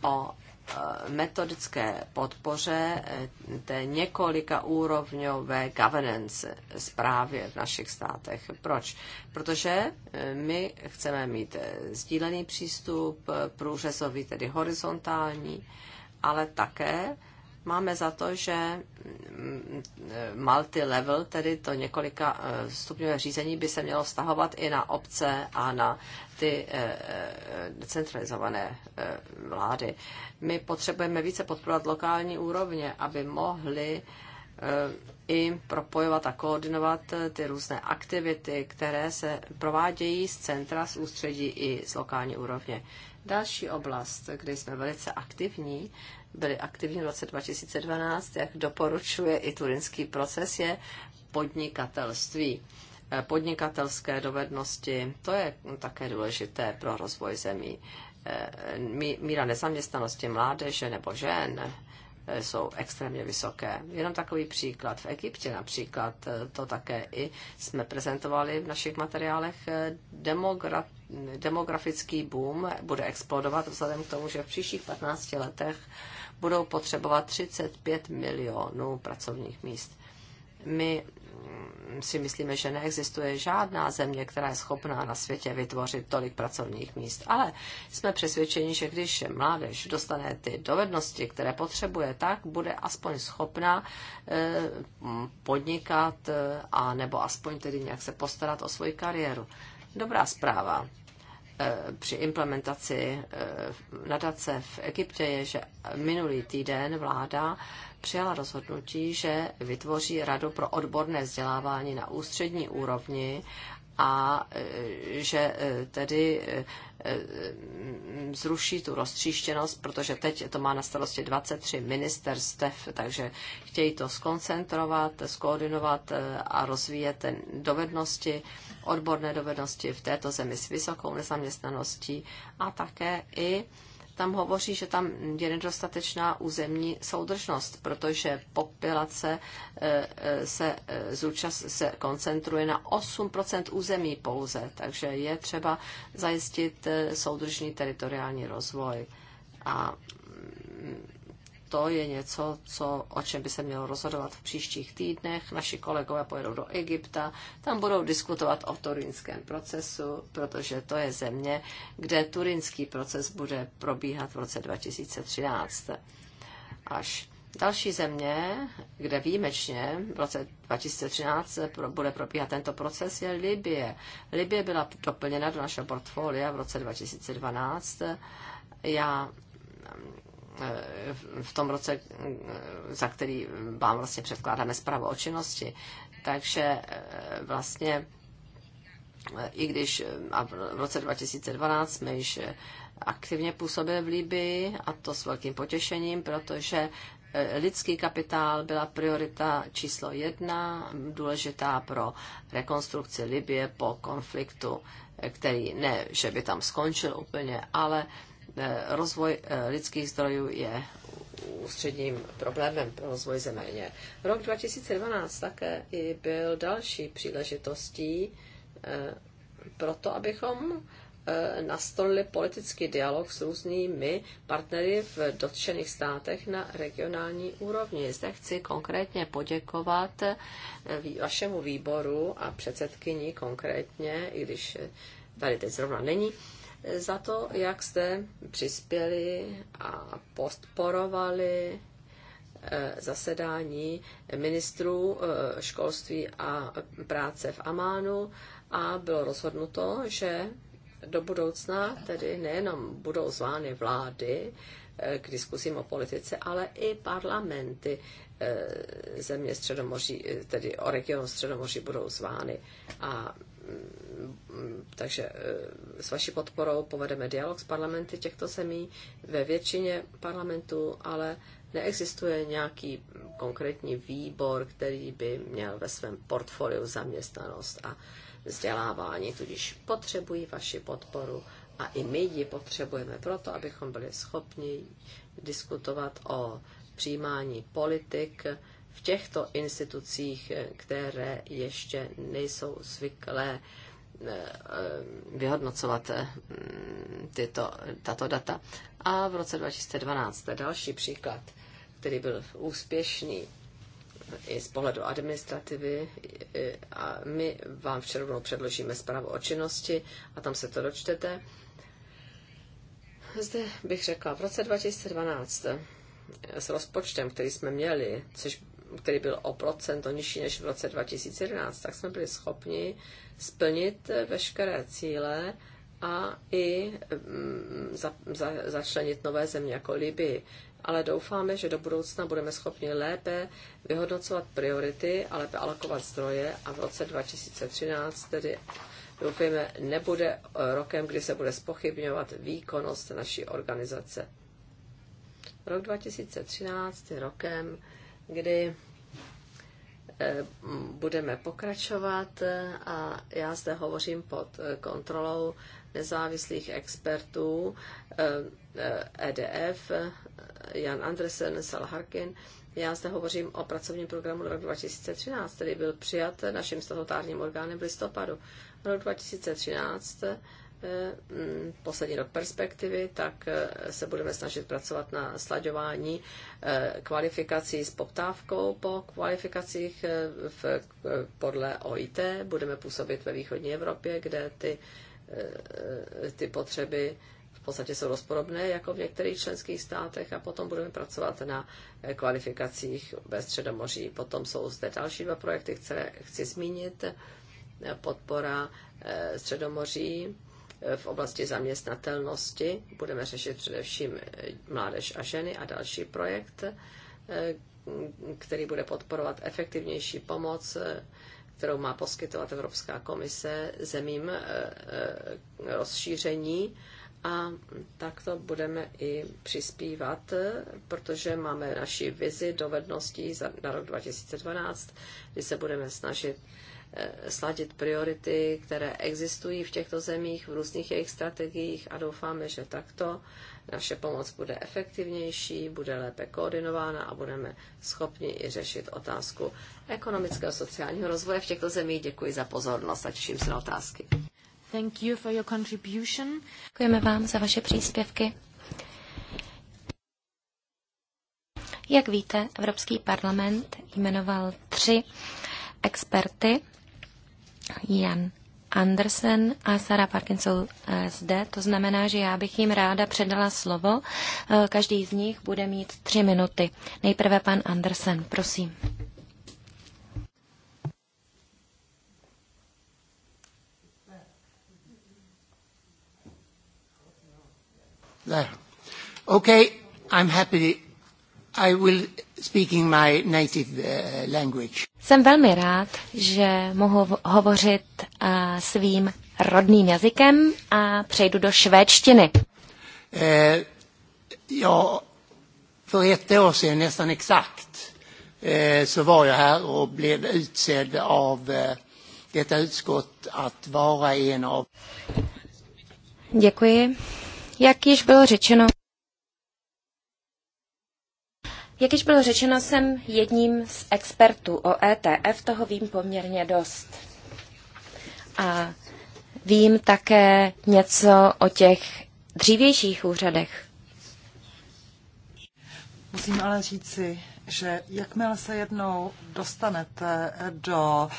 o Eh, metodické podpoře eh, té několika úrovňové governance zprávě v našich státech. Proč? Protože eh, my chceme mít sdílený přístup, průřezový, tedy horizontální, ale také máme za to, že multi-level, mm, tedy to několika eh, stupňové řízení, by se mělo stahovat i na obce a na ty eh, eh, decentralizované vlády. My potřebujeme více podporovat lokální úrovně, aby mohli i propojovat a koordinovat ty různé aktivity, které se provádějí z centra, z ústředí i z lokální úrovně. Další oblast, kde jsme velice aktivní, byli aktivní v roce 2012, jak doporučuje i turinský proces, je podnikatelství. Eh, podnikatelské dovednosti, to je také důležité pro rozvoj zemí. Eh, míra nezaměstnanosti mládeže nebo žen eh, jsou extrémně vysoké. Jenom takový příklad. V Egyptě například to také i jsme prezentovali v našich materiálech. Demogra- demografický boom bude explodovat vzhledem k tomu, že v příštích 15 letech budou potřebovat 35 milionů pracovních míst. My mm, si myslíme, že neexistuje žádná země, která je schopná na světě vytvořit tolik pracovních míst. Ale jsme přesvědčeni, že když mládež dostane ty dovednosti, které potřebuje, tak bude aspoň schopná e, podnikat e, a nebo aspoň tedy nějak se postarat o svoji kariéru. Dobrá zpráva Eh, při implementaci eh, nadace v Egyptě je, že minulý týden vláda přijala rozhodnutí, že vytvoří radu pro odborné vzdělávání na ústřední úrovni a e, že e, tedy e, zruší tu roztříštěnost, protože teď to má na starosti 23 ministerstev, takže chtějí to skoncentrovat, skoordinovat a rozvíjet dovednosti, odborné dovednosti v této zemi s vysokou nezaměstnaností a také i tam hovoří, že tam je nedostatečná územní soudržnost, protože populace e, e, se, e, zúčast, se koncentruje na 8% území pouze, takže je třeba zajistit soudržný teritoriální rozvoj. A mm, to je něco, co, o čem by se mělo rozhodovat v příštích týdnech. Naši kolegové pojedou do Egypta, tam budou diskutovat o turinském procesu, protože to je země, kde turinský proces bude probíhat v roce 2013. Až Další země, kde výjimečně v roce 2013 bude probíhat tento proces, je Libie. Libie byla doplněna do našeho portfolia v roce 2012. Já Eh, v tom roce, eh, za který vám vlastně předkládáme zprávu o činnosti. Takže eh, vlastně i když a v roce 2012 jsme již aktivně působili v Libii a to s velkým potěšením, protože lidský kapitál byla priorita číslo jedna, důležitá pro rekonstrukci Libie po konfliktu, který ne, že by tam skončil úplně, ale Eh, rozvoj eh, lidských zdrojů je ústředním problémem pro rozvoj země. Rok 2012 také i byl další příležitostí eh, pro to, abychom nastolili politický dialog s různými partnery v dotčených státech na regionální úrovni. Zde chci konkrétně poděkovat vašemu výboru a předsedkyni konkrétně, i když tady teď zrovna není, za to, jak jste přispěli a podporovali eh, zasedání ministrů eh, školství a práce v Amánu a bylo rozhodnuto, že do budoucna tedy nejenom budou zvány vlády eh, k diskusím o politice, ale i parlamenty země Středomoří, tedy o regionu Středomoří budou zvány. A takže eh, s vaší podporou povedeme dialog s parlamenty těchto zemí ve většině parlamentů, ale neexistuje nějaký konkrétní výbor, který by měl ve svém portfoliu zaměstnanost a vzdělávání, tudíž potřebují vaši podporu a i my ji potřebujeme proto, abychom byli schopni diskutovat o přijímání politik, v těchto institucích, eh, které ještě nejsou zvyklé eh, eh, vyhodnocovat mm, tyto, tato data. A v roce 2012, další příklad, který byl úspěšný i z pohledu administrativy. A my vám v červnu předložíme zprávu o činnosti a tam se to dočtete. Zde bych řekla, v roce 2012 s rozpočtem, který jsme měli, což který byl o procento nižší než v roce 2011, tak jsme byli schopni splnit veškeré cíle a i mm, za, za, začlenit nové země jako Libii. Ale doufáme, že do budoucna budeme schopni lépe vyhodnocovat priority a lépe alokovat zdroje a v roce 2013 tedy doufejme nebude rokem, kdy se bude spochybňovat výkonnost naší organizace. Rok 2013 je rokem, kdy eh, budeme pokračovat eh, a já zde hovořím pod eh, kontrolou nezávislých expertů EDF, e Jan Andresen, Sal Harkin. Já zde hovořím o pracovním programu rok roku 2013, který byl přijat naším statutárním orgánem v listopadu. Rok 2013 Eh, poslední rok perspektivy, tak eh, se budeme snažit pracovat na slaďování eh, kvalifikací s poptávkou po kvalifikacích v, podle OIT. Budeme působit ve východní Evropě, kde ty, ty potřeby v podstatě jsou rozporobné, jako v některých členských státech, a potom budeme pracovat na kvalifikacích ve Středomoří. Potom jsou zde další dva projekty, které chci zmínit. Podpora Středomoří v oblasti zaměstnatelnosti. Budeme řešit především mládež a ženy a další projekt, eh, který bude podporovat efektivnější pomoc, eh, kterou má poskytovat Evropská komise zemím eh, rozšíření. A takto budeme i přispívat, protože máme naši vizi dovedností na rok 2012, kdy se budeme snažit Eh, sladit priority, které existují v těchto zemích, v různých jejich strategiích a doufáme, že takto naše pomoc bude efektivnější, bude lépe koordinována a budeme schopni i řešit otázku ekonomického a sociálního rozvoje v těchto zemích. Děkuji za pozornost a těším se na otázky. Thank you for your contribution. Děkujeme vám za vaše příspěvky. Jak víte, Evropský parlament jmenoval tři experty Jan Andersen a Sara Parkin jsou eh, zde, to znamená, že já bych jim ráda předala slovo. Eh, každý z nich bude mít tři minuty. Nejprve pan Andersen, prosím. There. Okay, I'm happy. I will speaking my native uh, language. Jsem velmi rád, že mohu hovořit uh, svým rodným jazykem a přejdu do švédštiny. Eh, ja, för ett år sedan nästan exakt eh, så var jag här och blev utsedd av eh, detta utskott att vara en av... Děkuji. Jak již bylo řečeno, jak již bylo řečeno, jsem jedním z expertů o ETF, toho vím poměrně dost. A vím také něco o těch dřívějších úřadech. Musím ale říci, že jakmile se jednou dostanete do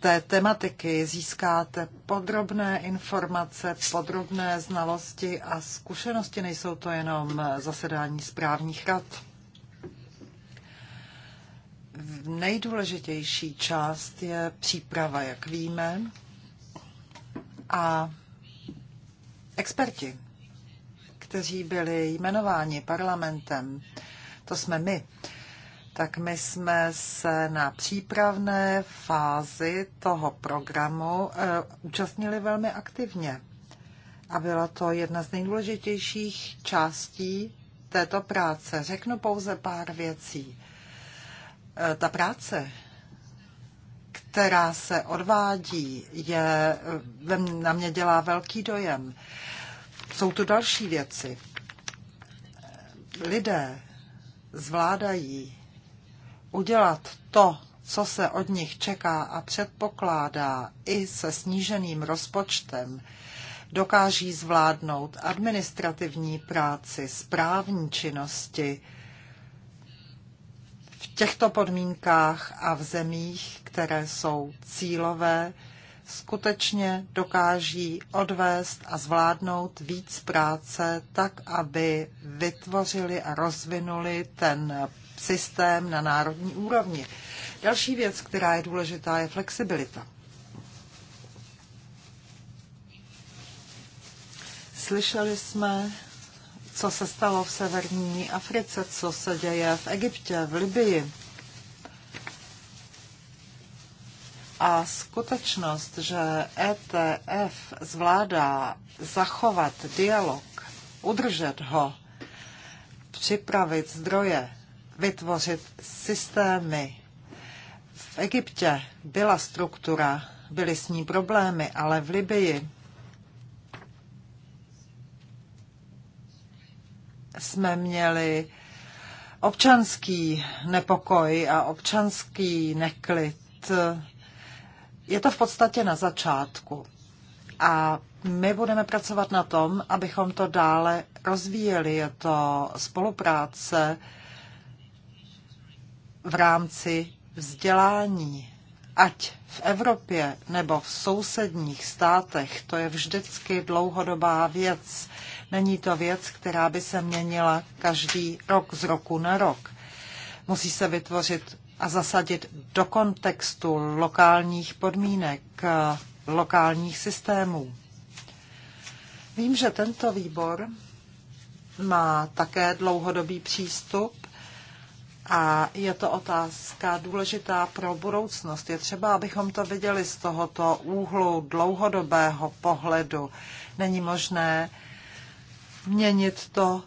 té tematiky získáte podrobné informace, podrobné znalosti a zkušenosti. Nejsou to jenom zasedání správních rad nejdůležitější část je příprava, jak víme, a experti, kteří byli jmenováni parlamentem, to jsme my, tak my jsme se na přípravné fázi toho programu uh, účastnili velmi aktivně. A byla to jedna z nejdůležitějších částí této práce. Řeknu pouze pár věcí. Eh, ta práce, která se odvádí, je, eh, na mě dělá velký dojem. Jsou tu další věci. Lidé zvládají udělat to, co se od nich čeká a předpokládá i se sníženým rozpočtem, dokáží zvládnout administrativní práci, správní činnosti, těchto podmínkách a v zemích, které jsou cílové, skutečně dokáží odvést a zvládnout víc práce tak, aby vytvořili a rozvinuli ten systém na národní úrovni. Další věc, která je důležitá, je flexibilita. Slyšeli jsme co se stalo v severní Africe, co se děje v Egyptě, v Libii. A skutečnost, že ETF zvládá zachovat dialog, udržet ho, připravit zdroje, vytvořit systémy. V Egyptě byla struktura, byly s ní problémy, ale v Libii jsme měli občanský nepokoj a občanský neklid. Je to v podstatě na začátku. A my budeme pracovat na tom, abychom to dále rozvíjeli. Je to spolupráce v rámci vzdělání, ať v Evropě nebo v sousedních státech, to je vždycky dlouhodobá věc. Není to věc, která by se měnila každý rok z roku na rok. Musí se vytvořit a zasadit do kontextu lokálních podmínek, lokálních systémů. Vím, že tento výbor má také dlouhodobý přístup a je to otázka důležitá pro budoucnost. Je třeba, abychom to viděli z tohoto úhlu dlouhodobého pohledu. Není možné měnit to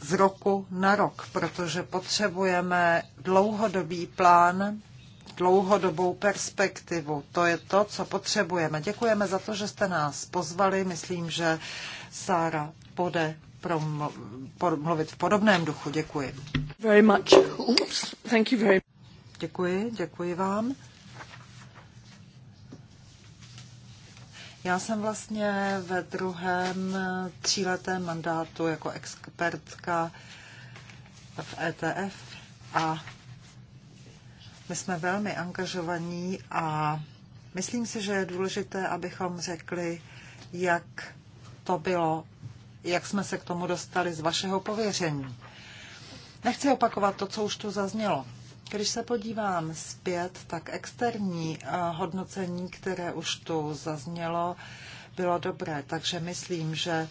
z roku na rok, protože potřebujeme dlouhodobý plán, dlouhodobou perspektivu. To je to, co potřebujeme. Děkujeme za to, že jste nás pozvali. Myslím, že Sára bude mluvit v podobném duchu. Děkuji. Very much. Oops. Thank you very... Děkuji, děkuji vám. Já jsem vlastně ve druhém tříletém mandátu jako expertka v ETF a my jsme velmi angažovaní a myslím si, že je důležité, abychom řekli, jak to bylo, jak jsme se k tomu dostali z vašeho pověření. Nechci opakovat to, co už tu zaznělo. Když se podívám zpět, tak externí eh, hodnocení, které už tu zaznělo, bylo dobré. Takže myslím, že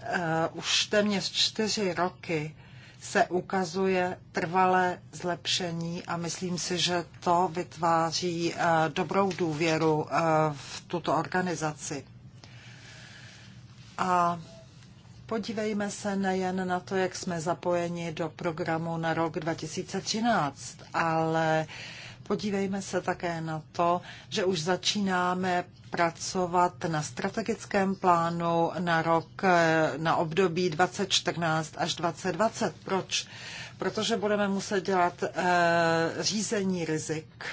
eh, už téměř čtyři roky se ukazuje trvalé zlepšení a myslím si, že to vytváří eh, dobrou důvěru v tuto organizaci. A Podívejme se nejen na to, jak jsme zapojeni do programu na rok 2013, ale podívejme se také na to, že už začínáme pracovat na strategickém plánu na rok, na období 2014 až 2020. Proč? Protože budeme muset dělat eh, řízení rizik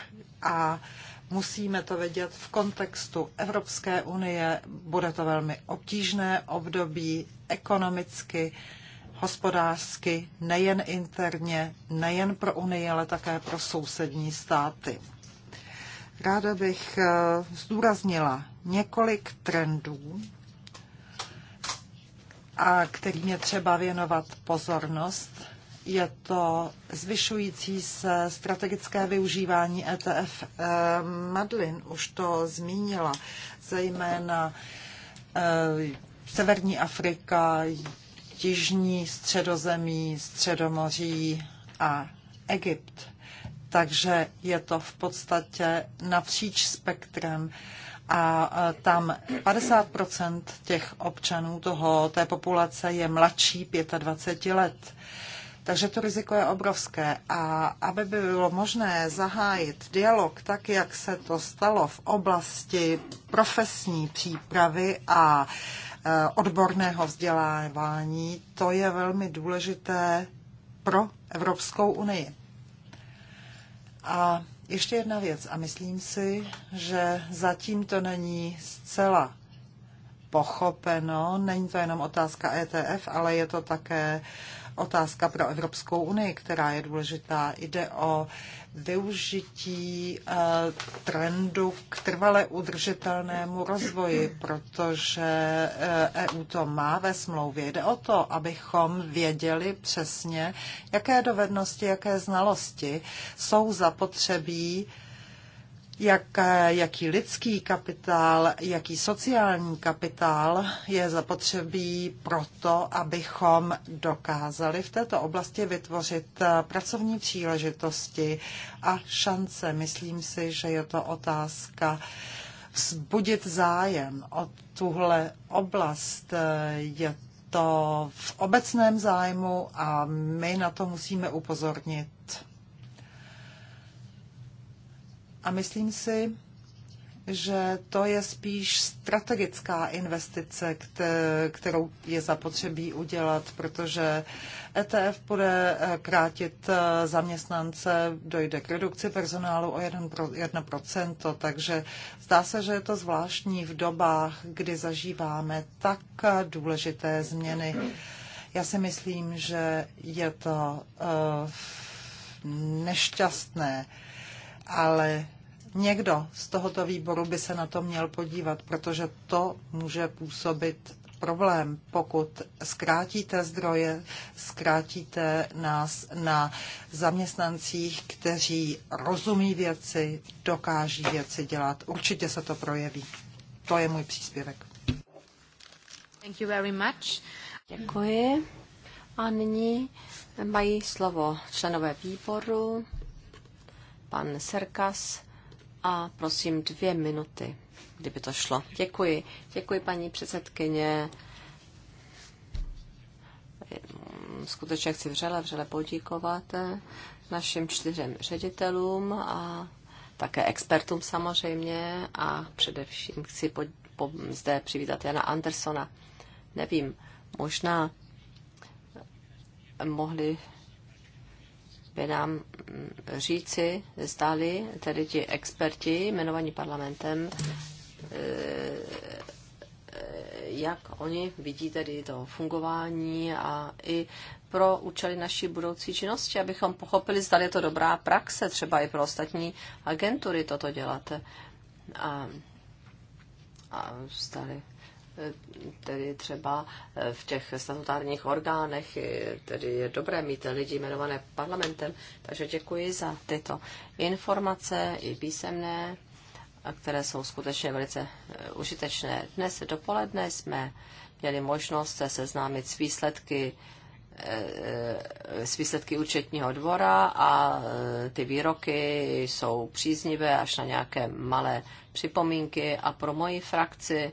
a Musíme to vidět v kontextu Evropské unie. Bude to velmi obtížné období ekonomicky, hospodářsky, nejen interně, nejen pro Unii, ale také pro sousední státy. Ráda bych eh, zdůraznila několik trendů, a kterým je třeba věnovat pozornost je to zvyšující se strategické využívání ETF. Eh, Madlin už to zmínila, zejména eh, Severní Afrika, Jižní středozemí, Středomoří a Egypt. Takže je to v podstatě napříč spektrem a eh, tam 50 těch občanů toho, té populace je mladší 25 let. Takže to riziko je obrovské. A aby by bylo možné zahájit dialog tak, jak se to stalo v oblasti profesní přípravy a e, odborného vzdělávání, to je velmi důležité pro Evropskou unii. A ještě jedna věc, a myslím si, že zatím to není zcela pochopeno. Není to jenom otázka ETF, ale je to také uh, otázka pro Evropskou unii, která je důležitá. Jde o využití eh, trendu k trvale udržitelnému rozvoji, protože EU eh, e to má ve smlouvě. Jde o to, abychom věděli přesně, jaké dovednosti, jaké znalosti jsou zapotřebí jak, jaký lidský kapitál, jaký sociální kapitál je zapotřebí proto, abychom dokázali v této oblasti vytvořit eh, pracovní příležitosti a šance. Myslím si, že je to otázka vzbudit zájem o tuhle oblast. Eh, je to v obecném zájmu a my na to musíme upozornit A myslím si, že to je spíš strategická investice, kterou je zapotřebí udělat, protože ETF bude eh, krátit eh, zaměstnance, dojde k redukci personálu o 1%, takže zdá se, že je to zvláštní v dobách, kdy zažíváme tak eh, důležité změny. Já si myslím, že je to nešťastné, ale Někdo z tohoto výboru by se na to měl podívat, protože to může působit problém, pokud zkrátíte zdroje, zkrátíte nás na zaměstnancích, kteří rozumí věci, dokáží věci dělat. Určitě se to projeví. To je můj příspěvek. Thank you very much. Děkuji. A nyní mají slovo členové výboru, pan Serkas a prosím dvě minuty, kdyby to šlo. Děkuji. Děkuji, paní předsedkyně. Skutečně chci vřele, vřele poděkovat našim čtyřem ředitelům a také expertům samozřejmě a především chci po, po, zde přivítat Jana Andersona. Nevím, možná mohli by nám mm, říci, zdali tedy ti experti jmenovaní parlamentem, eh, jak oni vidí tedy to fungování a i pro účely naší budoucí činnosti, abychom pochopili, zda je to dobrá praxe, třeba i pro ostatní agentury toto dělat. A, a zdali tedy třeba eh, v těch statutárních orgánech, eh, tedy je dobré mít lidi jmenované parlamentem. Takže děkuji za tyto informace i písemné, které jsou skutečně velice eh, užitečné. Dnes dopoledne jsme měli možnost se seznámit s výsledky s výsledky účetního dvora a ty výroky jsou příznivé až na nějaké malé připomínky a pro moji frakci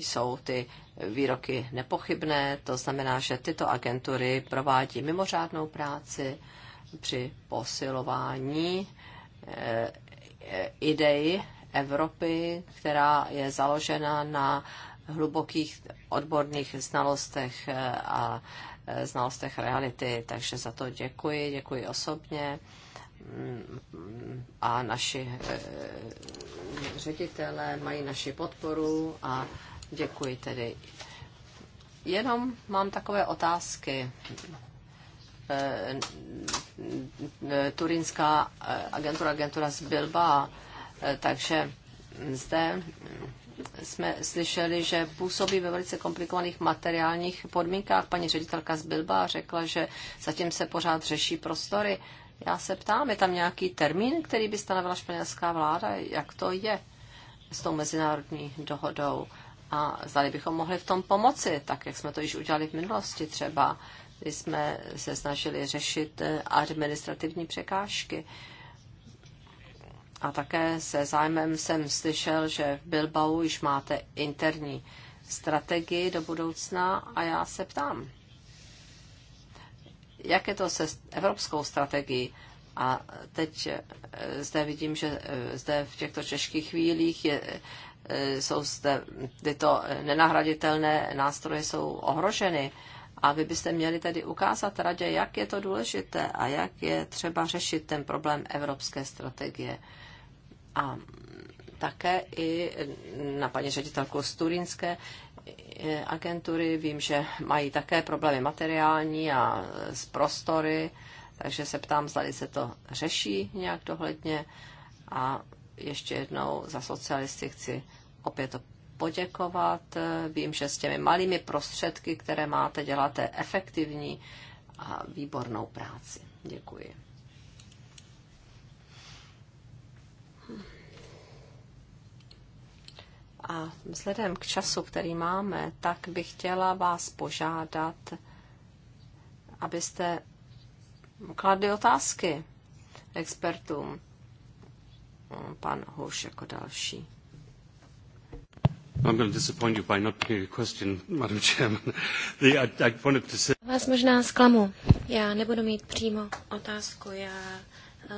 jsou ty výroky nepochybné, to znamená, že tyto agentury provádí mimořádnou práci při posilování eh, eh, idei Evropy, která je založena na hlubokých odborných znalostech eh, a znalostech reality. Takže za to děkuji, děkuji osobně a naši eh, ředitelé mají naši podporu a děkuji tedy. Jenom mám takové otázky. Eh, Turinská eh, agentura, agentura z Bilba, takže zde jsme slyšeli, že působí ve velice komplikovaných materiálních podmínkách. Paní ředitelka z Bilba řekla, že zatím se pořád řeší prostory já se ptám, je tam nějaký termín, který by stanovila španělská vláda? Jak to je s tou mezinárodní dohodou? A zdali bychom mohli v tom pomoci, tak jak jsme to již udělali v minulosti třeba, kdy jsme se snažili řešit eh, administrativní překážky. A také se zájmem jsem slyšel, že v Bilbao již máte interní strategii do budoucna a já se ptám, jak je to se evropskou strategií. A teď eh, zde vidím, že eh, zde v těchto těžkých chvílích je, eh, jsou zde tyto nenahraditelné nástroje jsou ohroženy. A vy byste měli tedy ukázat radě, jak je to důležité a jak je třeba řešit ten problém evropské strategie. A také i na paní ředitelku Sturinské agentury. Vím, že mají také problémy materiální a z prostory, takže se ptám, zda se to řeší nějak dohledně. A ještě jednou za socialisty chci opět to poděkovat. Vím, že s těmi malými prostředky, které máte, děláte efektivní a výbornou práci. Děkuji. A vzhledem k času, který máme, tak bych chtěla vás požádat, abyste kladli otázky expertům. Pan Hoš jako další. I'm going to disappoint you by not putting a question, Madam Chairman. I wanted to say... Vás možná zklamu. Já nebudu mít přímo otázku. Já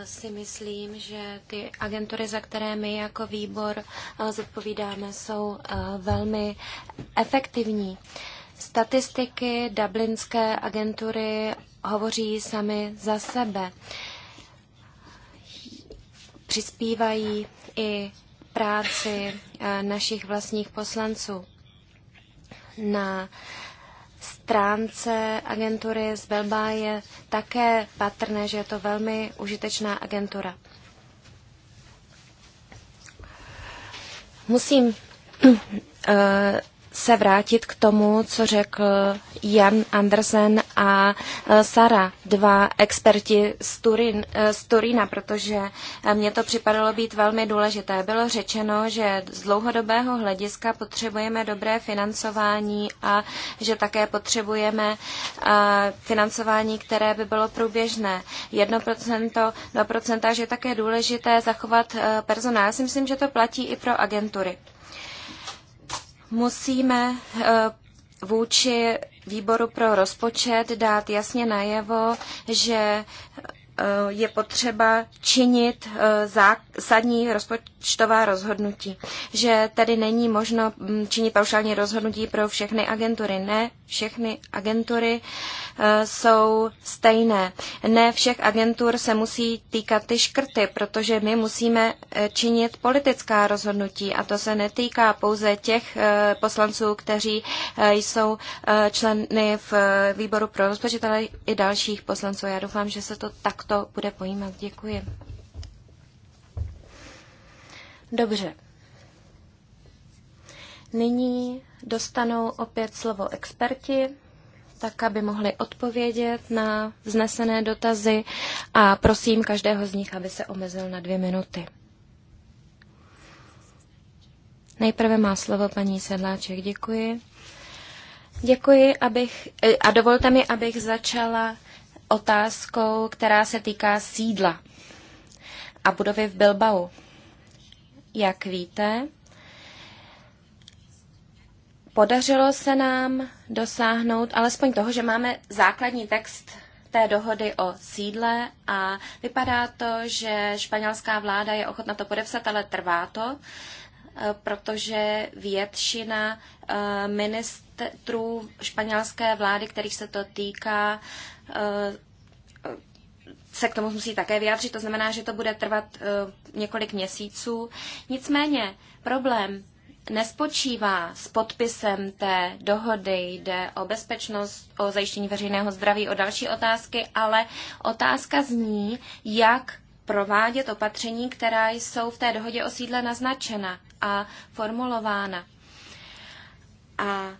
si myslím, že ty agentury, za které my jako výbor zodpovídáme, jsou velmi efektivní. Statistiky Dublinské agentury hovoří sami za sebe. Přispívají i práci našich vlastních poslanců na uh, stránce agentury z Belba je také patrné, že je to velmi užitečná agentura. Musím eh, se vrátit k tomu, co řekl Jan Andersen a e, Sara, dva experti z, Turin, e, z Turína, protože e, mně to připadalo být velmi důležité. Bylo řečeno, že z dlouhodobého hlediska potřebujeme dobré financování a že také potřebujeme financování, které by bylo průběžné. 1%, 2% že je také důležité zachovat personál. Já si myslím, že to platí i pro agentury. Musíme eh, vůči výboru pro rozpočet dát jasně najevo, že Eh, je potřeba činit eh, zásadní rozpočtová rozhodnutí. Že tady není možno mm, činit paušální rozhodnutí pro všechny agentury. Ne, všechny agentury eh, jsou stejné. Ne všech agentur se musí týkat ty škrty, protože my musíme činit politická rozhodnutí a to se netýká pouze těch poslanců, kteří jsou členy v výboru pro rozpočet, ale i dalších poslanců. Já doufám, že se to takto to bude pojímat. Děkuji. Dobře. Nyní dostanou opět slovo experti, tak aby mohli odpovědět na vznesené dotazy a prosím každého z nich, aby se omezil na dvě minuty. Nejprve má slovo paní Sedláček. Děkuji. Děkuji abych, eh, a dovolte mi, abych začala otázkou, která se týká sídla a budovy v Bilbao. Jak víte, podařilo se nám dosáhnout alespoň toho, že máme základní text té dohody o sídle a vypadá to, že španělská vláda je ochotna to podepsat, ale trvá to, eh, protože většina eh, ministrů ministrů španělské vlády, kterých se to týká, eh, se k tomu musí také vyjádřit. To znamená, že to bude trvat eh, několik měsíců. Nicméně problém nespočívá s podpisem té dohody, jde o bezpečnost, o zajištění veřejného zdraví, o další otázky, ale otázka zní, jak provádět opatření, která jsou v té dohodě o sídle naznačena a formulována. A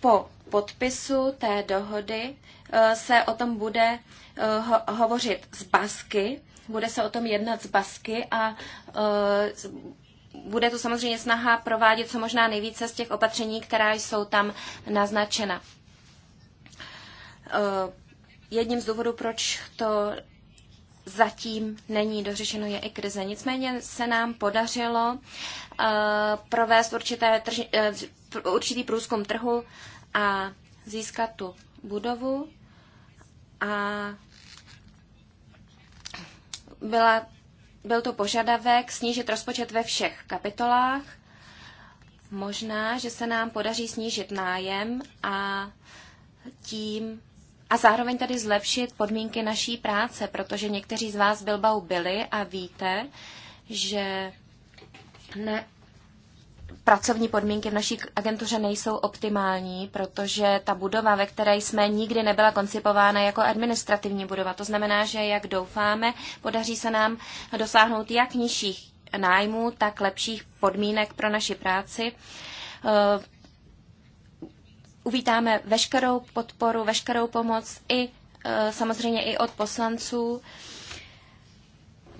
po podpisu té dohody eh, se o tom bude eh, ho- hovořit z Basky, bude se o tom jednat z Basky a eh, bude to samozřejmě snaha provádět co možná nejvíce z těch opatření, která jsou tam naznačena. Jedním z důvodů, proč to zatím není dořešeno, je i krize. Nicméně se nám podařilo provést určité určitý průzkum trhu a získat tu budovu a byla, byl to požadavek snížit rozpočet ve všech kapitolách. Možná, že se nám podaří snížit nájem a tím a zároveň tady zlepšit podmínky naší práce, protože někteří z vás Bilbao byli a víte, že ne, pracovní podmínky v naší agentuře nejsou optimální, protože ta budova, ve které jsme nikdy nebyla koncipována jako administrativní budova, to znamená, že jak doufáme, podaří se nám dosáhnout jak nižších nájmů, tak lepších podmínek pro naši práci. Eh, uvítáme veškerou podporu, veškerou pomoc i eh, samozřejmě i od poslanců.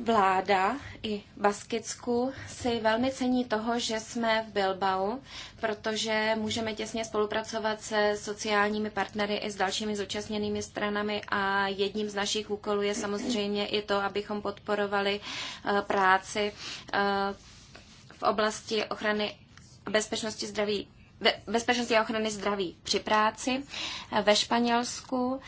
Vláda i Baskicku si velmi cení toho, že jsme v Bilbao, protože můžeme těsně spolupracovat se sociálními partnery i s dalšími zúčastněnými stranami a jedním z našich úkolů je samozřejmě i to, abychom podporovali eh, práci eh, v oblasti ochrany bezpečnosti zdraví, bezpečnosti a ochrany zdraví při práci eh, ve Španělsku.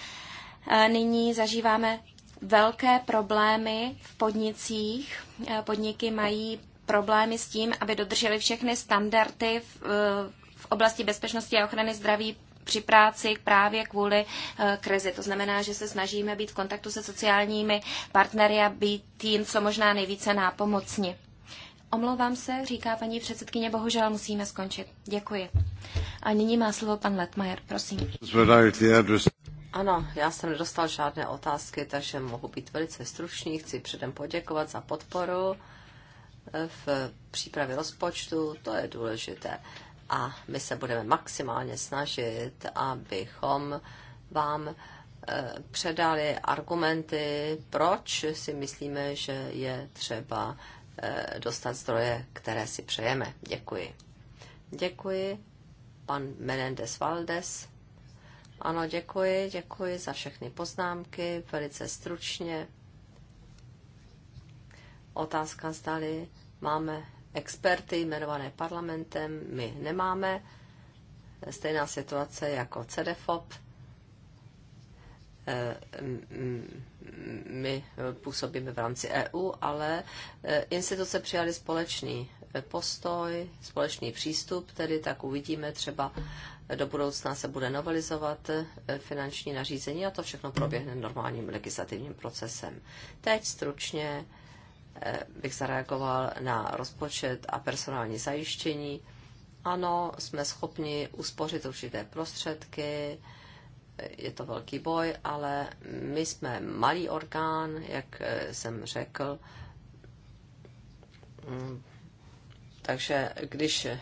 Nyní zažíváme velké problémy v podnicích. Eh, podniky mají problémy s tím, aby dodrželi všechny standardy v, eh, v oblasti bezpečnosti a ochrany zdraví při práci právě kvůli eh, krizi. To znamená, že se snažíme být v kontaktu se sociálními partnery a být tím, co možná nejvíce nápomocni. Omlouvám se, říká paní předsedkyně, bohužel musíme skončit. Děkuji. A nyní má slovo pan Letmajer, prosím. Ano, já jsem nedostal žádné otázky, takže mohu být velice stručný. Chci předem poděkovat za podporu eh, v přípravě rozpočtu, to je důležité. A my se budeme maximálně snažit, abychom vám eh, předali argumenty, proč si myslíme, že je třeba eh, dostat zdroje, které si přejeme. Děkuji. Děkuji. Pan Menendez Valdes. Ano, děkuji, děkuji za všechny poznámky, velice stručně. Otázka zdali máme experty jmenované parlamentem, my nemáme. Stejná situace jako CDFOP. Eh, my působíme v rámci EU, ale eh, instituce přijali společný postoj, společný přístup, tedy tak uvidíme třeba do budoucna se bude novelizovat eh, finanční nařízení a to všechno proběhne normálním legislativním procesem. Teď stručně eh, bych zareagoval na rozpočet a personální zajištění. Ano, jsme schopni uspořit určité prostředky, eh, je to velký boj, ale my jsme malý orgán, jak jsem řekl, mm, takže když eh,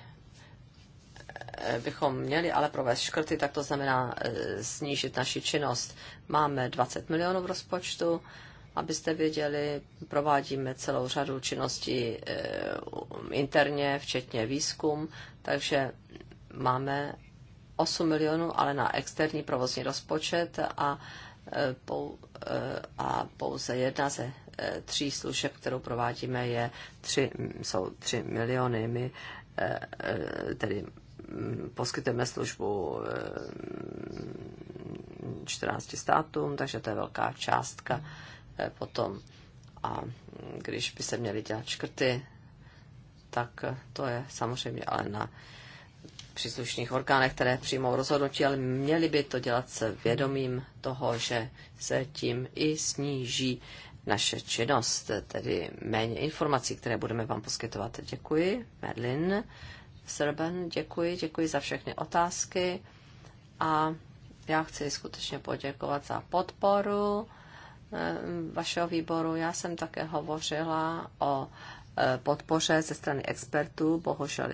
bychom měli ale provést škrty, tak to znamená eh, snížit naši činnost. Máme 20 milionů v rozpočtu, abyste věděli, provádíme celou řadu činností eh, interně, včetně výzkum, takže máme 8 milionů, ale na externí provozní rozpočet a, pou, a pouze jedna ze tří služeb, kterou provádíme, je tři, jsou tři miliony. My eh, eh, tedy mm, poskytujeme službu 14 eh, státům, takže to je velká částka potom. A když by se měly dělat škrty, tak to je samozřejmě ale na příslušných orgánech, které přijmou rozhodnutí, ale měli by to dělat s vědomím toho, že se tím i sníží naše činnost, tedy méně informací, které budeme vám poskytovat. Děkuji, Merlin Srben, děkuji, děkuji za všechny otázky a já chci skutečně poděkovat za podporu eh, vašeho výboru. Já jsem také hovořila o eh, podpoře ze strany expertů. Bohužel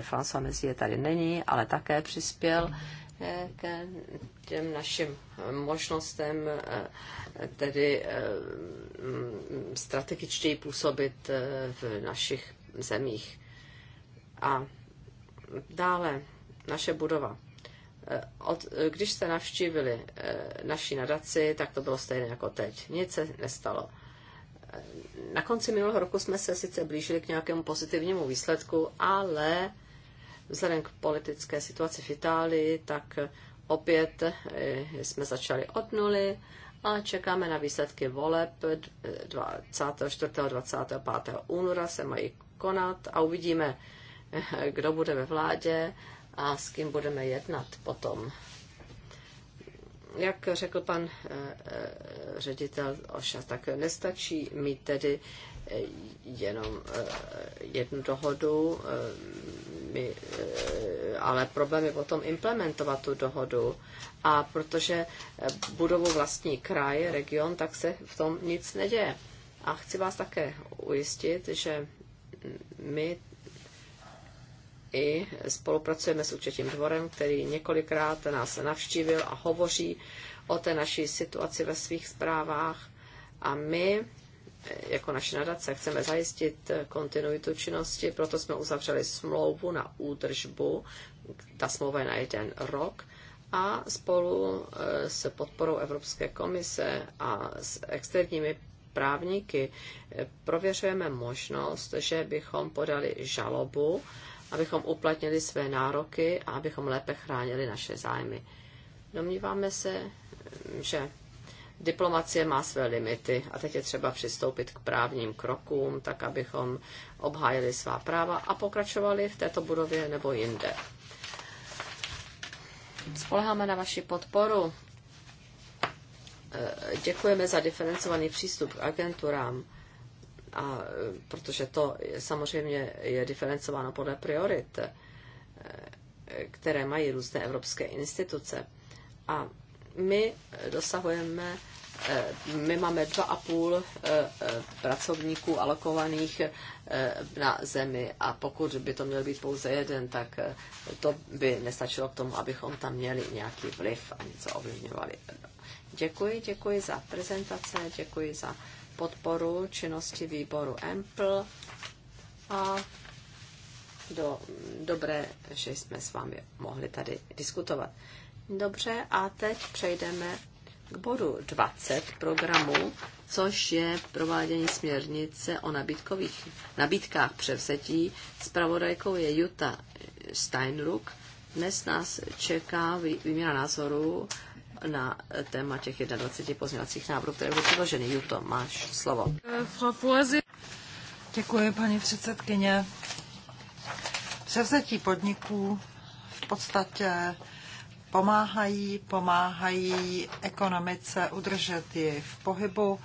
François Mezi je tady není, ale také přispěl k těm našim možnostem eh, tedy eh, strategičtěji působit eh, v našich zemích. A dále naše budova. Od, když jste navštívili naši nadaci, tak to bylo stejné jako teď. Nic se nestalo. Na konci minulého roku jsme se sice blížili k nějakému pozitivnímu výsledku, ale Vzhledem k politické situaci v Itálii, tak opět eh, jsme začali od nuly a čekáme na výsledky voleb 24. 25. února se mají konat a uvidíme, eh, kdo bude ve vládě a s kým budeme jednat potom. Jak řekl pan eh, ředitel Oša, tak nestačí mít tedy Eh, jenom eh, jednu dohodu, eh, my, ale problém je potom implementovat tu dohodu. A protože budovu vlastní kraj, region, tak se v tom nic neděje. A chci vás také ujistit, že my i spolupracujeme s účetním dvorem, který několikrát nás navštívil a hovoří o té naší situaci ve svých zprávách. A my jako naše nadace chceme zajistit kontinuitu činnosti, proto jsme uzavřeli smlouvu na údržbu, ta smlouva je na jeden rok a spolu eh, s podporou Evropské komise a s externími právníky eh, prověřujeme možnost, že bychom podali žalobu, abychom uplatnili své nároky a abychom lépe chránili naše zájmy. Domníváme se, že Diplomacie má své limity a teď je třeba přistoupit k právním krokům, tak abychom obhájili svá práva a pokračovali v této budově nebo jinde. Spoleháme na vaši podporu. Eh, děkujeme za diferencovaný přístup k agenturám, a, eh, protože to samozřejmě je diferencováno podle priorit, eh, které mají různé evropské instituce. A my dosahujeme, eh, my máme 2,5 eh, eh, pracovníků alokovaných na zemi a pokud by to měl být pouze jeden, tak to by nestačilo k tomu, abychom tam měli nějaký vliv a něco ovlivňovali. Děkuji, děkuji za prezentace, děkuji za podporu činnosti výboru EMPL a do, dobré, že jsme s vámi mohli tady diskutovat. Dobře, a teď přejdeme k bodu 20 programu, což je provádění směrnice o nabídkových nabídkách převzetí. Spravodajkou je Jutta Steinruck. Dnes nás čeká výměna názoru na téma těch 21 pozměňovacích návrhů, které byly předloženy. Juto, máš slovo. Eh, Děkuji, paní předsedkyně. Převzetí podniků v podstatě pomáhají, pomáhají ekonomice udržet ji v pohybu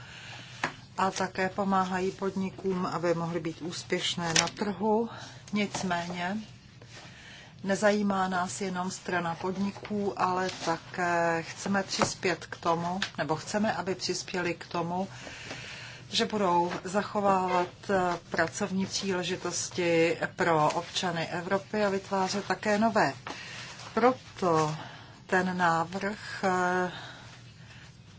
a také pomáhají podnikům, aby mohly být úspěšné na trhu. Nicméně nezajímá nás jenom strana podniků, ale také chceme přispět k tomu, nebo chceme, aby přispěli k tomu, že budou zachovávat pracovní příležitosti pro občany Evropy a vytvářet také nové. Proto ten návrh eh,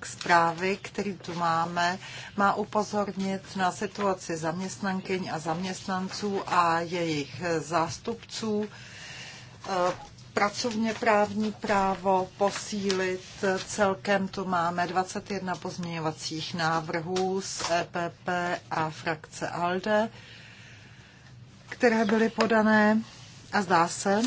k zprávy, který tu máme, má upozornit na situaci zaměstnankyň a zaměstnanců a jejich eh, zástupců, eh, pracovně právní právo posílit. Celkem tu máme 21 pozměňovacích návrhů z EPP a frakce ALDE, které byly podané a zdá se,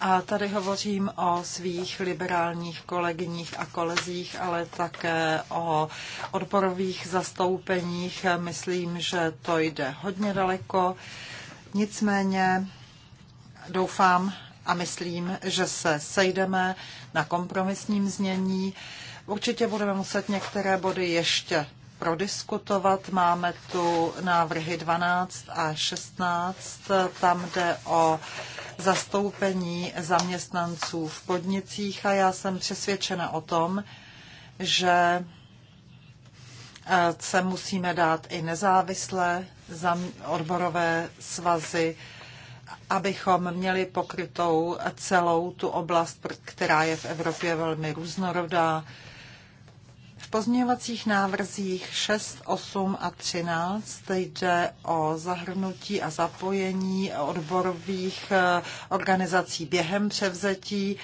A tady hovořím o svých liberálních kolegyních a kolezích, ale také o odborových zastoupeních. Myslím, že to jde hodně daleko. Nicméně doufám a myslím, že se sejdeme na kompromisním znění. Určitě budeme muset některé body ještě prodiskutovat. Máme tu návrhy 12 a 16. Tam jde o zastoupení zaměstnanců v podnicích a já jsem přesvědčena o tom, že eh, se musíme dát i nezávislé odborové svazy, abychom měli pokrytou celou tu oblast, která je v Evropě velmi různorodá pozměňovacích návrzích 6, 8 a 13 jde o zahrnutí a zapojení odborových eh, organizací během převzetí,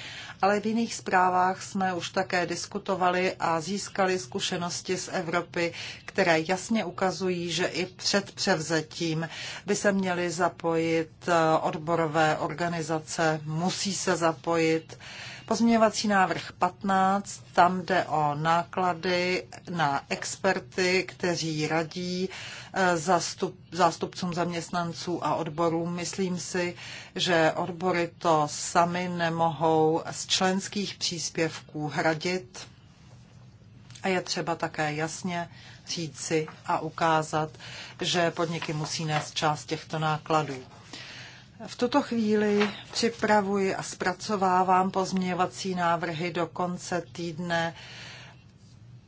ale v jiných zprávách jsme už také diskutovali a získali zkušenosti z Evropy, které jasně ukazují, že i před převzetím by se měly zapojit eh, odborové organizace, musí se zapojit. Pozměňovací návrh 15, tam jde o náklady na experty, kteří radí eh, zastup, zástupcům zaměstnanců a odborům. Myslím si, že odbory to sami nemohou z členských příspěvků hradit. A je třeba také jasně říci a ukázat, že podniky musí nést část těchto nákladů. V tuto chvíli připravuji a zpracovávám pozměňovací návrhy do konce týdne.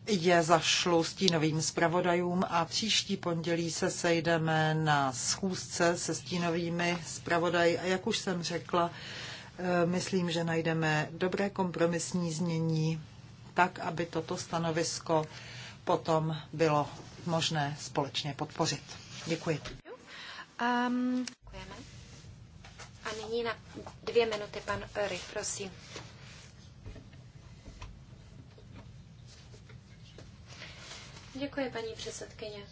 Je zašlu stínovým zpravodajům a příští pondělí se sejdeme na schůzce se stínovými zpravodaji. A jak už jsem řekla, eh, myslím, že najdeme dobré kompromisní změní, tak, aby toto stanovisko potom bylo možné společně podpořit. Děkuji. Um, děkujeme. A nyní na dvě minuty pan Öry, prosím. Děkuji, paní předsedkyně.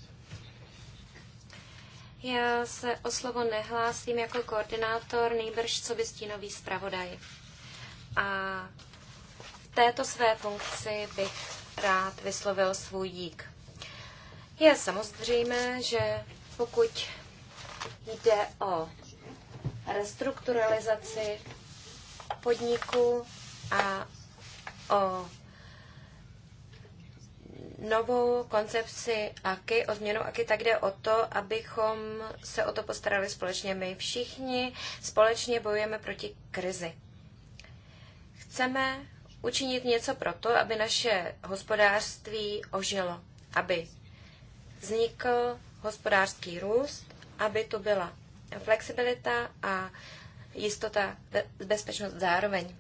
Já se o slovo nehlásím jako koordinátor, nejbrž co by stínový zpravodaj. A v této své funkci bych rád vyslovil svůj dík. Je samozřejmé, že pokud jde o restrukturalizaci podniku a o novou koncepci AKY, o změnu AKY, tak jde o to, abychom se o to postarali společně. My všichni společně bojujeme proti krizi. Chceme učinit něco pro to, aby naše hospodářství ožilo, aby vznikl hospodářský růst, aby to byla flexibilita a jistota, bezpečnost zároveň.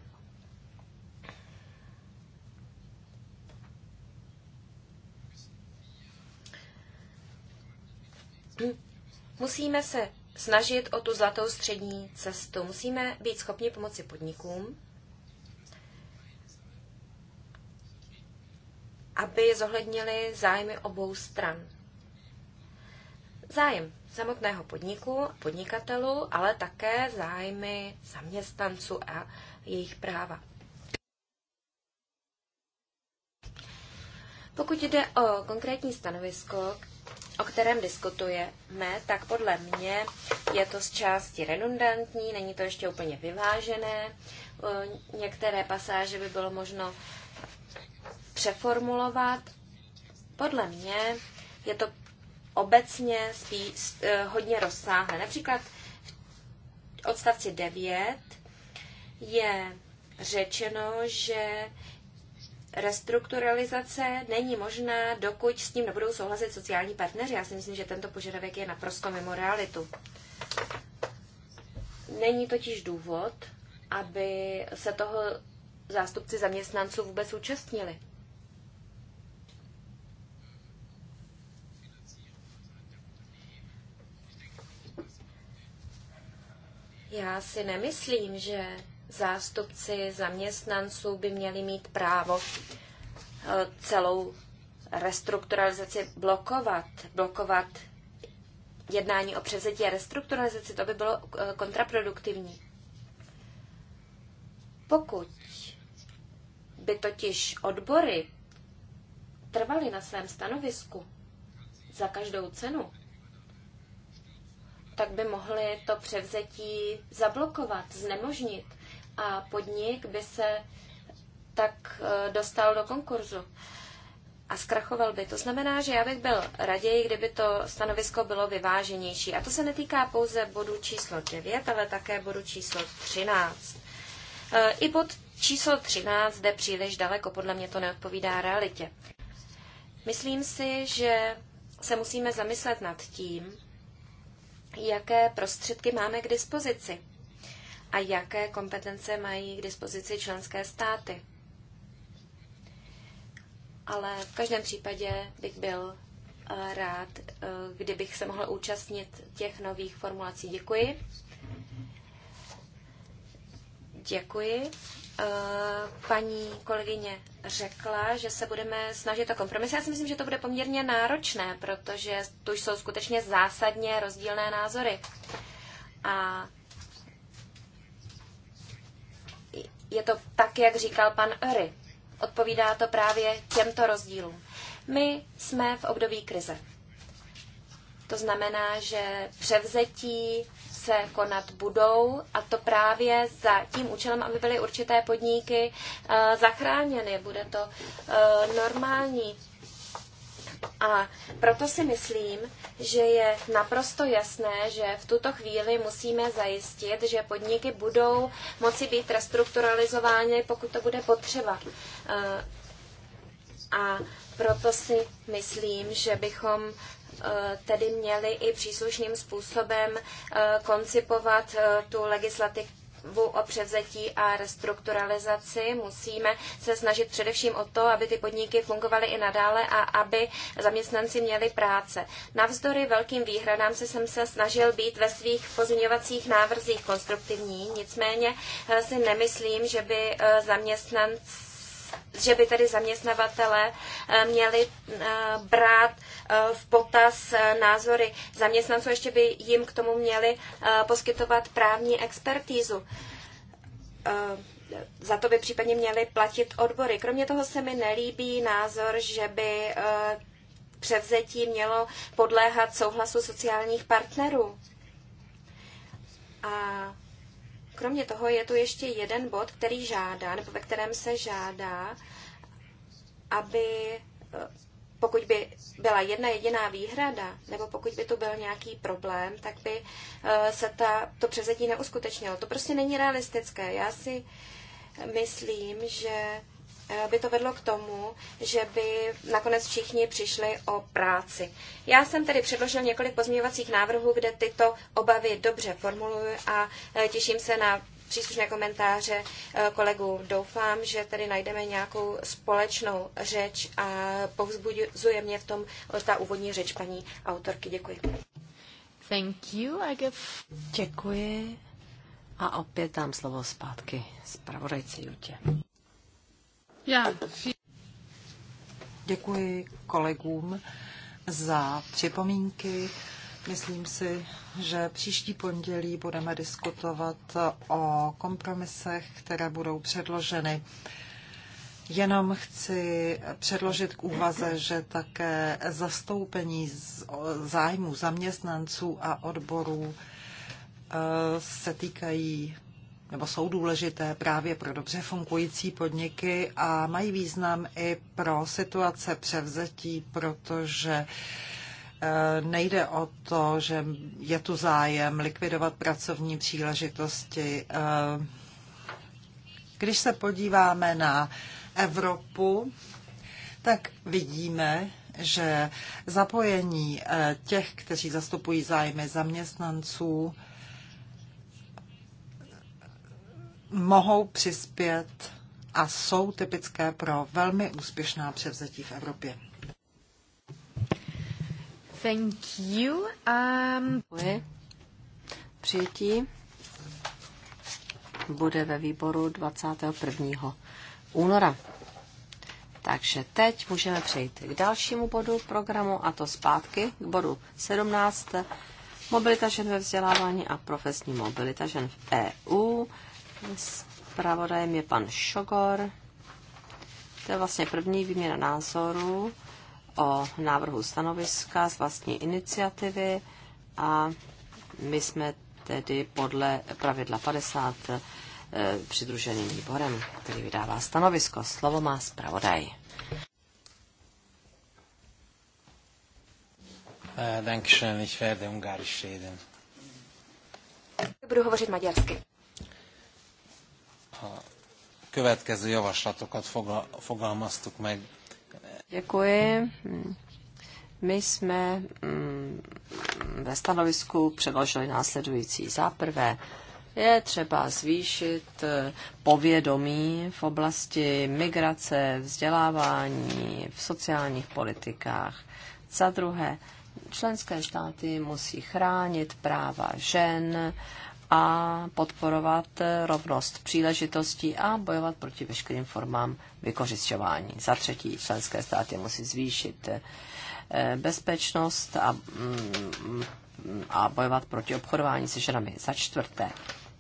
Musíme se snažit o tu zlatou střední cestu. Musíme být schopni pomoci podnikům, aby zohlednili zájmy obou stran. Zájem samotného podniku, podnikatelů, ale také zájmy zaměstnanců a jejich práva. Pokud jde o konkrétní stanovisko, o kterém diskutujeme, tak podle mě je to z části redundantní, není to ještě úplně vyvážené. Některé pasáže by bylo možno přeformulovat. Podle mě je to obecně spí, eh, hodně rozsáhlé. Například v odstavci 9 je řečeno, že restrukturalizace není možná, dokud s tím nebudou souhlasit sociální partneři. Já si myslím, že tento požadavek je naprosto mimo realitu. Není totiž důvod, aby se toho zástupci zaměstnanců vůbec účastnili. Já si nemyslím, že zástupci zaměstnanců by měli mít právo eh, celou restrukturalizaci blokovat, blokovat jednání o převzetí a restrukturalizaci, to by bylo eh, kontraproduktivní. Pokud by totiž odbory trvaly na svém stanovisku za každou cenu, tak by mohli to převzetí zablokovat, znemožnit a podnik by se tak e, dostal do konkurzu a zkrachoval by. To znamená, že já bych byl raději, kdyby to stanovisko bylo vyváženější. A to se netýká pouze bodu číslo 9, ale také bodu číslo 13. E, I bod číslo 13 jde příliš daleko, podle mě to neodpovídá realitě. Myslím si, že se musíme zamyslet nad tím, jaké prostředky máme k dispozici a jaké kompetence mají k dispozici členské státy. Ale v každém případě bych byl eh, rád, eh, kdybych se mohl účastnit těch nových formulací. Děkuji. Děkuji. Eh, paní kolegyně řekla, že se budeme snažit o kompromis. Já si myslím, že to bude poměrně náročné, protože tu jsou skutečně zásadně rozdílné názory. A je to tak, jak říkal pan Öry. Odpovídá to právě těmto rozdílům. My jsme v období krize. To znamená, že převzetí se konat budou a to právě za tím účelem, aby byly určité podniky eh, zachráněny. Bude to eh, normální. A proto si myslím, že je naprosto jasné, že v tuto chvíli musíme zajistit, že podniky budou moci být restrukturalizovány, pokud to bude potřeba. Eh, a proto si myslím, že bychom Eh, tedy měli i příslušným způsobem eh, koncipovat eh, tu legislativu o převzetí a restrukturalizaci. Musíme se snažit především o to, aby ty podniky fungovaly i nadále a aby zaměstnanci měli práce. Navzdory velkým výhradám se jsem se snažil být ve svých pozměňovacích návrzích konstruktivní, nicméně si nemyslím, že by zaměstnanci že by tedy zaměstnavatele eh, měli eh, brát eh, v potaz názory zaměstnanců, ještě by jim k tomu měli poskytovat právní expertízu za to by případně měli platit odbory. Kromě toho se mi nelíbí názor, že by převzetí mělo podléhat souhlasu sociálních partnerů. A Kromě toho je tu ještě jeden bod, který žádá, nebo ve kterém se žádá, aby eh, pokud by byla jedna jediná výhrada, nebo pokud by tu byl nějaký problém, tak by eh, se ta, to přezetí neuskutečnilo. To prostě není realistické. Já si myslím, že Eh, by to vedlo k tomu, že by nakonec všichni přišli o práci. Já jsem tedy předložil několik pozměňovacích návrhů, kde tyto obavy dobře formuluji a eh, těším se na příslušné komentáře eh, kolegů. Doufám, že tedy najdeme nějakou společnou řeč a povzbuzuje mě v tom ta úvodní řeč paní autorky. Děkuji. Thank you. I give... Děkuji. A opět dám slovo zpátky zpravodajce Jutě. Děkuji kolegům za připomínky. Myslím si, že příští pondělí budeme diskutovat o kompromisech, které budou předloženy. Jenom chci předložit k úvaze, že také zastoupení zájmu zaměstnanců a odborů e, se týkají nebo jsou důležité právě pro dobře fungující podniky a mají význam i pro situace převzetí, protože eh, nejde o to, že je tu zájem likvidovat pracovní příležitosti. Eh, když se podíváme na Evropu, tak vidíme, že zapojení eh, těch, kteří zastupují zájmy zaměstnanců, mohou přispět a jsou typické pro velmi úspěšná převzetí v Evropě. Thank you. Um... Přijetí bude ve výboru 21. února. Takže teď můžeme přejít k dalšímu bodu programu, a to zpátky k bodu 17. Mobilita žen ve vzdělávání a profesní mobilita žen v EU. Zpravodajem je pan Šogor. To je vlastně první výměna názoru o návrhu stanoviska z vlastní iniciativy a my jsme tedy podle pravidla 50 eh, přidruženým výborem, který vydává stanovisko. Slovo má zpravodaj. Eh, dankeschön, ich werde Ungarisch reden. Budu hovořit maďarsky a következő javaslatokat fogal, fogalmaztuk meg. Děkuji. My jsme mm, ve stanovisku předložili následující. Za prvé, je třeba zvýšit eh, povědomí v oblasti migrace, vzdělávání, v sociálních politikách. Za druhé, členské státy musí chránit práva žen a podporovat eh, rovnost příležitostí a bojovat proti veškerým formám vykořišťování. Za třetí, členské státy musí zvýšit eh, bezpečnost a, mm, a bojovat proti obchodování se ženami. Za čtvrté,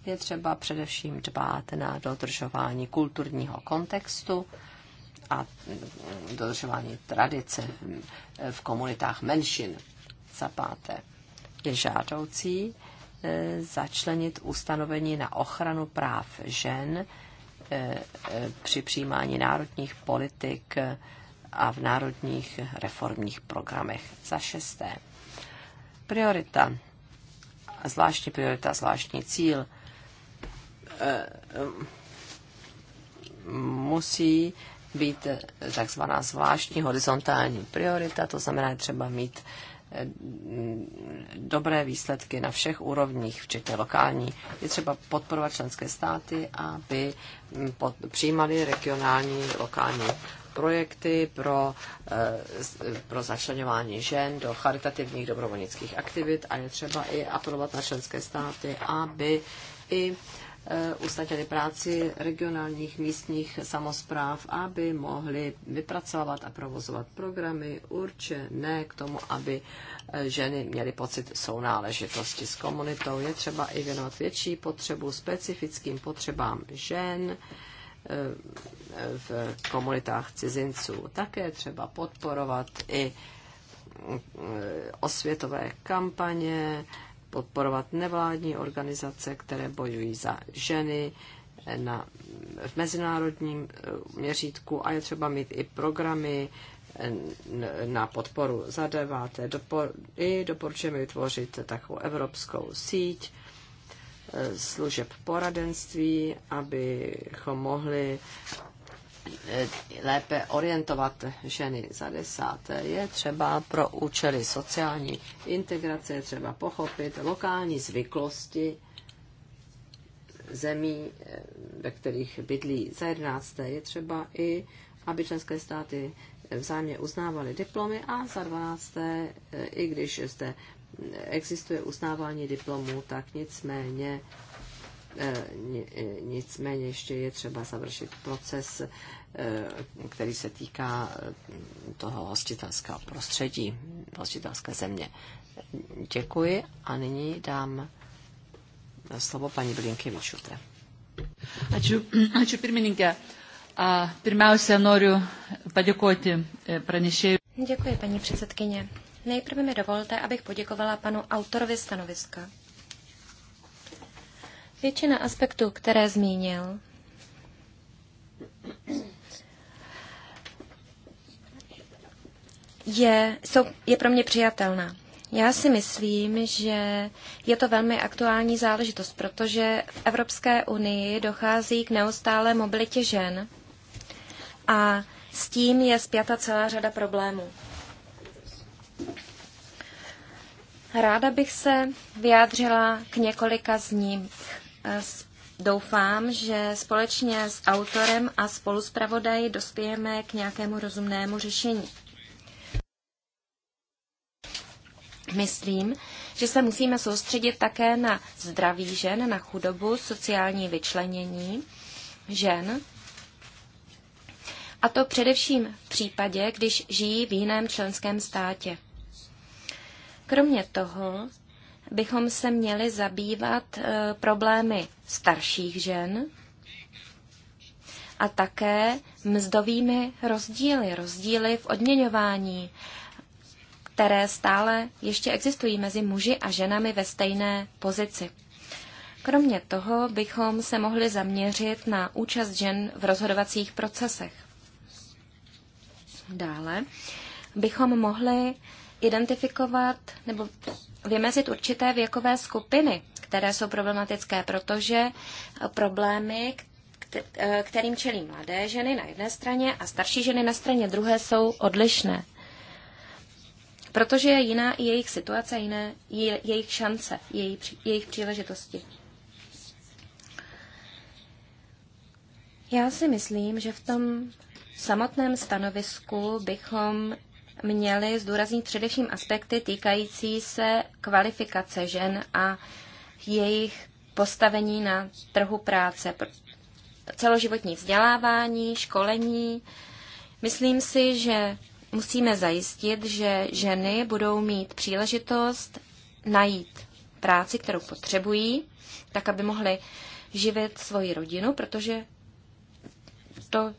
je třeba především dbát na dodržování kulturního kontextu a mm, dodržování tradice mm, v komunitách menšin. Za páté, je žádoucí začlenit ustanovení na ochranu práv žen eh, eh, při přijímání národních politik a v národních reformních programech. Za šesté. Priorita, zvláštní priorita, zvláštní cíl eh, musí být takzvaná zvláštní horizontální priorita, to znamená třeba mít dobré výsledky na všech úrovních, včetně lokální. Je třeba podporovat členské státy, aby pod, přijímali regionální, lokální projekty pro, eh, pro začlenování žen do charitativních dobrovolnických aktivit a je třeba i apelovat na členské státy, aby i Eh, ustatili práci regionálních místních samozpráv, aby mohli vypracovat a provozovat programy určené k tomu, aby eh, ženy měly pocit sounáležitosti s komunitou. Je třeba i věnovat větší potřebu specifickým potřebám žen eh, v komunitách cizinců. Také třeba podporovat i osvětové kampaně, podporovat nevládní organizace, které bojují za ženy na, v mezinárodním eh, měřítku a je třeba mít i programy eh, na podporu. Za deváté dopor, i doporučujeme vytvořit takovou evropskou síť eh, služeb poradenství, abychom mohli lépe orientovat ženy za desáté, je třeba pro účely sociální integrace je třeba pochopit lokální zvyklosti zemí, ve kterých bydlí. Za jedenácté je třeba i, aby členské státy vzájemně uznávaly diplomy a za dvanácté, i když zde existuje uznávání diplomů, tak nicméně E, e, nicméně ještě je třeba završit proces, e, který se týká toho hostitelského prostředí, hostitelské země. Děkuji a nyní dám slovo paní Blinkevičute. Ačiū, ačiū pirmininkė. A pirmiausia, noriu padėkoti pranešėjui. Děkuji, paní předsedkyně. Nejprve mi dovolte, abych poděkovala panu autorovi stanoviska. Většina aspektů, které zmínil, je, jsou, je pro mě přijatelná. Já si myslím, že je to velmi aktuální záležitost, protože v Evropské unii dochází k neustálé mobilitě žen a s tím je zpěta celá řada problémů. Ráda bych se vyjádřila k několika z nich. Doufám, že společně s autorem a spoluspravodaji dospějeme k nějakému rozumnému řešení. Myslím, že se musíme soustředit také na zdraví žen, na chudobu, sociální vyčlenění žen. A to především v případě, když žijí v jiném členském státě. Kromě toho bychom se měli zabývat eh, problémy starších žen a také mzdovými rozdíly, rozdíly v odměňování, které stále ještě existují mezi muži a ženami ve stejné pozici. Kromě toho bychom se mohli zaměřit na účast žen v rozhodovacích procesech. Dále bychom mohli identifikovat nebo vymezit určité věkové skupiny, které jsou problematické, protože eh, problémy, eh, kterým čelí mladé ženy na jedné straně a starší ženy na straně druhé, jsou odlišné. Protože je jiná i jejich situace, jiné jejich šance, jejich příležitosti. Já si myslím, že v tom samotném stanovisku bychom měli zdůraznit především aspekty týkající se kvalifikace žen a jejich postavení na trhu práce. Celoživotní vzdělávání, školení. Myslím si, že musíme zajistit, že ženy budou mít příležitost najít práci, kterou potřebují, tak aby mohly živit svoji rodinu, protože to eh,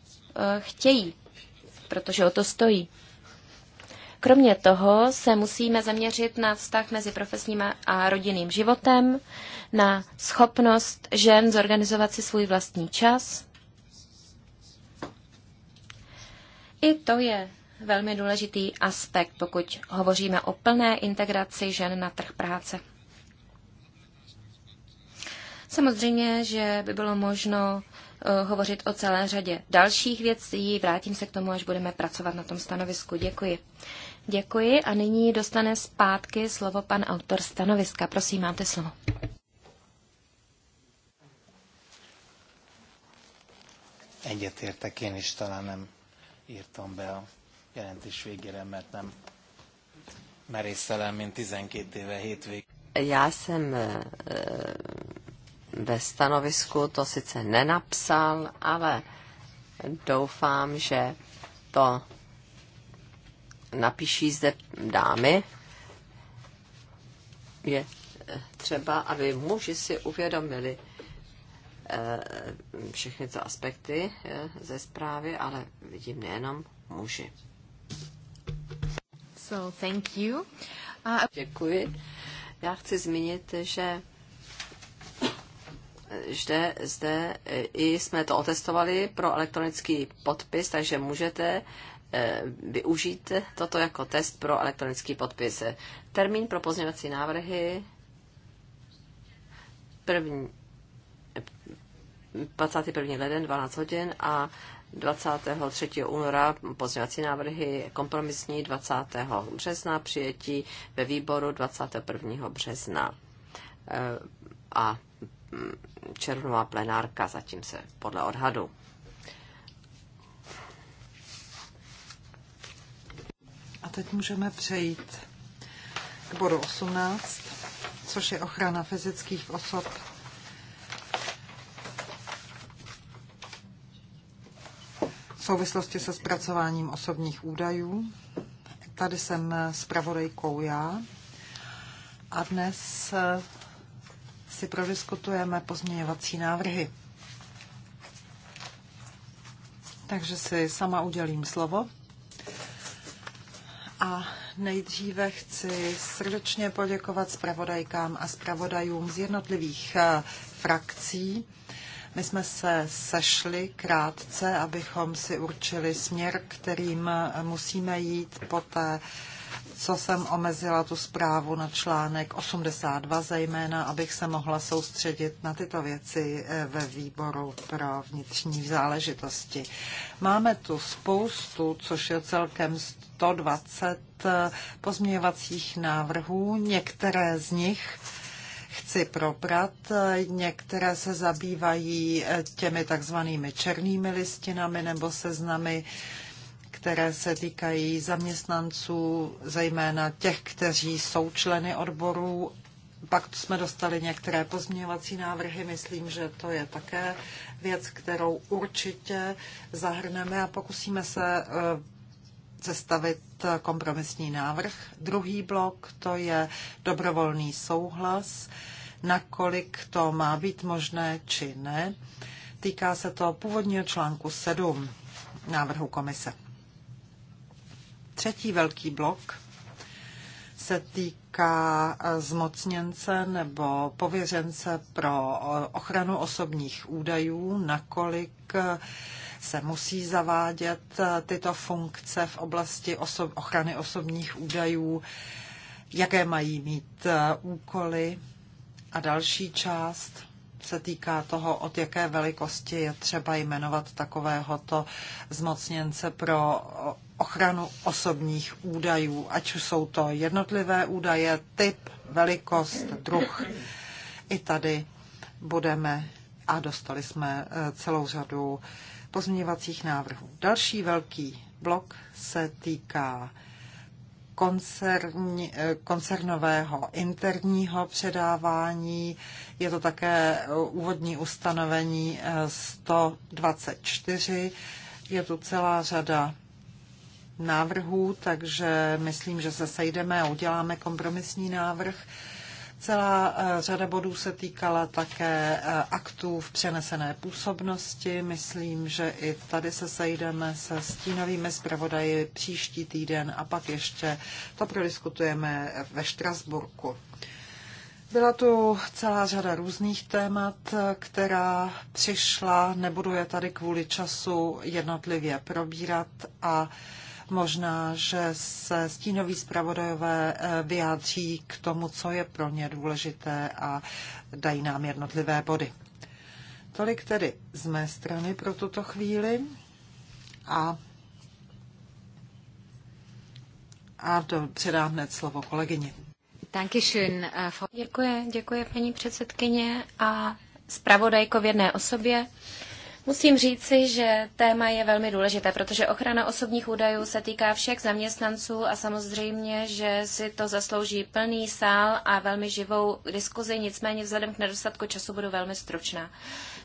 chtějí, protože o to stojí. Kromě toho se musíme zaměřit na vztah mezi profesním a rodinným životem, na schopnost žen zorganizovat si svůj vlastní čas. I to je velmi důležitý aspekt, pokud hovoříme o plné integraci žen na trh práce. Samozřejmě, že by bylo možno eh, hovořit o celé řadě dalších věcí. Vrátím se k tomu, až budeme pracovat na tom stanovisku. Děkuji. Děkuji a nyní dostane zpátky slovo pan autor stanoviska. Prosím, máte slovo. Egyetértek én is, talán nem írtam be a jelentés végére, mert nem merészelem, mint 12 éve hétvég. Já jsem eh, ve stanovisku to sice nenapsal, ale doufám, že to napíší zde dámy, je eh, třeba, aby muži si uvědomili eh, všechny ty aspekty eh, ze zprávy, ale vidím nejenom muži. So, thank you. Uh, Děkuji. Já chci zmínit, že zde, zde i jsme to otestovali pro elektronický podpis, takže můžete Eh, využít toto jako test pro elektronický podpis. Termín pro pozměňovací návrhy první, 21. Eh, leden 12 hodin a 23. února pozměňovací návrhy kompromisní 20. března, přijetí ve výboru 21. března eh, a mm, červnová plenárka zatím se podle odhadu teď můžeme přejít k bodu 18, což je ochrana fyzických osob. V souvislosti se zpracováním osobních údajů. Tady jsem zpravodajkou já a dnes eh, si prodiskutujeme pozměňovací návrhy. Takže si sama udělím slovo. A nejdříve chci srdečně poděkovat zpravodajkám a zpravodajům z jednotlivých eh, frakcí. My jsme se sešli krátce, abychom si určili směr, kterým eh, musíme jít po té co jsem omezila tu zprávu na článek 82 zejména, abych se mohla soustředit na tyto věci eh, ve výboru pro vnitřní záležitosti. Máme tu spoustu, což je celkem 120 eh, pozměňovacích návrhů. Některé z nich chci probrat. Některé se zabývají eh, těmi takzvanými černými listinami nebo seznamy které se týkají zaměstnanců, zejména těch, kteří jsou členy odborů. Pak jsme dostali některé pozměňovací návrhy, myslím, že to je také věc, kterou určitě zahrneme a pokusíme se eh, sestavit kompromisní návrh. Druhý blok to je dobrovolný souhlas, nakolik to má být možné či ne. Týká se to původního článku 7 návrhu komise. Třetí velký blok se týká eh, zmocněnce nebo pověřence pro eh, ochranu osobních údajů, nakolik eh, se musí zavádět tyto funkce v oblasti oso- ochrany osobních údajů, jaké mají mít úkoly. A další část se týká toho, od jaké velikosti je třeba jmenovat takovéhoto zmocněnce pro ochranu osobních údajů, ať už jsou to jednotlivé údaje, typ, velikost, druh. I tady budeme a dostali jsme eh, celou řadu pozměňovacích návrhů. Další velký blok se týká koncern, eh, koncernového interního předávání. Je to také eh, úvodní ustanovení 124. Je tu celá řada návrhů, takže myslím, že se sejdeme a uděláme kompromisní návrh. Celá eh, řada bodů se týkala také eh, aktů v přenesené působnosti. Myslím, že i tady se sejdeme se stínovými zpravodaji příští týden a pak ještě to prodiskutujeme ve Štrasburku. Byla tu celá řada různých témat, která přišla, nebudu je tady kvůli času jednotlivě probírat a Možná, že se stínoví zpravodajové eh, vyjádří k tomu, co je pro ně důležité a dají nám jednotlivé body. Tolik tedy z mé strany pro tuto chvíli a, a do, předám hned slovo kolegyni. Eh, děkuji, děkuji paní předsedkyně a zpravodajkově jedné osobě. Musím říci, že téma je velmi důležité, protože ochrana osobních údajů se týká všech zaměstnanců a samozřejmě, že si to zaslouží plný sál a velmi živou diskuzi, nicméně vzhledem k nedostatku času budu velmi stručná.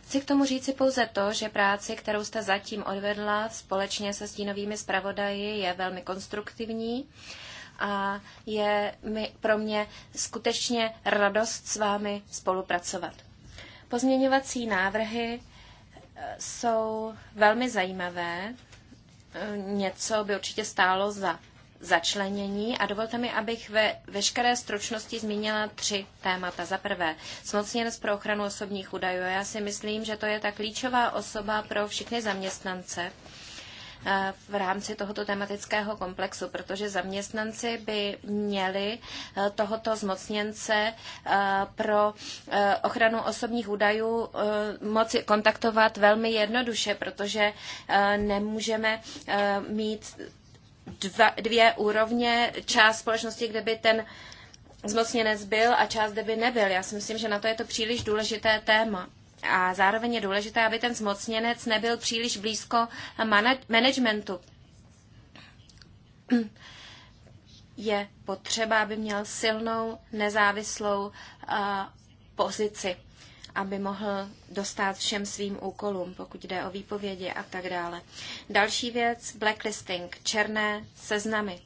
Chci k tomu říci pouze to, že práci, kterou jste zatím odvedla společně se stínovými zpravodaji, je velmi konstruktivní a je mi, pro mě skutečně radost s vámi spolupracovat. Pozměňovací návrhy jsou velmi zajímavé. E, něco by určitě stálo za začlenění a dovolte mi, abych ve veškeré stručnosti zmínila tři témata. Za prvé, zmocněnec pro ochranu osobních údajů. Já si myslím, že to je ta klíčová osoba pro všechny zaměstnance Eh, v rámci tohoto tematického komplexu, protože zaměstnanci by měli eh, tohoto zmocněnce eh, pro ochranu osobních údajů moci kontaktovat velmi jednoduše, protože nemůžeme mít dva, dvě úrovně, část společnosti, kde by ten zmocněnec byl a část, kde by nebyl. Já si myslím, že na to je to příliš důležité téma. A zároveň je důležité, aby ten zmocněnec nebyl příliš blízko managementu. Je potřeba, aby měl silnou, nezávislou eh, pozici, aby mohl dostat všem svým úkolům, pokud jde o výpovědi a tak dále. Další věc, blacklisting, černé seznamy.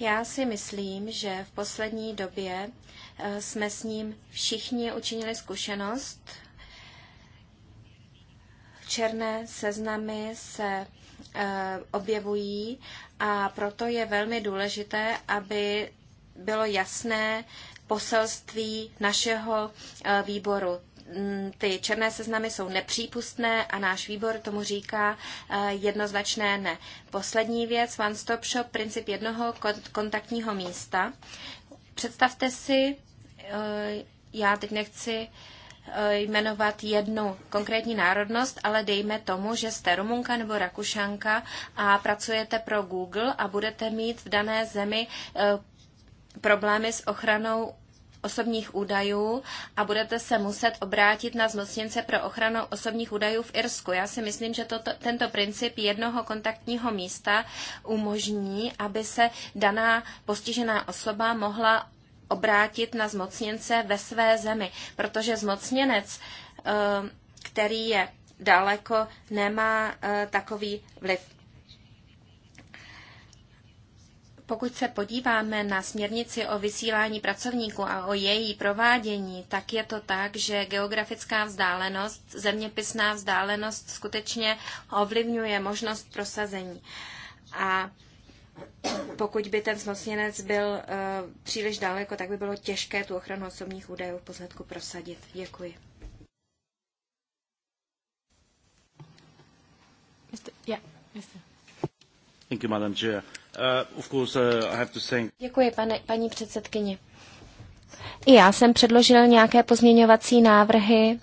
Já si myslím, že v poslední době eh, jsme s ním všichni učinili zkušenost, Černé seznamy se eh, objevují a proto je velmi důležité, aby bylo jasné poselství našeho eh, výboru. Mm, ty černé seznamy jsou nepřípustné a náš výbor tomu říká eh, jednoznačné ne. Poslední věc, One Stop Shop, princip jednoho kontaktního místa. Představte si, já teď nechci uh, Eh, jmenovat jednu konkrétní národnost, ale dejme tomu, že jste Rumunka nebo Rakušanka a pracujete pro Google a budete mít v dané zemi eh, problémy s ochranou osobních údajů a budete se muset obrátit na zmocněnce pro ochranu osobních údajů v Irsku. Já si myslím, že toto, tento princip jednoho kontaktního místa umožní, aby se daná postižená osoba mohla obrátit na zmocněnce ve své zemi, protože zmocněnec, eh, který je daleko, nemá eh, takový vliv. Pokud se podíváme na směrnici o vysílání pracovníků a o její provádění, tak je to tak, že geografická vzdálenost, zeměpisná vzdálenost skutečně ovlivňuje možnost prosazení. A pokud by ten zmocněnec byl eh, příliš daleko, tak by bylo těžké tu ochranu osobních údajů v pozadku prosadit. Děkuji. Uh, uh, Děkuji, pane, paní předsedkyně. I já jsem předložil nějaké pozměňovací návrhy.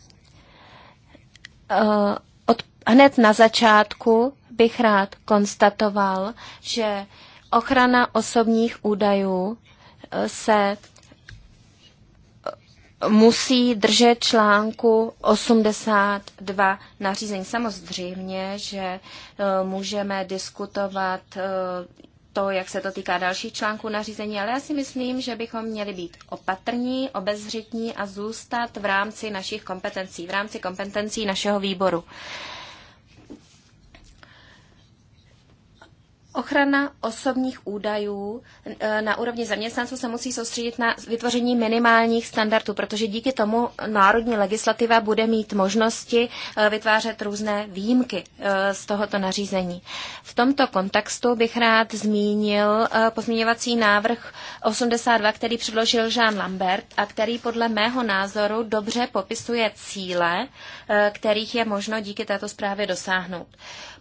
Uh, od, hned na začátku bych rád konstatoval, že ochrana osobních údajů eh, se eh, musí držet článku 82 nařízení. Samozřejmě, že eh, můžeme diskutovat to, jak se to týká dalších článků nařízení, ale já si myslím, že bychom měli být opatrní, obezřetní a zůstat v rámci našich kompetencí, v rámci kompetencí našeho výboru. Ochrana osobních údajů e, na úrovni zaměstnanců se musí soustředit na vytvoření minimálních standardů, protože díky tomu národní legislativa bude mít možnosti e, vytvářet různé výjimky e, z tohoto nařízení. V tomto kontextu bych rád zmínil pozměňovací návrh 82, který předložil Jean Lambert a který podle mého názoru dobře popisuje cíle, kterých je možno díky této zprávě dosáhnout.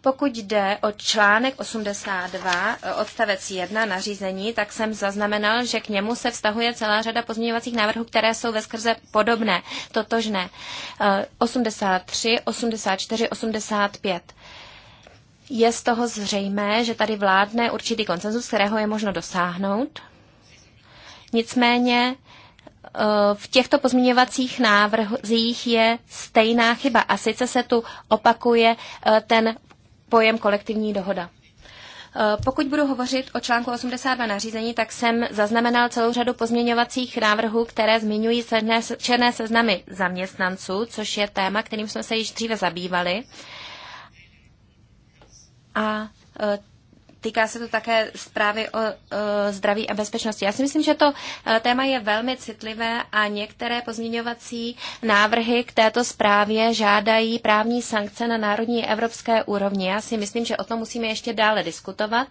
Pokud jde o článek 80, 52 e, odstavec 1 nařízení, tak jsem zaznamenal, že k němu se vztahuje celá řada pozměňovacích návrhů, které jsou ve skrze podobné, totožné. 83, 84, 85. Je z toho zřejmé, že tady vládne určitý koncenzus, kterého je možno dosáhnout. Nicméně e, v těchto pozměňovacích návrzích je stejná chyba a sice se tu opakuje e, ten pojem kolektivní dohoda. Eh, pokud budu hovořit o článku 82 nařízení, tak jsem zaznamenal celou řadu pozměňovacích návrhů, které zmiňují černé seznamy zaměstnanců, což je téma, kterým jsme se již dříve zabývali. A eh, týká se to také zprávy o zdraví a bezpečnosti. Já si myslím, že to e, téma je velmi citlivé a některé pozměňovací návrhy k této zprávě žádají právní sankce na národní evropské úrovni. Já si myslím, že o tom musíme ještě dále diskutovat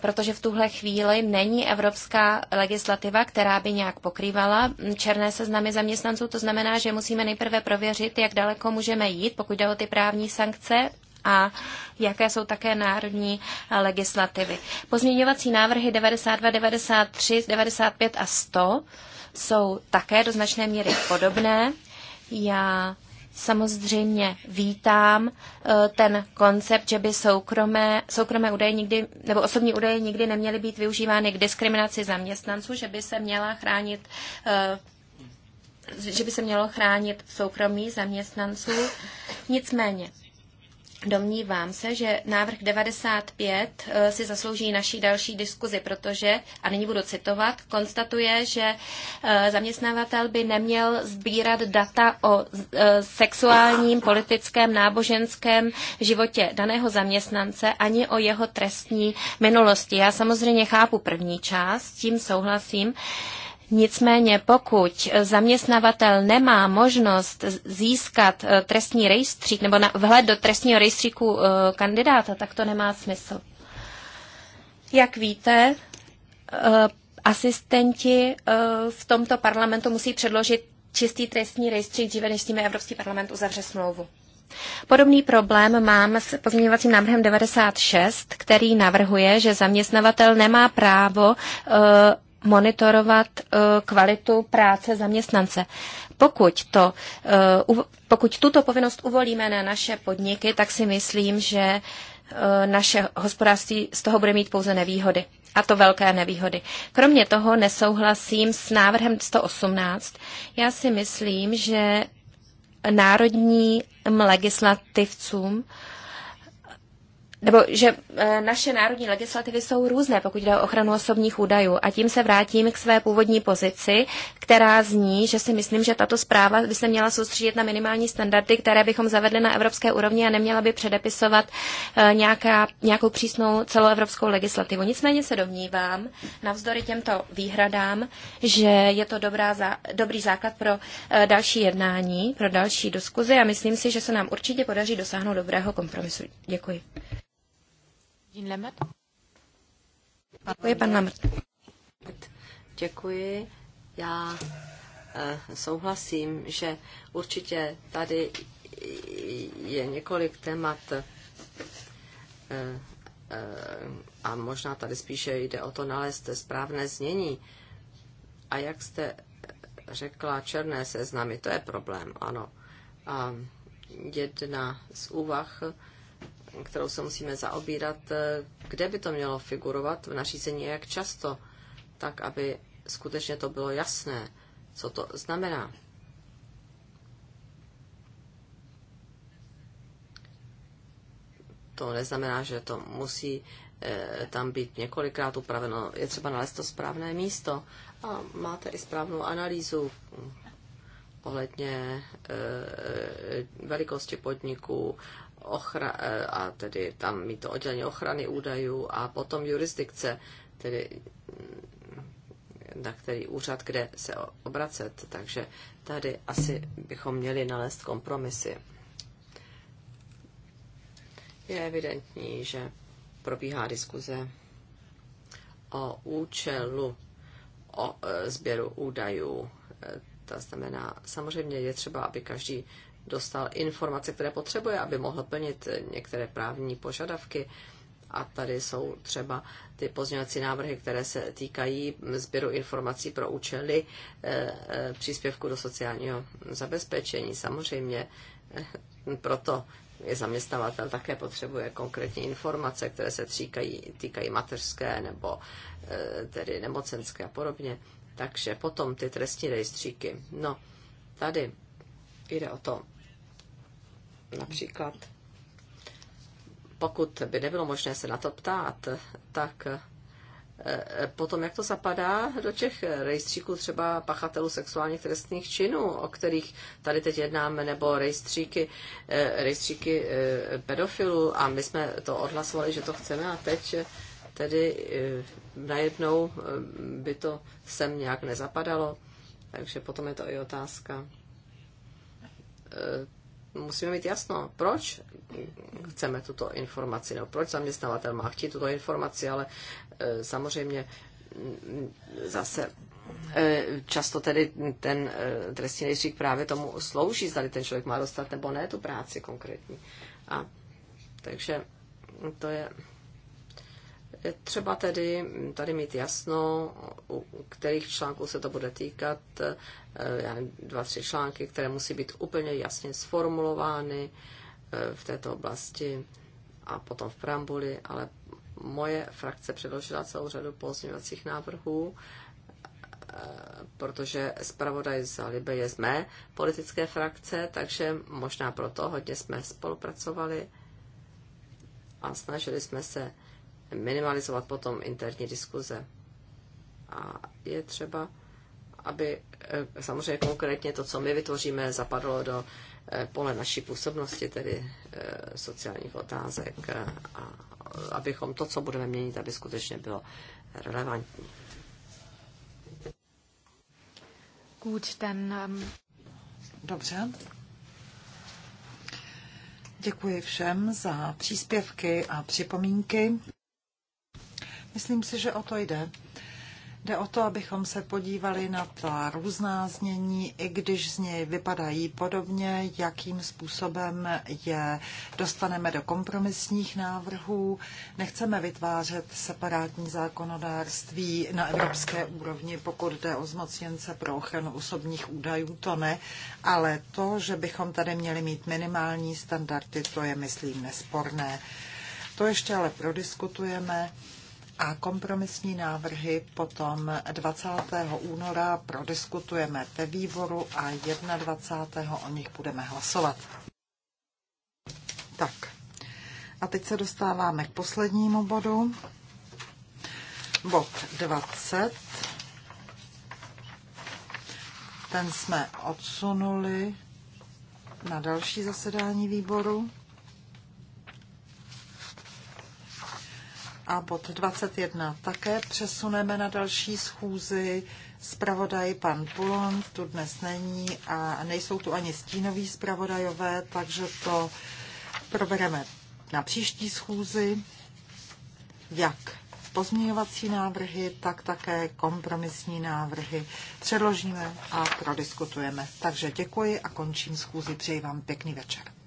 protože v tuhle chvíli není evropská legislativa, která by nějak pokrývala černé seznamy zaměstnanců. To znamená, že musíme nejprve prověřit, jak daleko můžeme jít, pokud jde o ty právní sankce a jaké jsou také národní legislativy. Pozměňovací návrhy 92, 93, 95 a 100 jsou také do značné míry podobné. Já samozřejmě vítám eh, ten koncept, že by soukromé, soukromé údaje nikdy, nebo osobní údaje nikdy neměly být využívány k diskriminaci zaměstnanců, že by se měla chránit eh, že by se mělo chránit soukromí zaměstnanců. Nicméně Domnívám se, že návrh 95 eh, si zaslouží naší další diskuzi, protože, a nyní budu citovat, konstatuje, že eh, zaměstnavatel by neměl sbírat data o eh, sexuálním, politickém, náboženském životě daného zaměstnance ani o jeho trestní minulosti. Já samozřejmě chápu první část, tím souhlasím. Nicméně pokud zaměstnavatel nemá možnost získat eh, trestní rejstřík nebo vhled do trestního rejstříku eh, kandidáta, tak to nemá smysl. Jak víte, eh, asistenti v tomto parlamentu musí předložit čistý trestní rejstřík dříve, než s tím Evropský parlament uzavře smlouvu. Podobný problém mám s pozměňovacím návrhem 96, který navrhuje, že zaměstnavatel nemá právo monitorovat eh, kvalitu práce zaměstnance. Pokud, to, eh, pokud tuto povinnost uvolíme na naše podniky, tak si myslím, že eh, naše hospodářství z toho bude mít pouze nevýhody. A to velké nevýhody. Kromě toho nesouhlasím s návrhem 118. Já si myslím, že národním legislativcům nebo že eh, naše národní legislativy jsou různé, pokud jde o ochranu osobních údajů. A tím se vrátím k své původní pozici, která zní, že si myslím, že tato zpráva by se měla soustředit na minimální standardy, které bychom zavedli na evropské úrovni a neměla by předepisovat eh, nějaká, nějakou přísnou celoevropskou legislativu. Nicméně se domnívám, navzdory těmto výhradám, že je to dobrá, dobrý základ pro eh, další jednání, pro další diskuzi a myslím si, že se nám určitě podaří dosáhnout dobrého kompromisu. Děkuji. Děkuji, pan Lambert. Děkuji. Já eh, souhlasím, že určitě tady je několik témat eh, eh, a možná tady spíše jde o to nalézt správné znění. A jak jste řekla, černé seznamy, to je problém, ano. A jedna z úvah, kterou se musíme zaobírat, eh, kde by to mělo figurovat v nařízení jak často, tak aby skutečně to bylo jasné, co to znamená. To neznamená, že to musí eh, tam být několikrát upraveno. Je třeba nalézt to správné místo a máte i správnou analýzu ohledně eh, velikosti podniku, ochra- eh, a tedy tam mít to oddělení ochrany údajů a potom jurisdikce, tedy mm, na který úřad, kde se obracet. Takže tady asi bychom měli nalézt kompromisy. Je evidentní, že probíhá diskuze o účelu o eh, sběru údajů. Eh, to znamená, samozřejmě je třeba, aby každý dostal informace, které potřebuje, aby mohl plnit některé právní požadavky. A tady jsou třeba ty pozměňovací návrhy, které se týkají sběru informací pro účely eh, eh, příspěvku do sociálního zabezpečení. Samozřejmě eh, proto je zaměstnavatel také potřebuje konkrétní informace, které se týkají, týkají mateřské nebo tedy nemocenské a podobně. Takže potom ty trestní rejstříky. No, tady jde o to, Například, pokud by nebylo možné se na to ptát, tak eh, potom jak to zapadá do těch rejstříků třeba pachatelů sexuálních trestných činů, o kterých tady teď jednáme, nebo rejstříky, eh, rejstříky eh, pedofilů a my jsme to odhlasovali, že to chceme a teď tedy najednou by to sem nějak nezapadalo, takže potom je to i otázka musíme mít jasno, proč chceme tuto informaci, nebo proč zaměstnavatel má chtít tuto informaci, ale e, samozřejmě mm, zase e, často tedy ten e, trestní rejstřík právě tomu slouží, zda ten člověk má dostat nebo ne tu práci konkrétní. A takže to je třeba tedy tady mít jasno, u kterých článků se to bude týkat, eh, já nevím, dva, tři články, které musí být úplně jasně sformulovány eh, v této oblasti a potom v preambuli, ale moje frakce předložila celou řadu pozměňovacích návrhů, eh, protože zpravodaj za Libe je z mé politické frakce, takže možná proto hodně jsme spolupracovali a snažili jsme se minimalizovat potom interní diskuze. A je třeba, aby eh, samozřejmě konkrétně to, co my vytvoříme, zapadlo do eh, pole naší působnosti, tedy eh, sociálních otázek, a abychom to, co budeme měnit, aby skutečně bylo relevantní. Gut, dann... Um... Ehm, Dobře. Děkuji všem za příspěvky a připomínky. Myslím si, že o to jde. Jde o to, abychom se podívali na ta různá znění, i když z něj vypadají podobně, jakým způsobem je dostaneme do kompromisních návrhů. Nechceme vytvářet separátní zákonodárství na evropské úrovni, pokud jde o zmocněnce pro ochranu osobních údajů, to ne, ale to, že bychom tady měli mít minimální standardy, to je, myslím, nesporné. To ještě ale prodiskutujeme a kompromisní návrhy potom 20. února prodiskutujeme ve výboru a 21. o nich budeme hlasovat. Tak. A teď se dostáváme k poslednímu bodu. Bod 20. Ten jsme odsunuli na další zasedání výboru. a bod 21 také přesuneme na další schůzi. Spravodaj pan Pulon tu dnes není a nejsou tu ani stínoví spravodajové, takže to probereme na příští schůzi, jak pozměňovací návrhy, tak také kompromisní návrhy předložíme a prodiskutujeme. Takže děkuji a končím schůzi. Přeji vám pěkný večer.